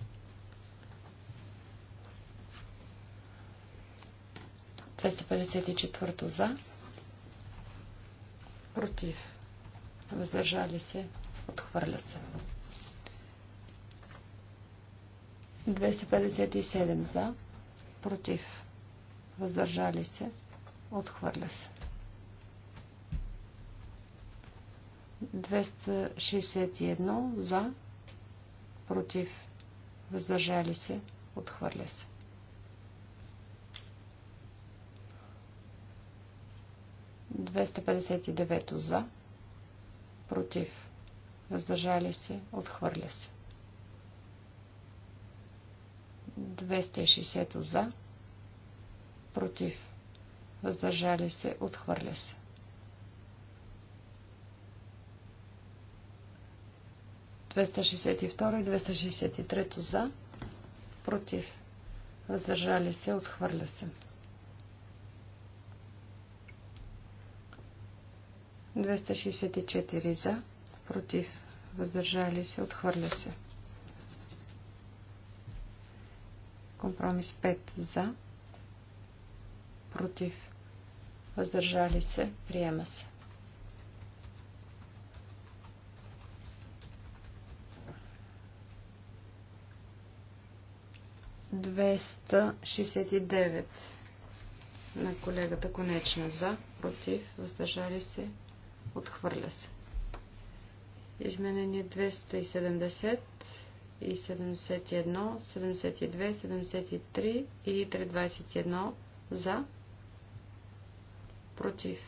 Двеста за. Против. Въздържали се. Отхвърля се. 257 за, против, въздържали се, отхвърля се. 261 за, против, въздържали се, отхвърля се. 259 за, против, въздържали се, отхвърля се. 260 за, против, въздържали се, отхвърля се. Двеста и 263 за, против, въздържали се, отхвърля се. 264 за, против, въздържали се, отхвърля се. Компромис 5 за, против, въздържали се, приема се. Двеста шестдесет и на колегата Конечна за, против, въздържали се, отхвърля се. Изменение 270 и 71, 72, 73 и 321 за, против,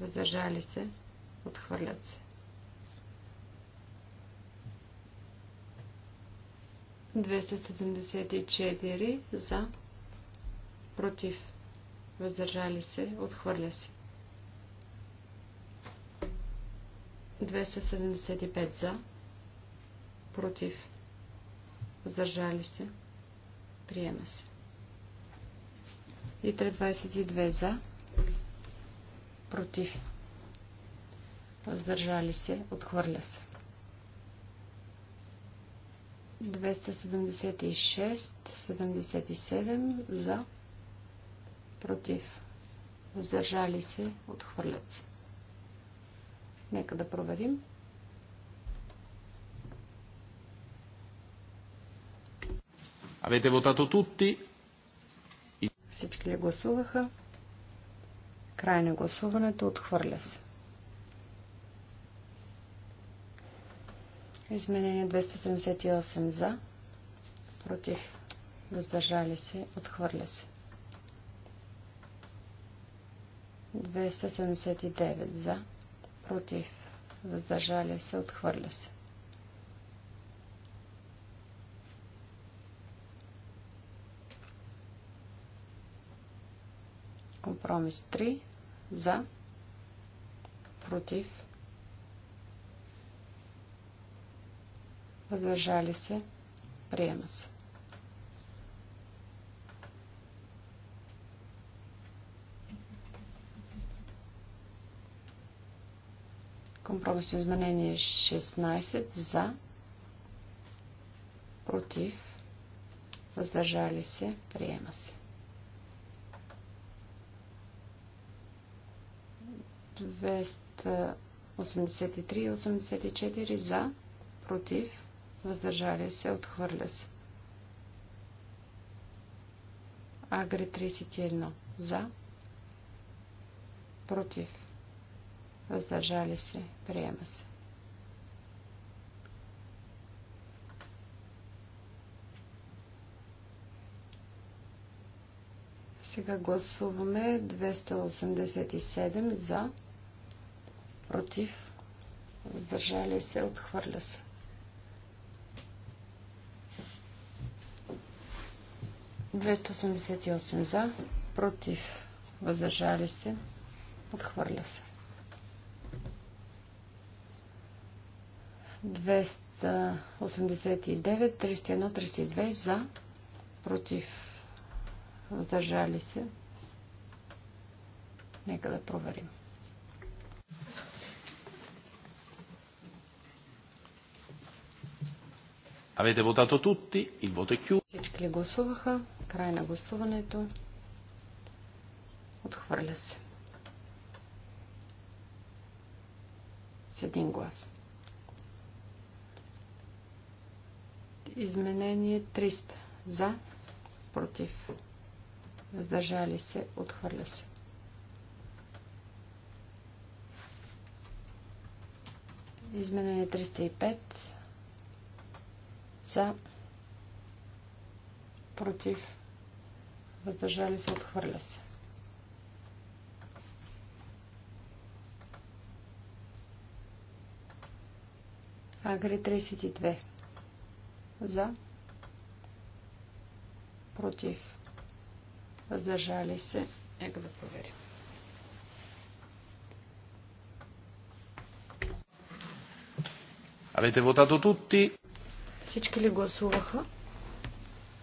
въздържали се, отхвърлят се. 274 за, против, въздържали се, отхвърля се. 275 за, против, въздържали се, приема се. И 322 за, против, въздържали се, отхвърля се. 276, 77 за, против, въздържали се, отхвърлят се. Нека да проверим. Avete votato tutti? Всички ли гласуваха? Край на гласуването отхвърля се. Изменение 278 за, против, въздържали се, отхвърля се. 279 за, против, въздържали се, отхвърля се. Компромис 3 за, против, въздържали се, приема се. Компромисно изменение 16 за, против, въздържали се, приема се. 283 и 84 за, против, въздържали се, отхвърля се. Агри 31 за, против, въздържали се, приема се. Сега гласуваме 287 за, против, въздържали се, отхвърля се. Двеста за, против, въздържали се, отхвърля се. 289, 31, 32 за, против, въздържали се. Нека да проверим. Авете votato tutti, il voto è chiuso. Всички ли гласуваха? Край на гласуването. Отхвърля се. С един глас. Изменение 300. За, против. Въздържали се, отхвърля се. Изменение 305. За, против. Въздържали се, отхвърля се. Агри 32 за, против, въздържали се. Нека да проверим. Avete votato tutti? Всички ли гласуваха?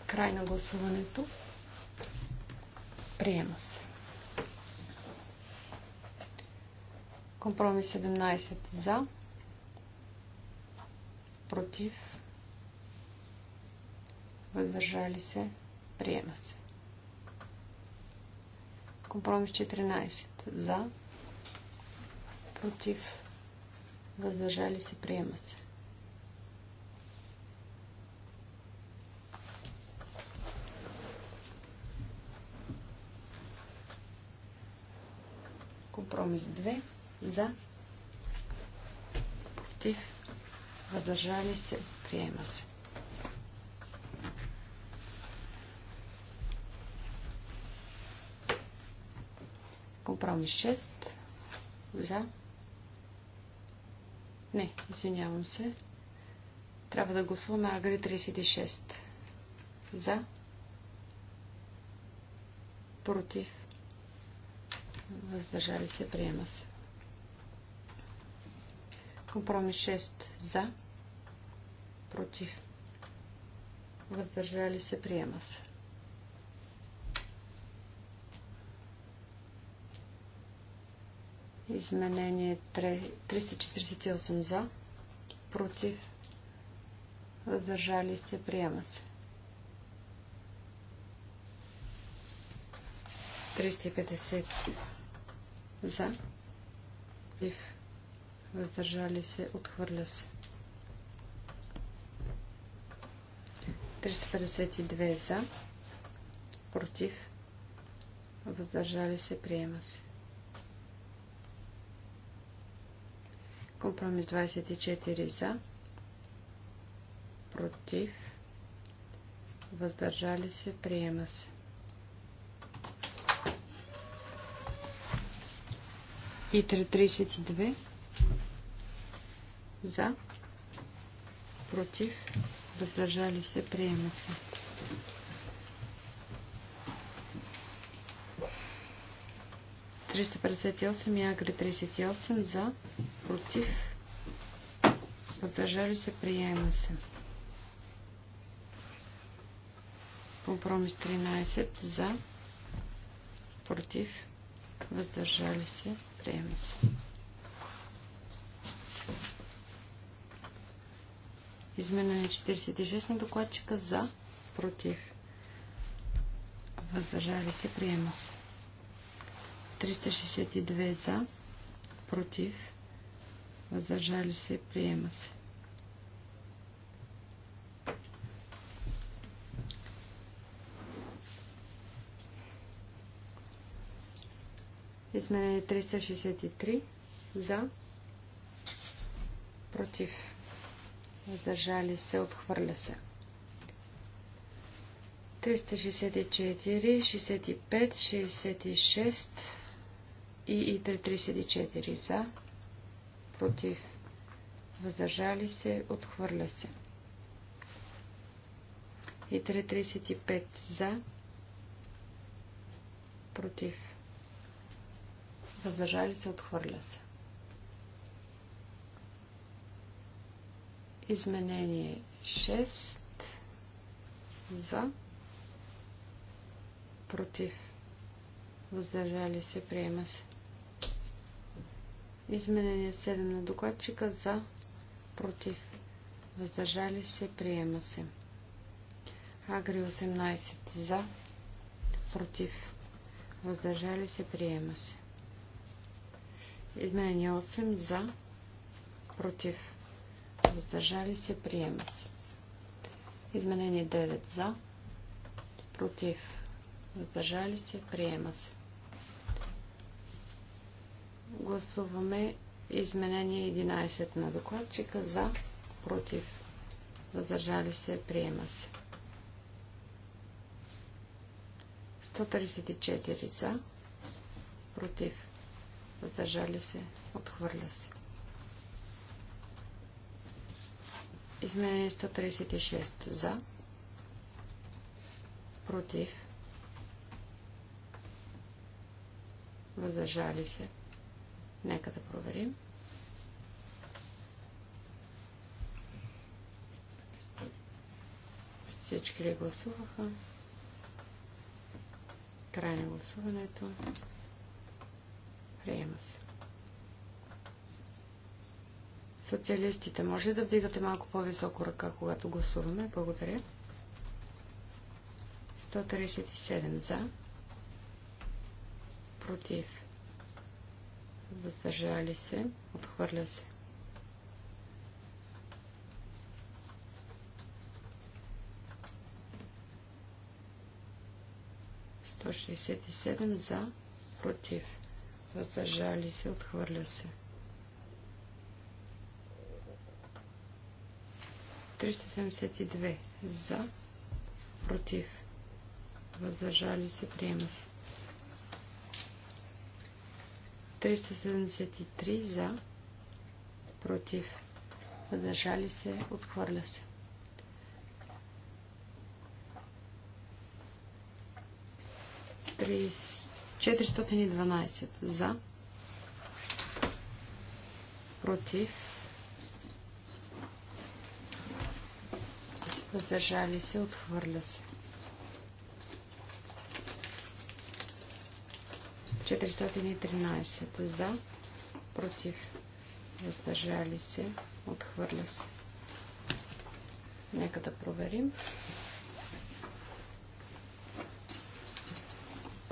Край на гласуването. Приема се. Компромис 17 за. Против въздържали се, приема се. Компромис 14. За, против, въздържали се, приема се. Компромис 2. За, против, въздържали се, приема се. Компромис 6. За. Не, извинявам се. Трябва да гласуваме Агри 36. За. Против. Въздържали се. Приема се. Компромис 6. За. Против. Въздържали се. Приема се. Изменение 348 за, против, въздържали се, приема се. 350 за, против, въздържали се, отхвърля се. 352 за, против, въздържали се, приема се. Компромис 24 за, против, въздържали се, приема се. И 32 за, против, въздържали се, приема се. Триста и Агри 38 за, против, въздържали се, приема се. Компромис 13 за, против, въздържали се, приема се. Изменение 46 на докладчика за, против, въздържали се, приема се. 362 за, против, въздържали се, приема се. Изменение 363 за против въздържали се, отхвърля се. 364, 65, 66 и 334 за против, въздържали се, отхвърля се. И 3.35 за, против, въздържали се, отхвърля се. Изменение 6 за, против, въздържали се, приема се. Изменение 7 на докладчика за, против, въздържали се, приема се. Агри 18 за, против, въздържали се, приема се. Изменение 8 за, против, въздържали се, приема се. Изменение 9 за, против, въздържали се, приема се. Гласуваме изменение 11 на докладчика за, против, въздържали се, приема се. 134 за, против, въздържали се, отхвърля се. Изменение 136 за, против, въздържали се, Нека да проверим. Всички ли гласуваха? Край на гласуването. Приема се. Социалистите, може ли да вдигате малко по-високо ръка, когато гласуваме? Благодаря. 137 за. Против въздържали се, отхвърля се. за, против, въздържали се, отхвърля се. 372 за, против, въздържали се, приема се. 373 за, против, въздържали се, отхвърля се. Три... 412 за, против, въздържали се, отхвърля се. 413 за, против, въздържали се, отхвърля се. Нека да проверим.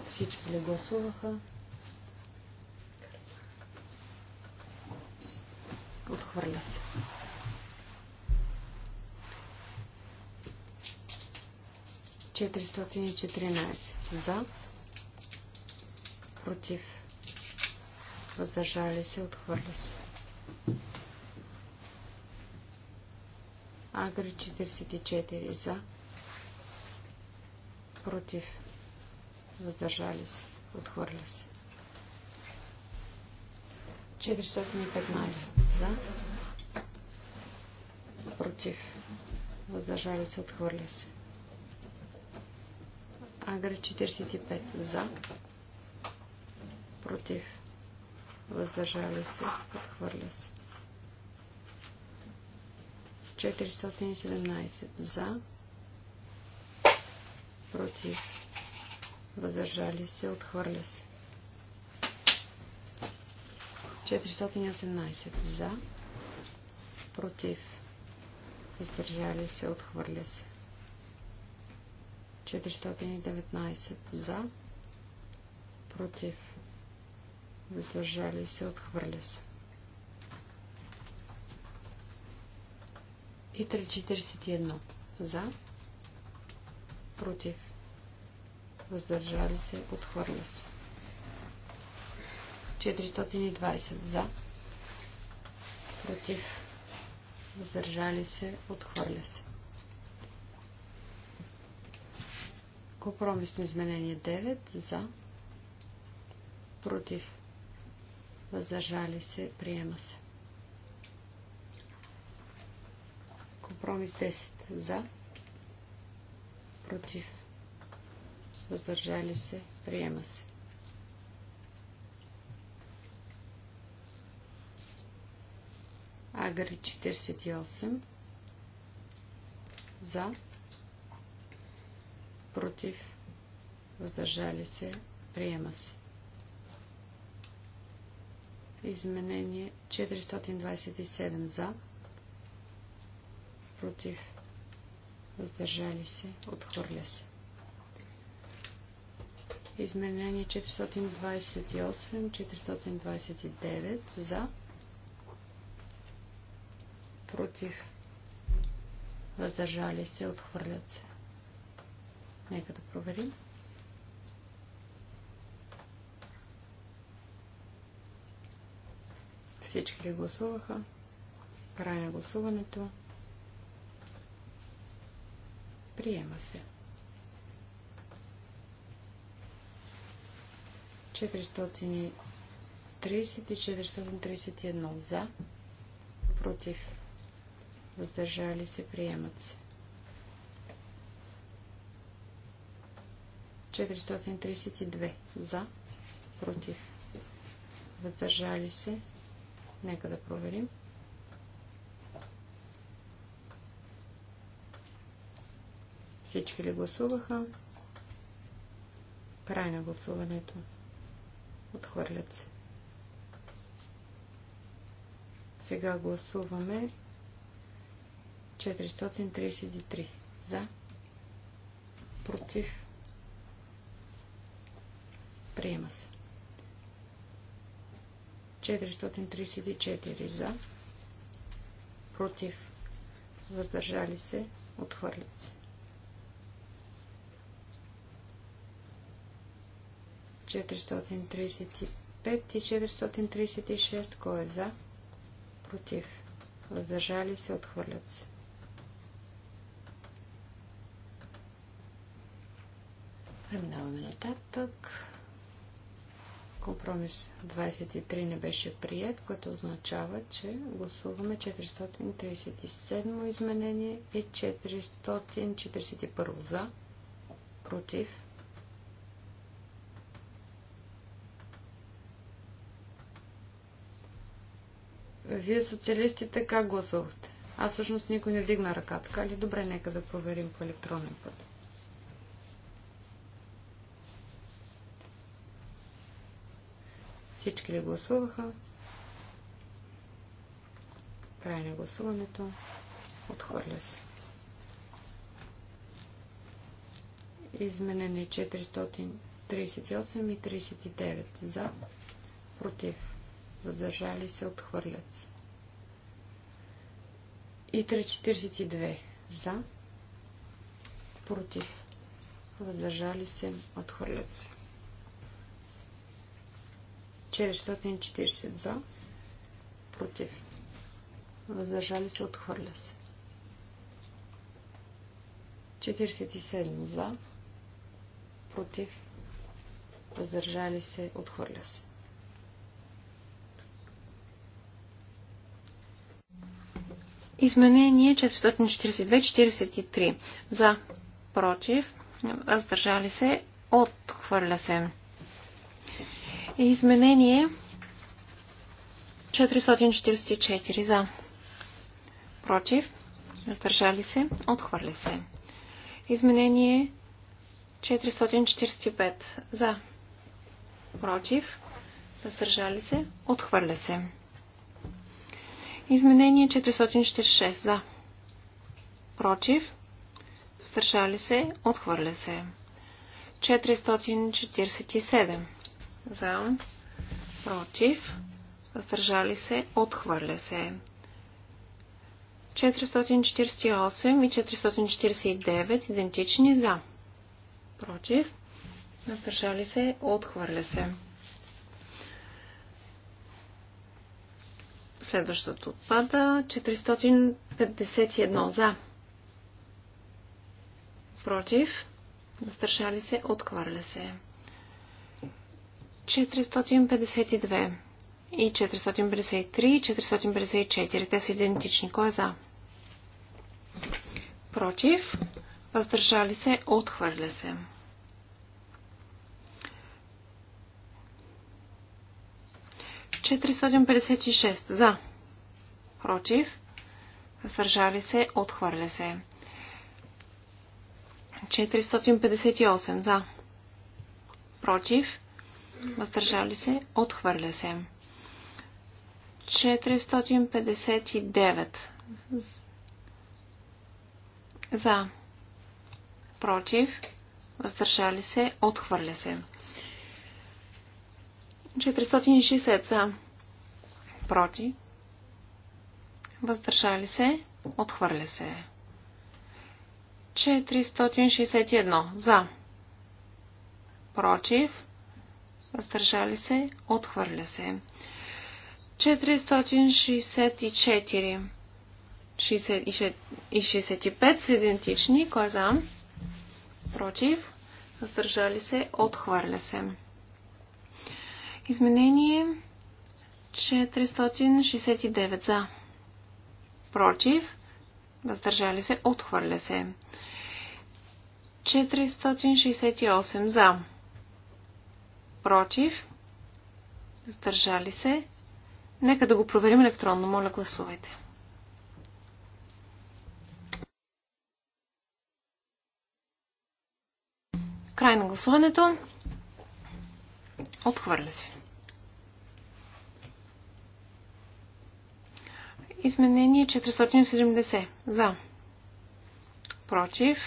Всички ли гласуваха? Отхвърля се. Четиристотин за против, въздържали се, отхвърля се. Агри 44 за, против, въздържали се, отхвърля се. 415 за, против, въздържали се, отхвърля се. Агри 45 за, против, въздържали се, отхвърля се. 417 за, против, въздържали се, отхвърля се. 418 за, против, въздържали се, отхвърля се. 419 за, против, въздържали се, отхвърля се. И 341 за, против, въздържали се, отхвърля се. 420 за, против, въздържали се, отхвърля се. Компромисно изменение 9 за, против, въздържали се, приема се. Компромис 10 за, против, въздържали се, приема се. Агари 48 за, против, въздържали се, приема се. Изменение 427 за. Против. Въздържали се. Отхвърля се. Изменение 428, 429 за. Против. Въздържали се. Отхвърлят се. Нека да проверим. Всички ли гласуваха? Край на гласуването. Приема се. 430 и 431 за, против, въздържали се, приемат се. 432 за, против, въздържали се, Нека да проверим. Всички ли гласуваха? Край на гласуването. Отхвърлят се. Сега гласуваме 433 за, против, приема се. 434 за, против, въздържали се, отхвърлят се. 435 и 436, кой е за, против, въздържали се, отхвърлят се. Преминаваме нататък. Компромис 23 не беше прият, което означава, че гласуваме 437 изменение и 441 за, против. Вие социалистите как гласувахте? Аз всъщност никой не вдигна ръка, така ли? Добре, нека да проверим по електронен път. Всички ли гласуваха? Край на гласуването. Отхвърля се. Изменени 438 и 39 за, против, въздържали се, отхвърлят се. И 342 за, против, въздържали се, отхвърлят се. 440 за, против, въздържали се, отхвърля се. 47 за, против, въздържали се, отхвърля се. Изменение 442-43. За, против, въздържали се, отхвърля се. Изменение 444 за. Против. Въздържали се. Отхвърля се. Изменение 445 за. Против. Въздържали се. Отхвърля се. Изменение 446 за. Против. Въздържали се. Отхвърля се. 447 за, против, въздържали се, отхвърля се. 448 и 449 идентични за, против, въздържали се, отхвърля се. Следващото отпада 451 за. Против. Въздържали се. Отхвърля се. 452 и 453 и 454. Те са идентични. Кой е за? Против. Въздържали се. Отхвърля се. Четиристотин за. Против. Въздържали се. Отхвърля се. 458 за. Против въздържали се, отхвърля се. 459 за, против, въздържали се, отхвърля се. 460 за, против, въздържали се, отхвърля се. 461 за, против, въздържали се, отхвърля се. 464 и 65 са идентични. Кой е за? Против. Въздържали се. Отхвърля се. Изменение 469 за. Против. Въздържали се. Отхвърля се. 468 за против, Сдържали се. Нека да го проверим електронно. Моля, гласувайте. Край на гласуването. Отхвърля се. Изменение 470. За. Против.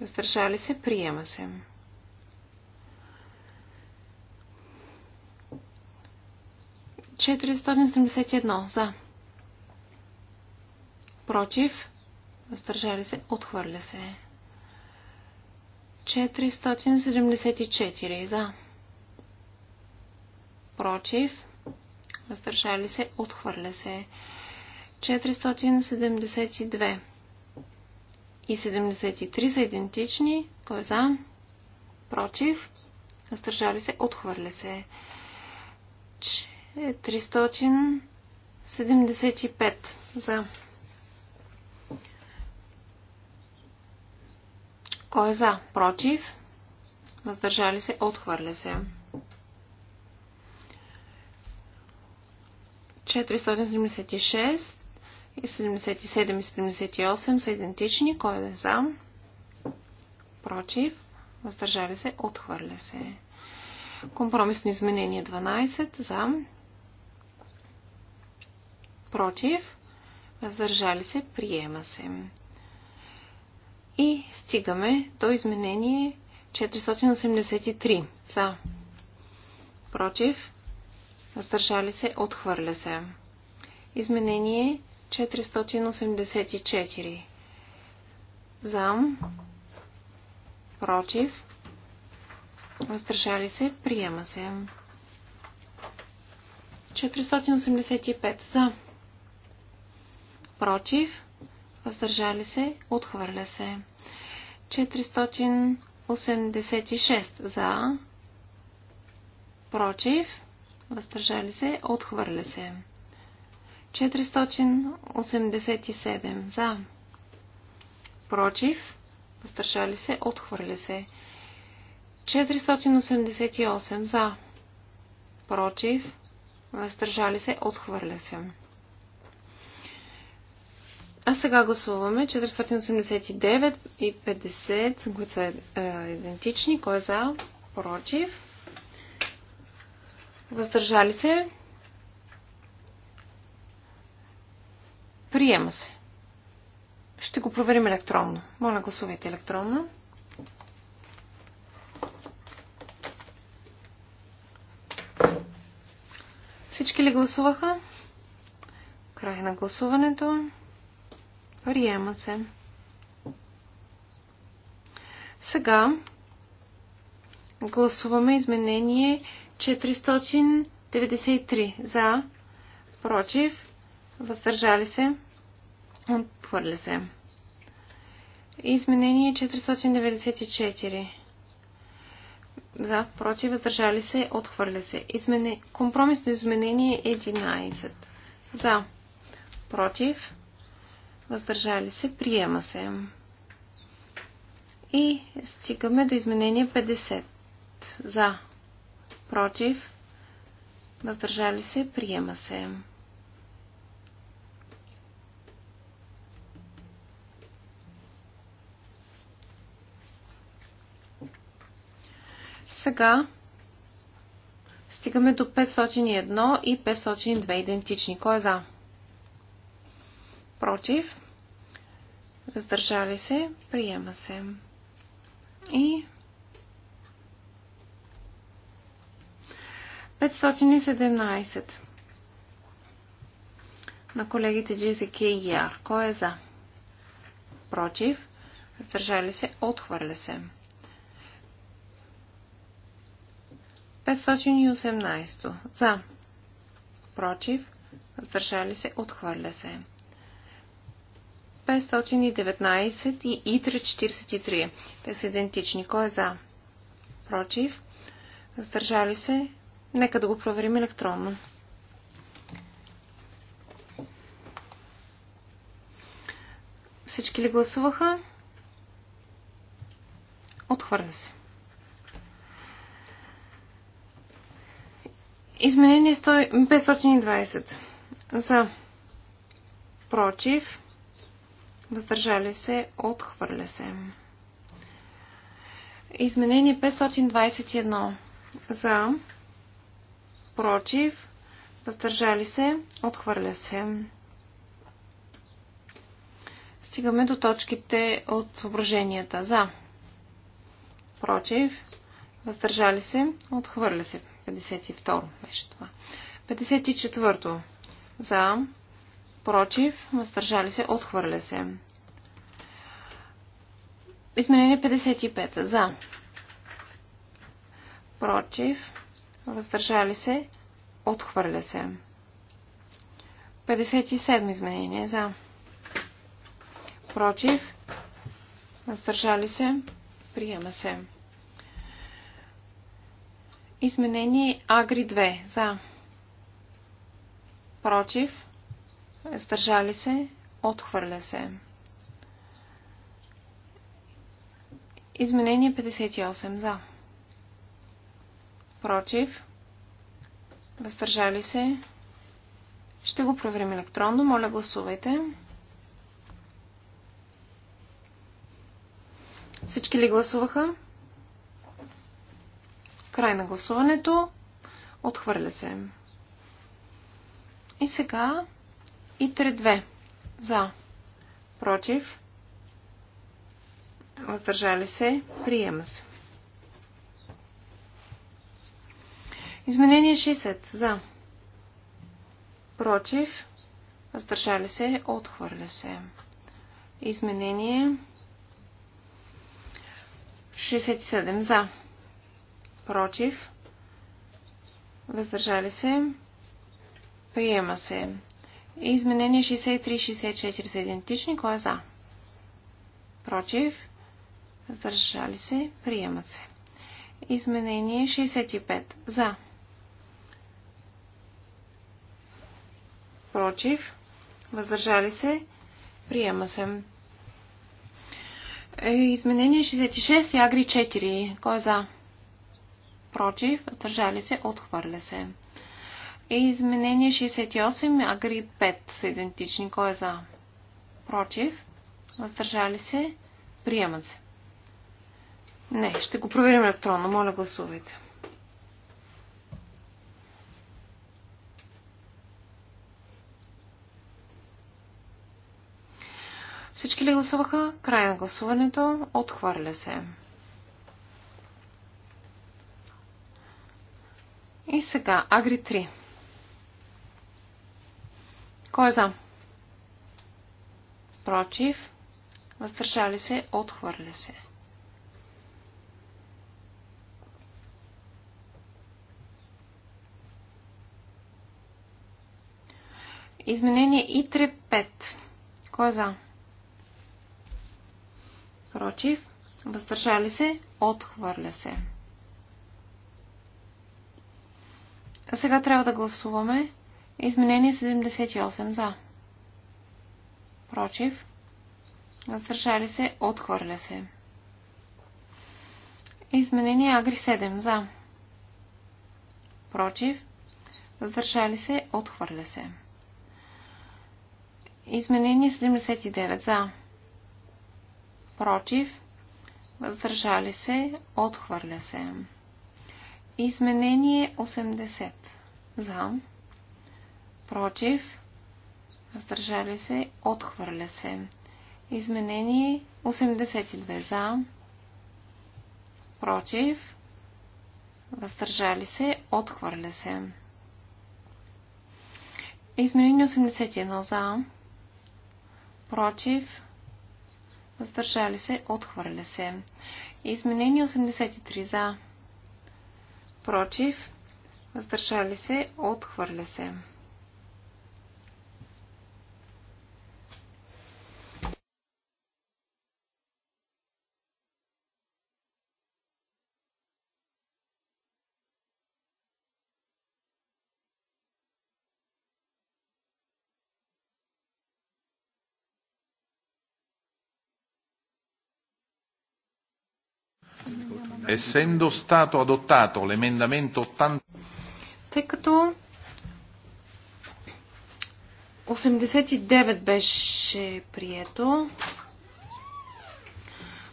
Въздържали се. Приема се. 471 за. Против. Въздържали се. Отхвърля се. 474 за. Против. Въздържали се. Отхвърля се. 472 и 73 са идентични. Кой е за? Против. Въздържали се. Отхвърля се. Че е 375 за. Кой е за? Против? Въздържали се? Отхвърля се. 476 и 77 и 78 са идентични. Кой е за? Против? Въздържали се? Отхвърля се. Компромисно изменение 12 за против, въздържали се, приема се. И стигаме до изменение 483. За. Против. Въздържали се. Отхвърля се. Изменение 484. За. Против. Въздържали се. Приема се. 485. За против, въздържали се, отхвърля се. 486 за, против, въздържали се, отхвърля се. 487 за, против, въздържали се, отхвърля се. 488 за, против, въздържали се, отхвърля се. А сега гласуваме 489 и 50, които са е, идентични. Кой е за? Против. Въздържали се? Приема се. Ще го проверим електронно. Моля, гласувайте електронно. Всички ли гласуваха? Край на гласуването. Приемат се. Сега гласуваме изменение 493 за, против, въздържали се, отхвърля се. Изменение 494 за, против, въздържали се, отхвърля се. Измене... Компромисно изменение 11 за, против, въздържали се, приема се. И стигаме до изменение 50. За, против, въздържали се, приема се. Сега стигаме до 501 и 502 идентични. Кой е за? Против? Въздържали се. Приема се. И 517 на колегите GZK и ER. Кой е за? Против. Въздържали се. Отхвърля се. 518 за. Против. Въздържали се. Отхвърля се. 519 и ИТР 43. Те са идентични. Кой е за? Против? Сдържали се? Нека да го проверим електронно. Всички ли гласуваха? Отхвърля се. Изменение 520. За. Против въздържали се, отхвърля се. Изменение 521 за, против, въздържали се, отхвърля се. Стигаме до точките от съображенията за, против, въздържали се, отхвърля се. 52 беше това. 54 за, против, въздържали се, отхвърля се. Изменение 55. За. Против. Въздържали се. Отхвърля се. 57 изменение. За. Против. Въздържали се. Приема се. Изменение Агри 2. За. Против. Сдържали се. Отхвърля се. Изменение 58 за. Против. Въздържали се. Ще го проверим електронно. Моля, гласувайте. Всички ли гласуваха? Край на гласуването. Отхвърля се. И сега и 3-2. За. Против. Въздържали се. Приема се. Изменение 60. За. Против. Въздържали се. Отхвърля се. Изменение 67. За. Против. Въздържали се. Приема се. Изменение 63 64 са идентични. Кой е за? Против? Въздържали се? Приемат се. Изменение 65. За. Против? Въздържали се? Приема се. Е, изменение 66 и Агри 4. Кой е за? Против? Въздържали се? Отхвърля се е изменение 68, агри 5 са идентични. Кой е за? Против? Въздържали се? Приемат се. Не, ще го проверим електронно. Моля, гласувайте. Всички ли гласуваха? Край на гласуването. Отхвърля се. И сега, Агри 3. Кой е за? Против. Въздържали се. Отхвърля се. Изменение ИТРЕ 5. Кой е за? Против. Въздържали се. Отхвърля се. А сега трябва да гласуваме Изменение 78 за. Против. Въздържали се. Отхвърля се. Изменение Агри 7 за. Против. Въздържали се. Отхвърля се. Изменение 79 за. Против. Въздържали се. Отхвърля се. Изменение 80 за против, въздържали се, отхвърля се. Изменение 82 за, против, въздържали се, отхвърля се. Изменение 81 за, против, въздържали се, отхвърля се. Изменение 83 за, против, въздържали се, отхвърля се. Essendo stato adottato l'emendamento 80... Тъй като 89 беше прието,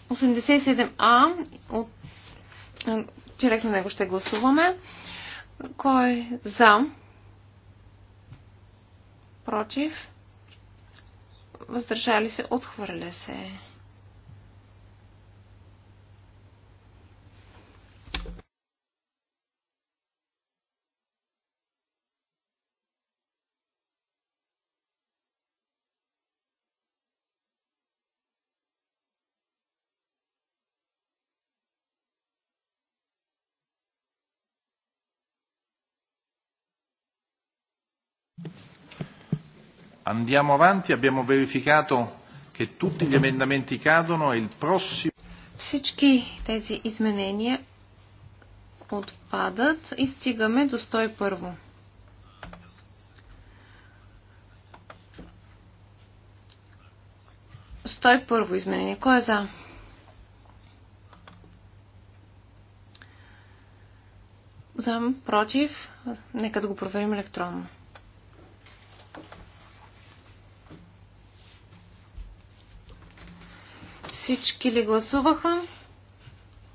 87А от директно него ще гласуваме. Кой е за? Против? Въздържали се? Отхвърля се. Andiamo avanti, abbiamo verificato che tutti gli emendamenti cadono e il prossimo... Всички тези изменения отпадат и стигаме до 101. 101 изменение. Кой е за? За, против. Нека да го проверим електронно. Всички ли гласуваха?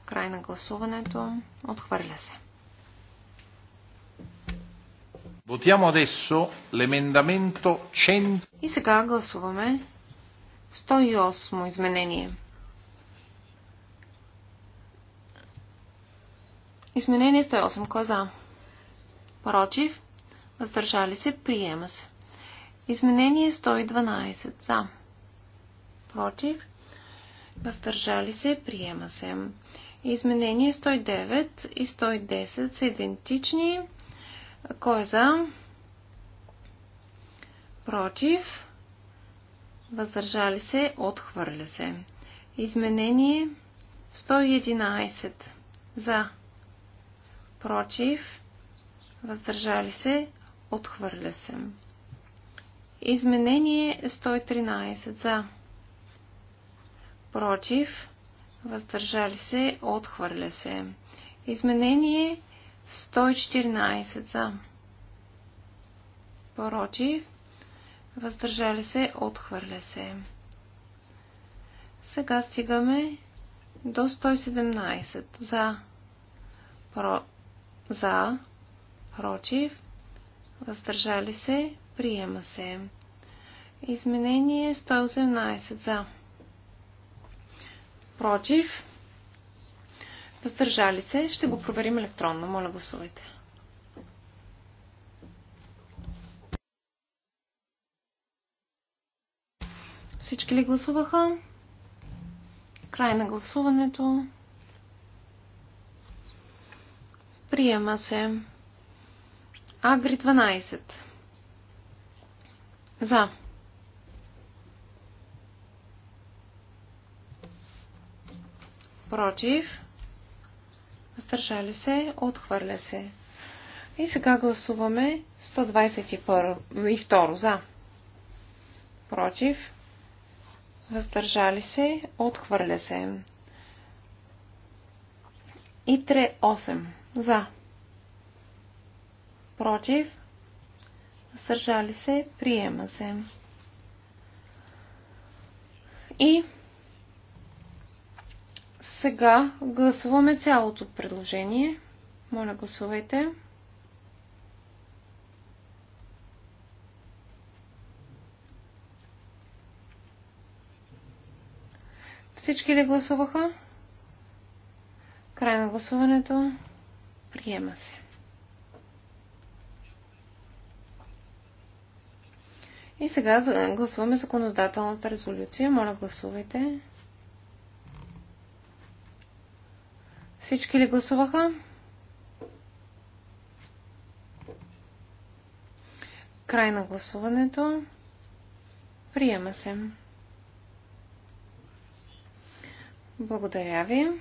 Край на гласуването. Отхвърля се. Votiamo adesso l'emendamento 100. И сега гласуваме 108 изменение. Изменение 108. Кой е за? Против. Въздържали се. Приема се. Изменение 112. За. Против. Въздържали се, приема се. Изменение 109 и 110 са идентични. Кой е за? Против. Въздържали се, отхвърля се. Изменение 111 за. Против. Въздържали се, отхвърля се. Изменение 113 за против, въздържали се, отхвърля се. Изменение 114 за, против, въздържали се, отхвърля се. Сега стигаме до 117 за, про, за против, въздържали се, приема се. Изменение 118 за против, въздържали се. Ще го проверим електронно. Моля, гласувайте. Всички ли гласуваха? Край на гласуването. Приема се. Агри 12. За. против, въздържали се, отхвърля се. И сега гласуваме 121 и 2 за, против, въздържали се, отхвърля се. И 3-8 за, против, въздържали се, приема се. И сега гласуваме цялото предложение. Моля, гласувайте. Всички ли гласуваха? Край на гласуването. Приема се. И сега гласуваме законодателната резолюция. Моля, гласувайте. Всички ли гласуваха? Край на гласуването. Приема се. Благодаря ви.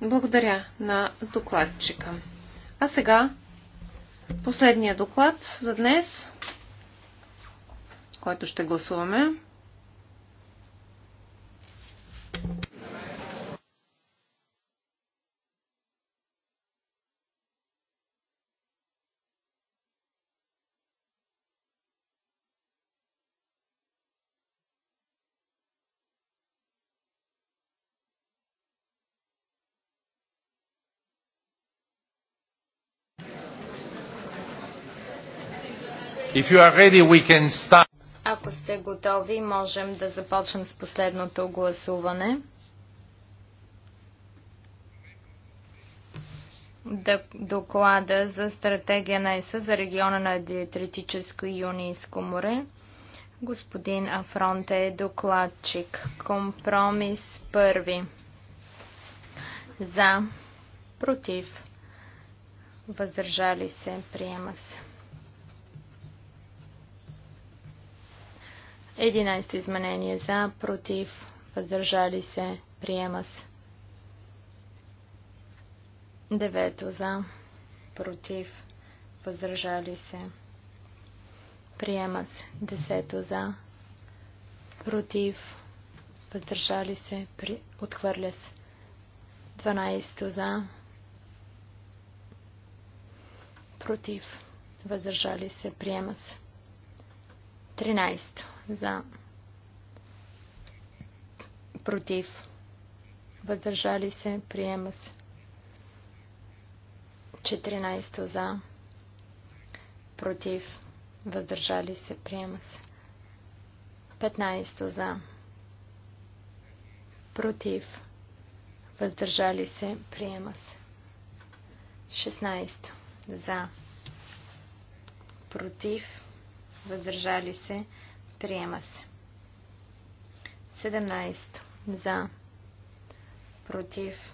Благодаря на докладчика. А сега последния доклад за днес, който ще гласуваме. If you are ready, we can start. Ако сте готови, можем да започнем с последното гласуване. доклада за стратегия на ЕСА за региона на Диетретическо и Юнийско море. Господин Афронте е докладчик. Компромис първи. За. Против. Въздържали се. Приема се. 11 изменение за, против, въздържали се, приема се. 9 за, против, въздържали се, приема се. 10 за, против, въздържали се, при... отхвърля се. 12 за, против, въздържали се, приема се. 13 за против въздържали се приема се 14 за против въздържали се приема се 15 за против въздържали се приема се 16 за против въздържали се Приема се. 17. За. Против.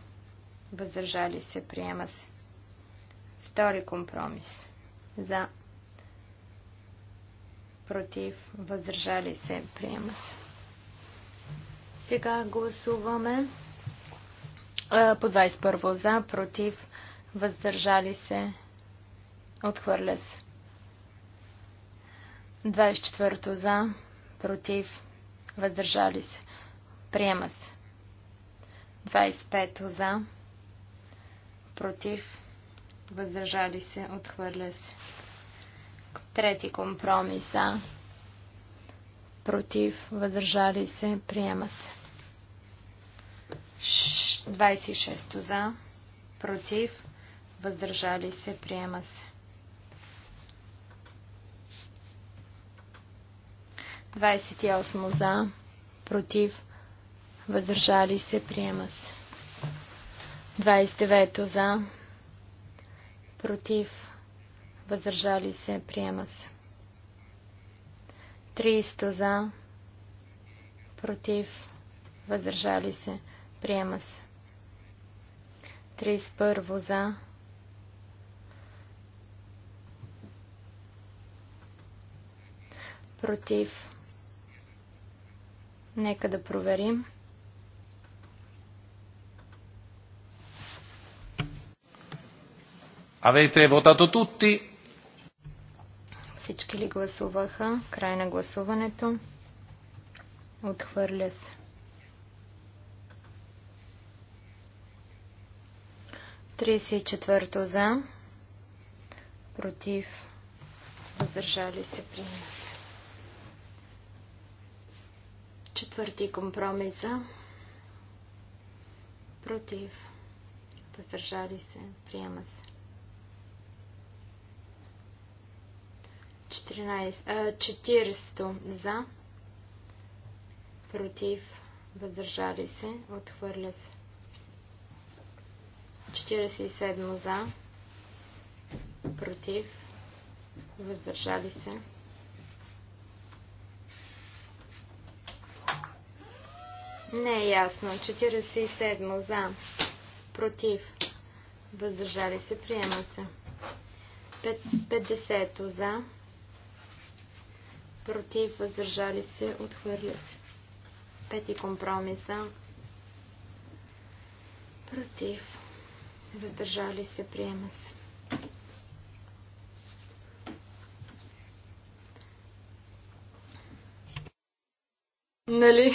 Въздържали се. Приема се. Втори компромис. За. Против. Въздържали се. Приема се. Сега гласуваме по 21 за, против, въздържали се, отхвърля се. 24 за, против, въздържали се. Приема се. 25 за, против, въздържали се, отхвърля се. Трети компромис за, против, въздържали се, приема се. 26 за, против, въздържали се, приема се. 28 за, против, въздържали се, приема се. 29 за, против, въздържали се, приема се. 30 за, против, въздържали се, приема се. 31 за, против, Нека да проверим. Авейте, вотато тутти. Всички ли гласуваха? Край на гласуването. Отхвърля се. Тридесет четвърто за. Против. Въздържали се. Приема се. Четвърти компромис Против. Въздържали се. Приема се. 40 за. Против. Въздържали се. Отхвърля се. 47 за. Против. Въздържали се. Не е ясно. 47 за. Против. Въздържали се. Приема се. 50 за. Против. Въздържали се. Отхвърлят се. Пети компромиса. Против. Въздържали се. Приема се. Нали?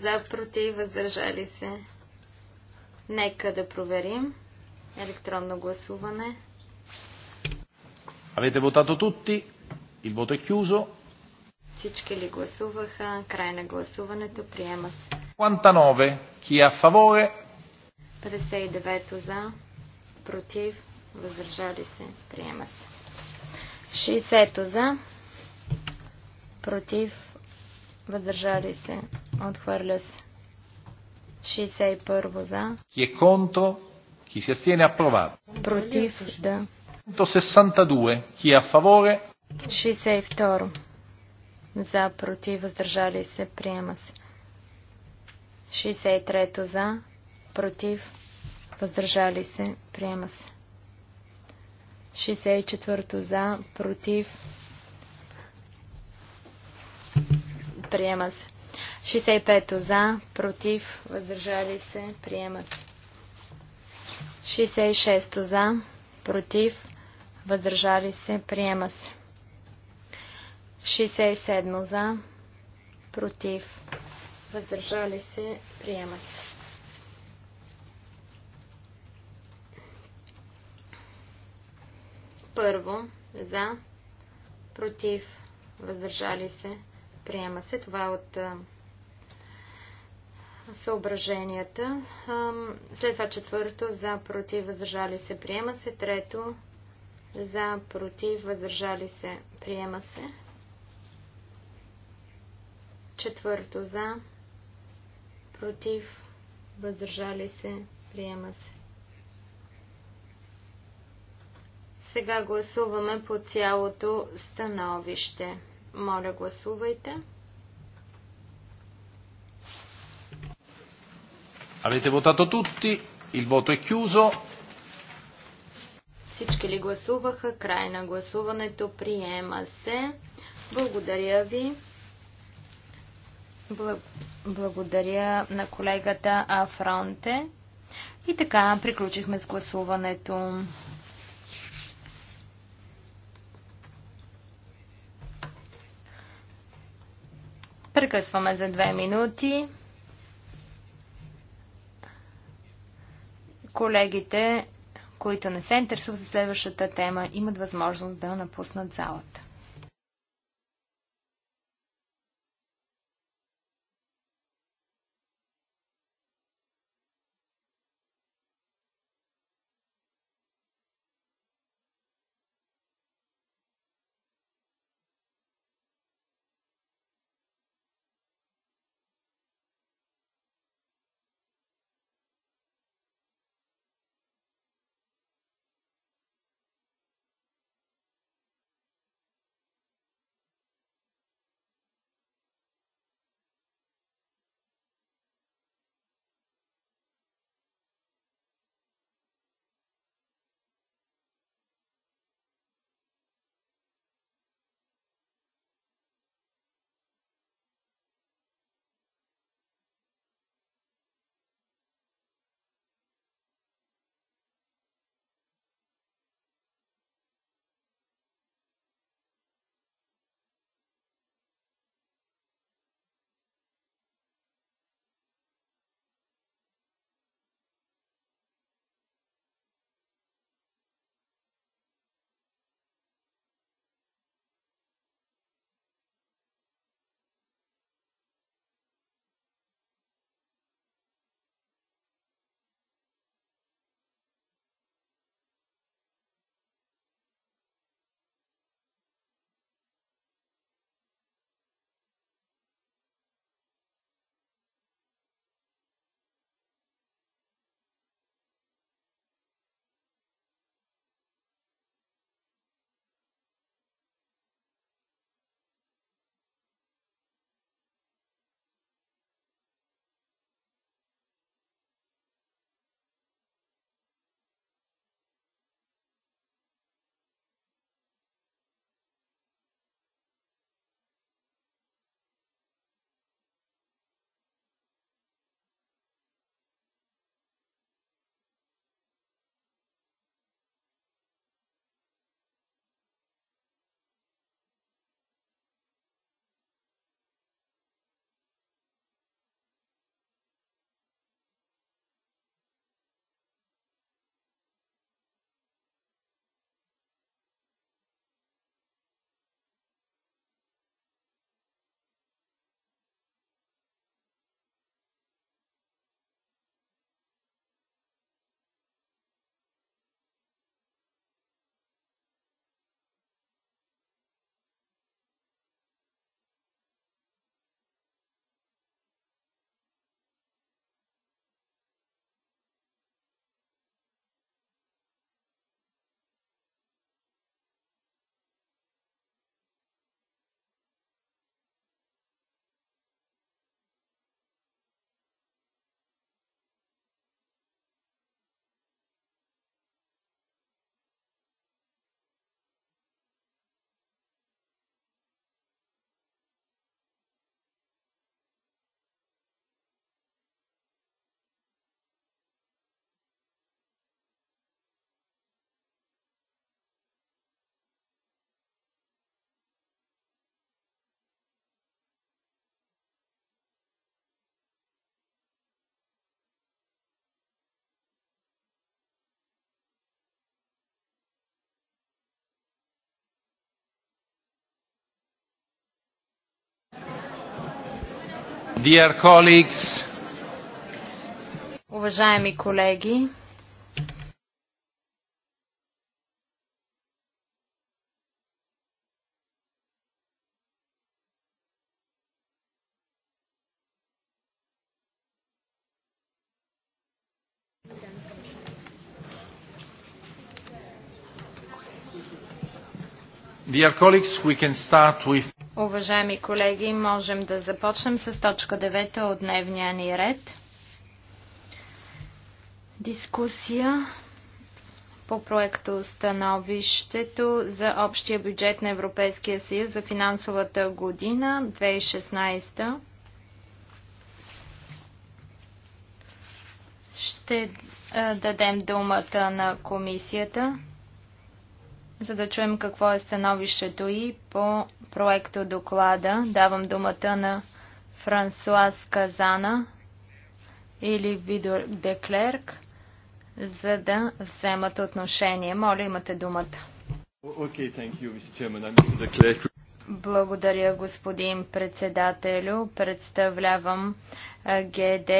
за, против, въздържали се. Нека да проверим. Електронно гласуване. Avete votato tutti? Il voto è chiuso. Всички ли гласуваха? Край на гласуването. Приема се. 59. Chi è a favore? 59 за. Против. Въздържали се. Приема се. 60 за. Против. Въздържали се. Отхвърля се. 61 за. Ки е конто, ки се astiene? апроват. Против, да. 162. Chi è a favore? 62. За, против, въздържали се, приема се. 63 за, против, въздържали се, приема се. 64 за, против, приема се. 65 за, против, въздържали се, приемат. 66 за, против, въздържали се, приема се. 67 за, против, въздържали се, приема се. Първо, за, против, въздържали се, Приема се. Това е от съображенията. След това четвърто за против въздържали се приема се. Трето за против въздържали се приема се. Четвърто за против въздържали се приема се. Сега гласуваме по цялото становище. Моля, гласувайте. Avete votato tutti, il voto è chiuso. Всички ли гласуваха? Край на гласуването. Приема се. Благодаря ви. Благодаря на колегата Афронте. И така, приключихме с гласуването. Прекъсваме за две минути. Колегите, които не се интересуват за следващата тема, имат възможност да напуснат залата. Dear colleagues, Уважаеми колеги, Dear colleagues, we can start with Уважаеми колеги, можем да започнем с точка 9 от дневния ни ред. Дискусия по проекто становището за общия бюджет на Европейския съюз за финансовата година 2016. Ще дадем думата на комисията за да чуем какво е становището и по проекто доклада. Давам думата на Франсуаз Казана или Видор Деклерк, за да вземат отношение. Моля, имате думата. Okay, thank you, Mr. Chairman. I'm Mr. Declerc. Благодаря, господин председателю. Представлявам ГД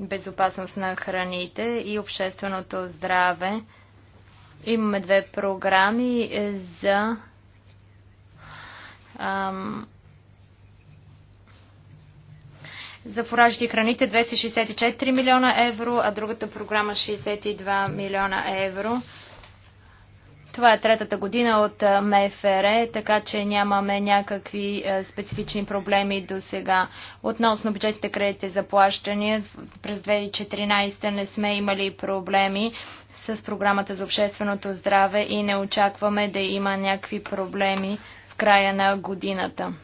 Безопасност на храните и общественото здраве. Имаме две програми е, за ам, за фуражите и храните 264 милиона евро, а другата програма 62 милиона евро. Това е третата година от МФР, така че нямаме някакви е, специфични проблеми до сега. Относно бюджетните кредити за плащания, през 2014 не сме имали проблеми с програмата за общественото здраве и не очакваме да има някакви проблеми в края на годината.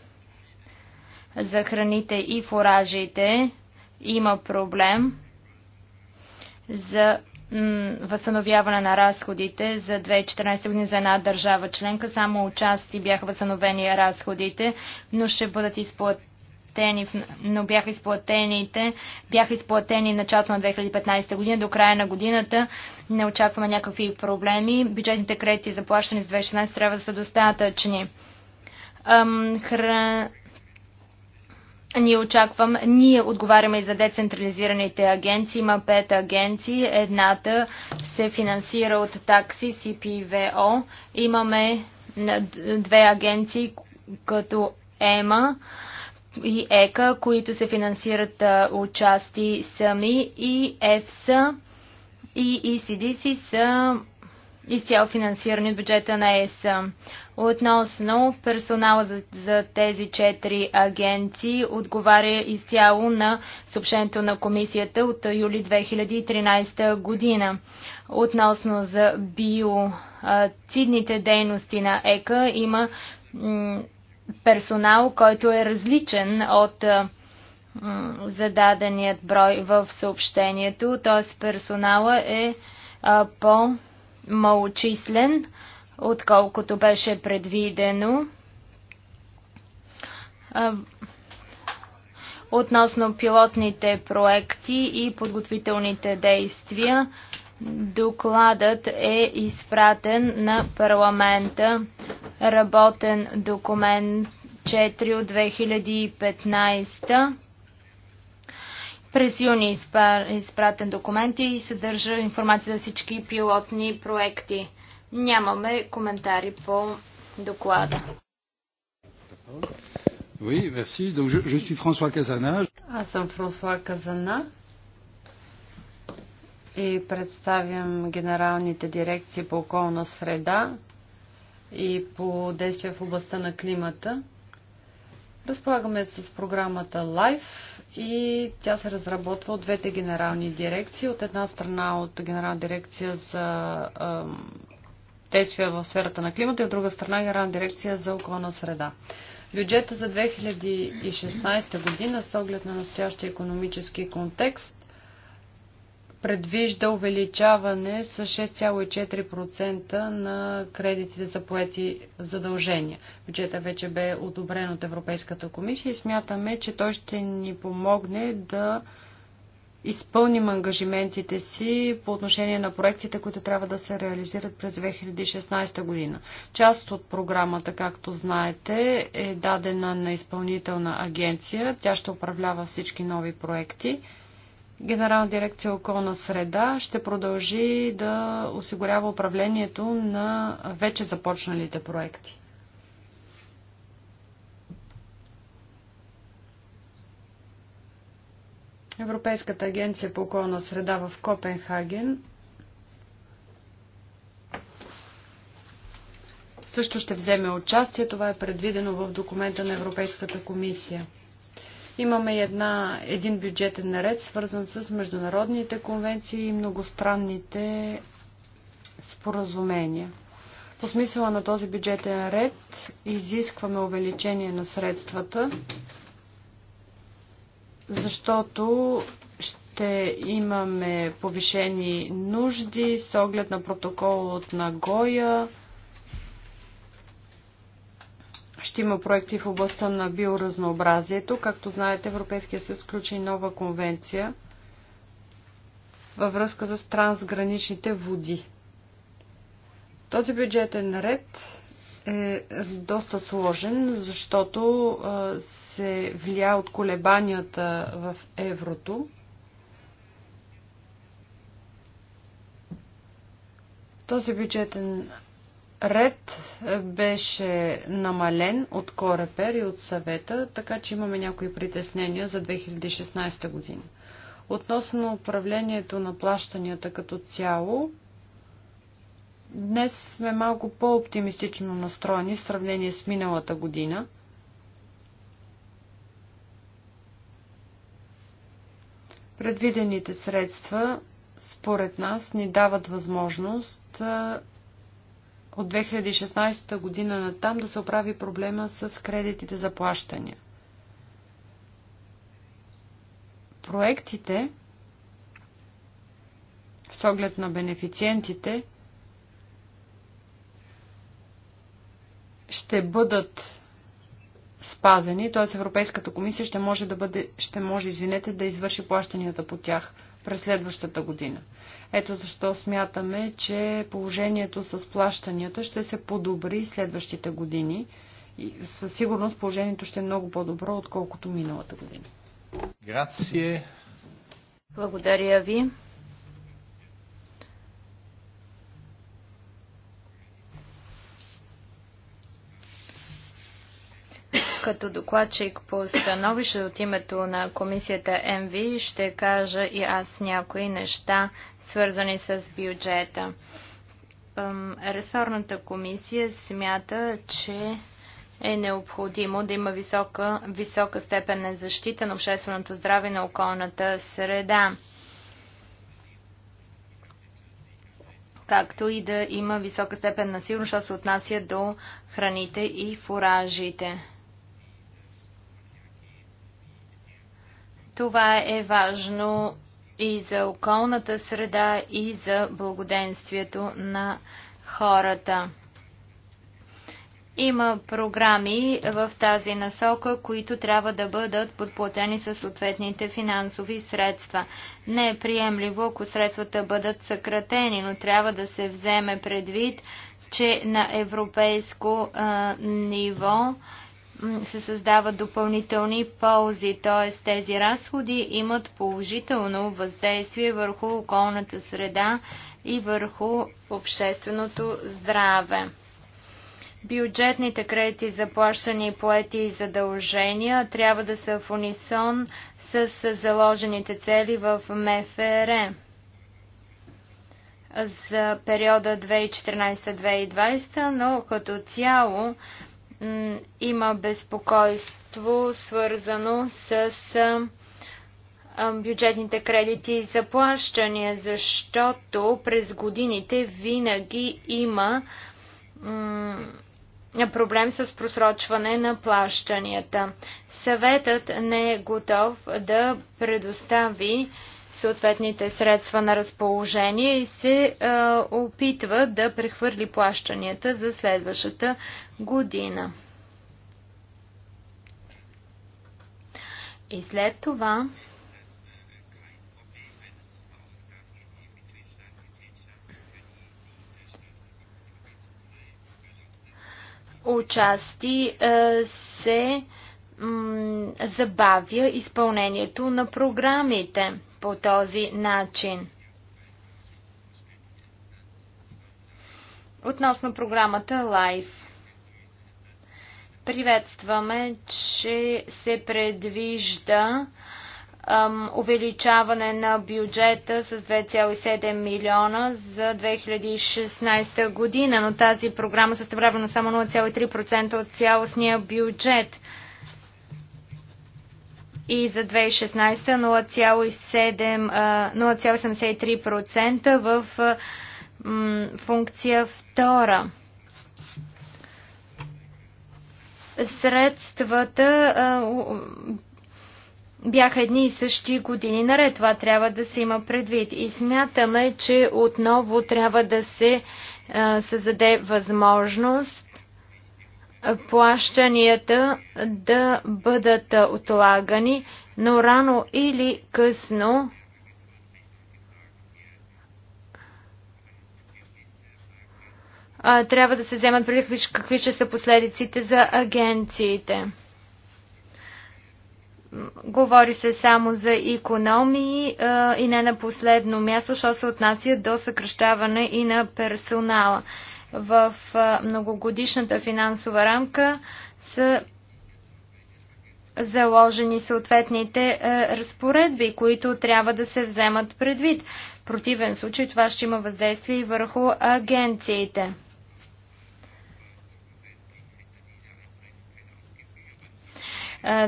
За храните и фуражите има проблем за възстановяване на разходите за 2014 година за една държава членка. Само отчасти бяха възстановени разходите, но ще бъдат изплатени изплатени, но бяха изплатените, бяха изплатени началото на 2015 година до края на годината. Не очакваме някакви проблеми. Бюджетните кредити заплащани с 2016 трябва да са достатъчни. Ам, хра... Ние очаквам, ние отговаряме и за децентрализираните агенции. Има пет агенции. Едната се финансира от такси CPVO. Имаме две агенции, като ЕМА, и ЕКА, които се финансират отчасти сами и ЕФСА и ECDC са изцяло финансирани от бюджета на ЕС. Относно персонала за, за тези четири агенции отговаря изцяло на съобщението на комисията от юли 2013 година. Относно за биоцидните дейности на ЕКА има персонал, който е различен от зададеният брой в съобщението, т.е. персонала е по-малочислен, отколкото беше предвидено. Относно пилотните проекти и подготвителните действия, докладът е изпратен на парламента работен документ 4 от 2015. През юни изпратен документ и съдържа информация за всички пилотни проекти. Нямаме коментари по доклада. Oui, merci. Donc, je, je suis François Casana. Аз съм Франсуа Казана и представям генералните дирекции по околна среда, и по действия в областта на климата. Разполагаме с програмата LIFE и тя се разработва от двете генерални дирекции. От една страна от генерална дирекция за действия в сферата на климата и от друга страна генерална дирекция за околна среда. Бюджета за 2016 година с оглед на настоящия економически контекст предвижда увеличаване с 6,4% на кредитите за поети задължения. Бюджета вече бе одобрен от Европейската комисия и смятаме, че той ще ни помогне да изпълним ангажиментите си по отношение на проектите, които трябва да се реализират през 2016 година. Част от програмата, както знаете, е дадена на изпълнителна агенция. Тя ще управлява всички нови проекти. Генерална дирекция околна среда ще продължи да осигурява управлението на вече започналите проекти. Европейската агенция по околна среда в Копенхаген също ще вземе участие. Това е предвидено в документа на Европейската комисия. Имаме една, един бюджетен наред, свързан с международните конвенции и многостранните споразумения. По смисъла на този бюджетен ред изискваме увеличение на средствата, защото ще имаме повишени нужди с оглед на протокол от Нагоя, ще има проекти в областта на биоразнообразието. Както знаете, Европейския съюз включи нова конвенция във връзка с трансграничните води. Този бюджетен ред е доста сложен, защото се влия от колебанията в еврото. Този бюджетен ред беше намален от Корепер и от съвета, така че имаме някои притеснения за 2016 година. Относно управлението на плащанията като цяло, днес сме малко по-оптимистично настроени в сравнение с миналата година. Предвидените средства, според нас, ни дават възможност от 2016 година натам да се оправи проблема с кредитите за плащания. Проектите с оглед на бенефициентите ще бъдат спазени, т.е. Европейската комисия ще може да бъде, ще може, извинете, да извърши плащанията по тях – през следващата година. Ето защо смятаме, че положението с плащанията ще се подобри следващите години. И със сигурност положението ще е много по-добро, отколкото миналата година. Грация. Благодаря ви. Като докладчик по становище от името на комисията МВ ще кажа и аз някои неща, свързани с бюджета. Ресорната комисия смята, че е необходимо да има висока, висока степен на защита на общественото здраве на околната среда. както и да има висока степен на сигурност, що се отнася до храните и фуражите. Това е важно и за околната среда, и за благоденствието на хората. Има програми в тази насока, които трябва да бъдат подплатени със съответните финансови средства. Не е приемливо, ако средствата бъдат съкратени, но трябва да се вземе предвид, че на европейско а, ниво се създават допълнителни ползи, т.е. тези разходи имат положително въздействие върху околната среда и върху общественото здраве. Бюджетните кредити за плащане и поети и задължения трябва да са в унисон с заложените цели в МФР. За периода 2014-2020, но като цяло има безпокойство, свързано с бюджетните кредити за плащания, защото през годините винаги има проблем с просрочване на плащанията. Съветът не е готов да предостави съответните средства на разположение и се а, опитва да прехвърли плащанията за следващата година. И след това отчасти се забавя изпълнението на програмите по този начин. Относно програмата LIFE. Приветстваме, че се предвижда ем, увеличаване на бюджета с 2,7 милиона за 2016 година, но тази програма съставлява само 0,3% от цялостния бюджет и за 2016 0,73% в функция втора. Средствата бяха едни и същи години наред. Това трябва да се има предвид. И смятаме, че отново трябва да се създаде възможност плащанията да бъдат отлагани, но рано или късно трябва да се вземат преди какви ще са последиците за агенциите. Говори се само за економии и не на последно място, що се отнася до съкръщаване и на персонала в многогодишната финансова рамка са заложени съответните разпоредби, които трябва да се вземат предвид. В противен случай това ще има въздействие и върху агенциите.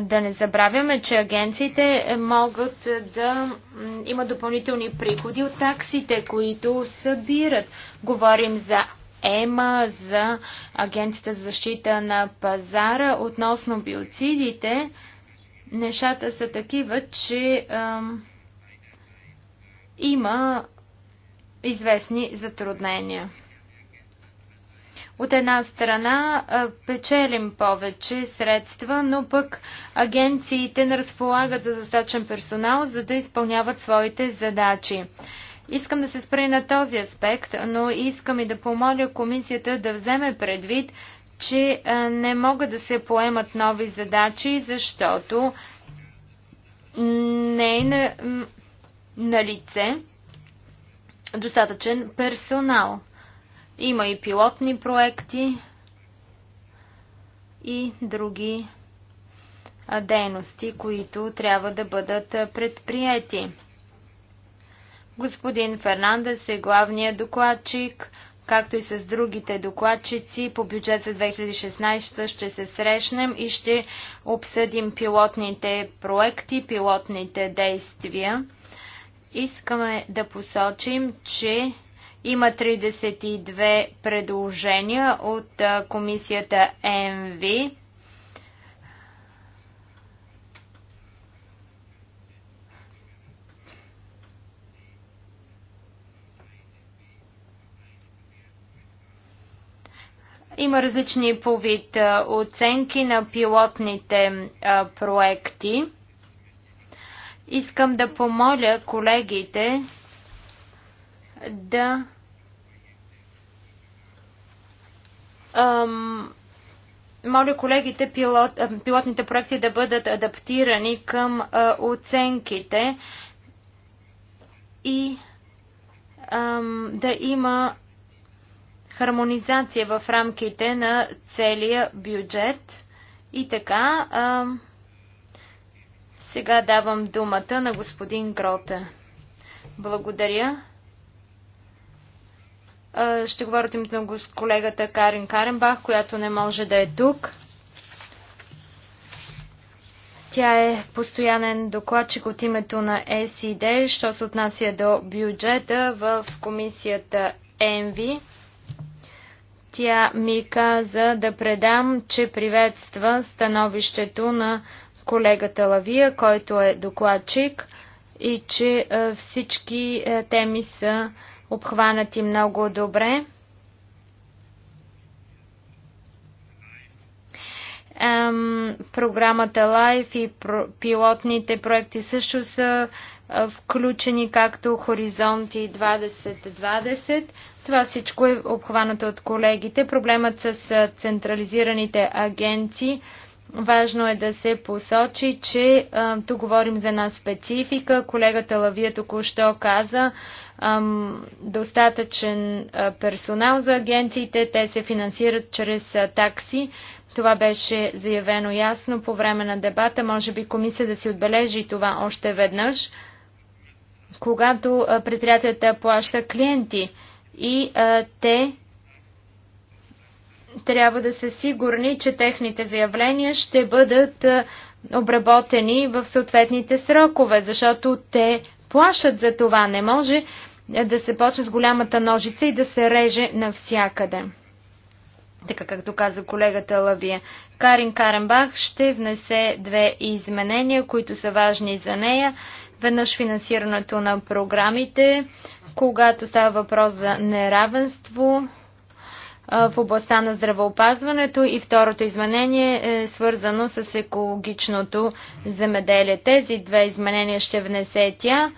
да не забравяме, че агенциите могат да имат допълнителни приходи от таксите, които събират. Говорим за ЕМА, за Агенцията за защита на пазара относно биоцидите, нещата са такива, че ам, има известни затруднения. От една страна печелим повече средства, но пък агенциите не разполагат за достатъчен персонал, за да изпълняват своите задачи. Искам да се спре на този аспект, но искам и да помоля комисията да вземе предвид, че не могат да се поемат нови задачи, защото не е на, на лице достатъчен персонал. Има и пилотни проекти и други дейности, които трябва да бъдат предприяти. Господин Фернандес е главният докладчик, както и с другите докладчици по бюджет за 2016 ще се срещнем и ще обсъдим пилотните проекти, пилотните действия. Искаме да посочим, че има 32 предложения от комисията ЕМВИ. Има различни по вид оценки на пилотните проекти. Искам да помоля колегите да ам, моля колегите пилот, пилотните проекти да бъдат адаптирани към а, оценките и ам, да има хармонизация в рамките на целия бюджет. И така, а, сега давам думата на господин Грота. Благодаря. А, ще говоря от името на колегата Карин Каренбах, която не може да е тук. Тя е постоянен докладчик от името на е СИД, що се отнася до бюджета в комисията ЕМВИ. Тя ми каза да предам, че приветства становището на колегата Лавия, който е докладчик и че е, всички е, теми са обхванати много добре. Програмата LIFE и пилотните проекти също са включени, както Хоризонти 2020. Това всичко е обхванато от колегите. Проблемът с централизираните агенции. Важно е да се посочи, че тук говорим за една специфика. Колегата Лавия току-що каза достатъчен персонал за агенциите. Те се финансират чрез такси. Това беше заявено ясно по време на дебата. Може би комисия да си отбележи това още веднъж, когато предприятията плаща клиенти и а, те трябва да са сигурни, че техните заявления ще бъдат обработени в съответните срокове, защото те плашат за това. Не може да се почне с голямата ножица и да се реже навсякъде така както каза колегата Лавия. Карин Каренбах ще внесе две изменения, които са важни за нея. Веднъж финансирането на програмите, когато става въпрос за неравенство в областта на здравеопазването и второто изменение е свързано с екологичното земеделие. Тези две изменения ще внесе тя.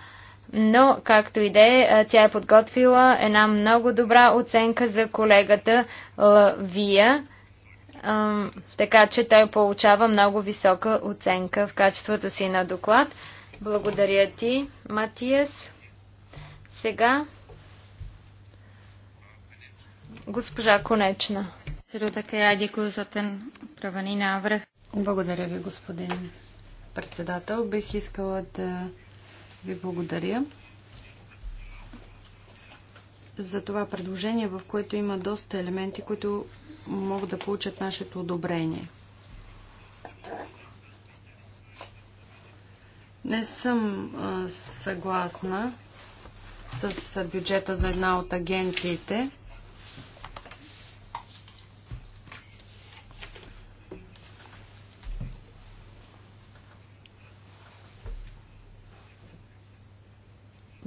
Но, както и да е, тя е подготвила една много добра оценка за колегата Лавия, така че той получава много висока оценка в качеството си на доклад. Благодаря ти, Матиас. Сега госпожа Конечна. Благодаря ви, господин председател. Бих искала да ви благодаря за това предложение, в което има доста елементи, които могат да получат нашето одобрение. Не съм съгласна с бюджета за една от агенциите.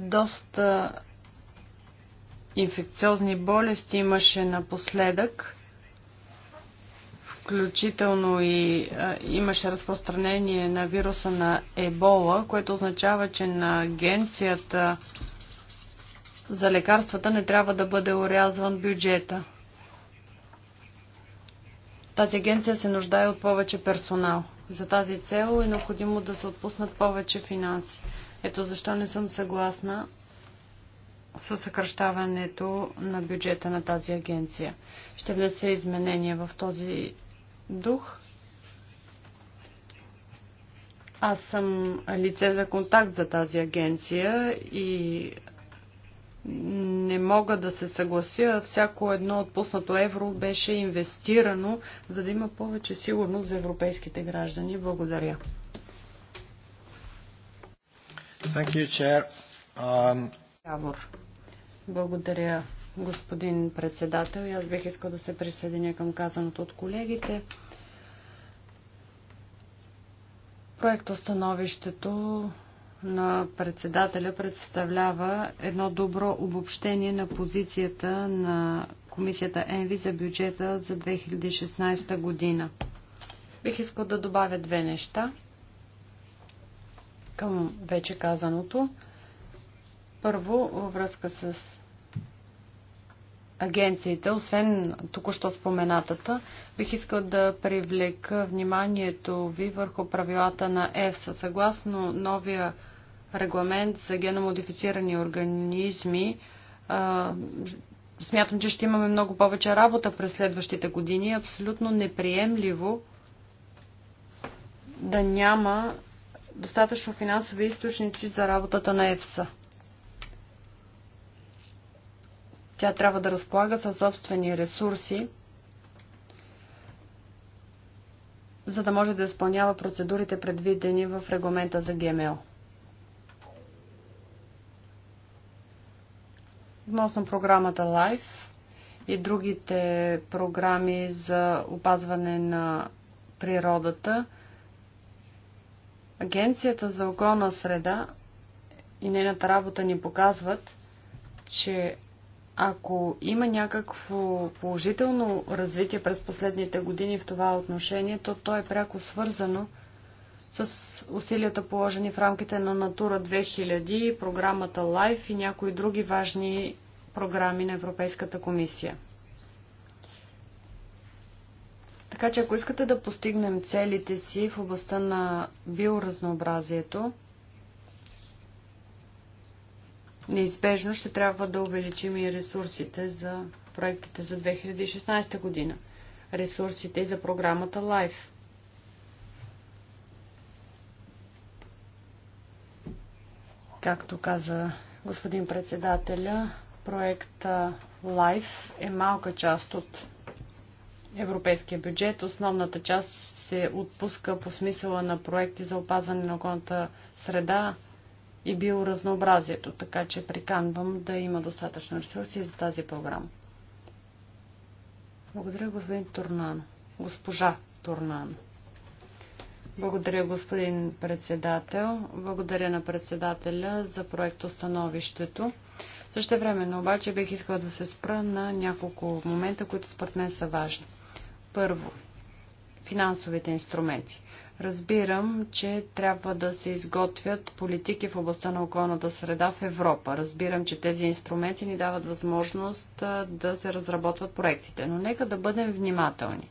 Доста инфекциозни болести имаше напоследък, включително и а, имаше разпространение на вируса на ебола, което означава, че на агенцията за лекарствата не трябва да бъде урязван бюджета. Тази агенция се нуждае от повече персонал. За тази цел е необходимо да се отпуснат повече финанси. Ето защо не съм съгласна с съкръщаването на бюджета на тази агенция. Ще внесе изменения в този дух. Аз съм лице за контакт за тази агенция и не мога да се съглася. Всяко едно отпуснато евро беше инвестирано, за да има повече сигурност за европейските граждани. Благодаря. Thank you, chair. Um... Благодаря, господин председател. И аз бих искал да се присъединя към казаното от колегите. становището на председателя представлява едно добро обобщение на позицията на комисията ЕНВИ за бюджета за 2016 година. Бих искал да добавя две неща към вече казаното. Първо, във връзка с агенциите, освен току-що споменатата, бих искал да привлека вниманието ви върху правилата на ЕФСА. Съгласно новия регламент за геномодифицирани организми, смятам, че ще имаме много повече работа през следващите години. Е абсолютно неприемливо да няма достатъчно финансови източници за работата на ЕФСА. Тя трябва да разполага със собствени ресурси, за да може да изпълнява процедурите предвидени в регламента за ГМО. Относно програмата LIFE и другите програми за опазване на природата – Агенцията за околна среда и нейната работа ни показват, че ако има някакво положително развитие през последните години в това отношение, то то е пряко свързано с усилията положени в рамките на Натура 2000, програмата LIFE и някои други важни програми на Европейската комисия. Така че ако искате да постигнем целите си в областта на биоразнообразието, неизбежно ще трябва да увеличим и ресурсите за проектите за 2016 година. Ресурсите и за програмата LIFE. Както каза господин председателя, проекта LIFE е малка част от европейския бюджет. Основната част се отпуска по смисъла на проекти за опазване на околната среда и биоразнообразието, така че приканвам да има достатъчно ресурси за тази програма. Благодаря, господин Турнан. Госпожа Турнан. Благодаря, господин председател. Благодаря на председателя за проектостановището. Също времено обаче бих искала да се спра на няколко момента, които според мен са важни. Първо, финансовите инструменти. Разбирам, че трябва да се изготвят политики в областта на околната среда в Европа. Разбирам, че тези инструменти ни дават възможност да се разработват проектите, но нека да бъдем внимателни.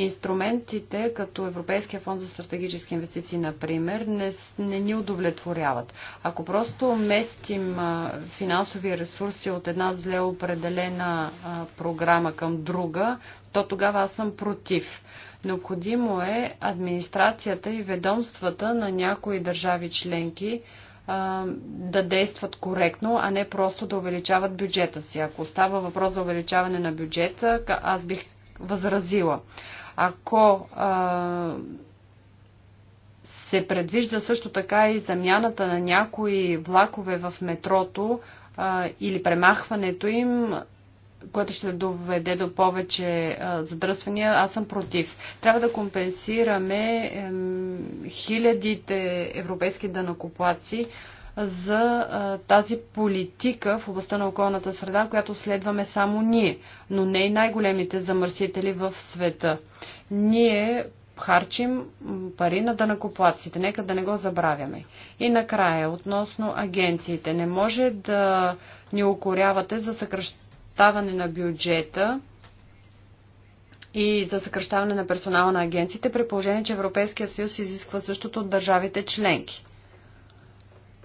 Инструментите, като Европейския фонд за стратегически инвестиции, например, не, не ни удовлетворяват. Ако просто местим финансови ресурси от една зле определена програма към друга, то тогава аз съм против. Необходимо е администрацията и ведомствата на някои държави членки да действат коректно, а не просто да увеличават бюджета си. Ако става въпрос за увеличаване на бюджета, аз бих възразила. Ако а, се предвижда също така и замяната на някои влакове в метрото а, или премахването им, което ще доведе до повече а, задръствания, аз съм против. Трябва да компенсираме е, хилядите европейски данокоплаци, за а, тази политика в областта на околната среда, която следваме само ние, но не и най-големите замърсители в света. Ние харчим пари на дънакоплаците, Нека да не го забравяме. И накрая, относно агенциите. Не може да ни укорявате за съкръщаване на бюджета и за съкръщаване на персонала на агенциите, при положение, че Европейския съюз изисква същото от държавите членки.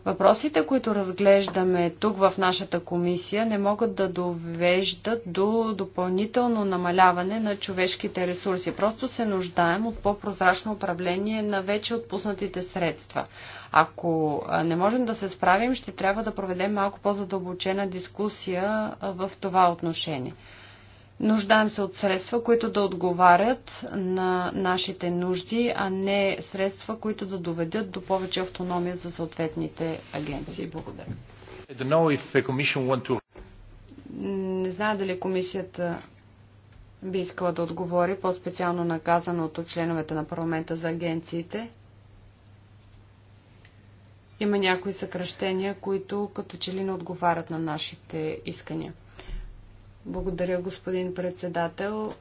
Въпросите, които разглеждаме тук в нашата комисия, не могат да довеждат до допълнително намаляване на човешките ресурси. Просто се нуждаем от по-прозрачно управление на вече отпуснатите средства. Ако не можем да се справим, ще трябва да проведем малко по-задълбочена дискусия в това отношение. Нуждаем се от средства, които да отговарят на нашите нужди, а не средства, които да доведат до повече автономия за съответните агенции. Благодаря. Не знае дали комисията би искала да отговори по-специално наказаното от членовете на парламента за агенциите. Има някои съкръщения, които като че ли не отговарят на нашите искания. Благодаря, господин председател.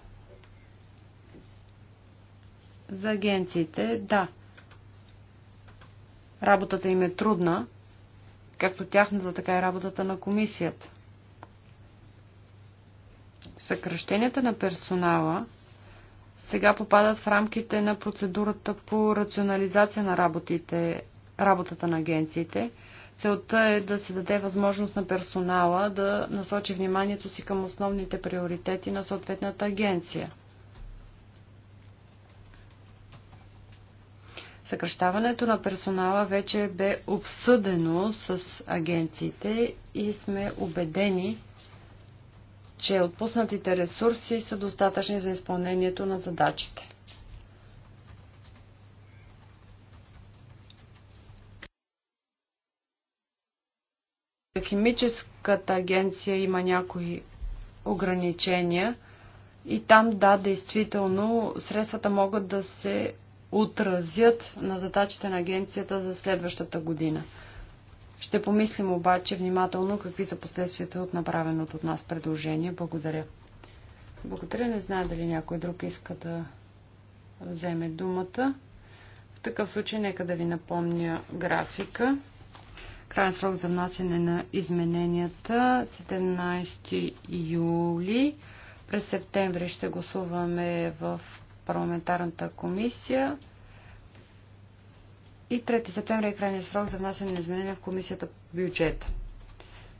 За агенциите, да. Работата им е трудна, както тяхната, така и работата на комисията. Съкръщенията на персонала сега попадат в рамките на процедурата по рационализация на работите, работата на агенциите – Целта е да се даде възможност на персонала да насочи вниманието си към основните приоритети на съответната агенция. Съкръщаването на персонала вече бе обсъдено с агенциите и сме убедени, че отпуснатите ресурси са достатъчни за изпълнението на задачите. химическата агенция има някои ограничения и там, да, действително, средствата могат да се отразят на задачите на агенцията за следващата година. Ще помислим обаче внимателно какви са последствията от направеното от нас предложение. Благодаря. Благодаря. Не знае дали някой друг иска да вземе думата. В такъв случай нека да ви напомня графика. Крайен срок за внасяне на измененията 17 юли. През септември ще гласуваме в парламентарната комисия. И 3 септември е крайният срок за внасяне на изменения в комисията по бюджета.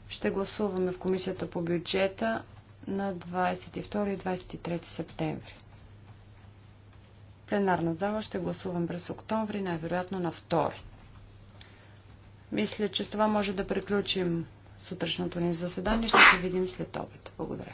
Ще гласуваме в комисията по бюджета на 22 и 23 септември. Пленарна зала ще гласувам през октомври, най-вероятно на 2. Мисля, че с това може да приключим сутрешното ни заседание. Ще се видим след обед. Благодаря.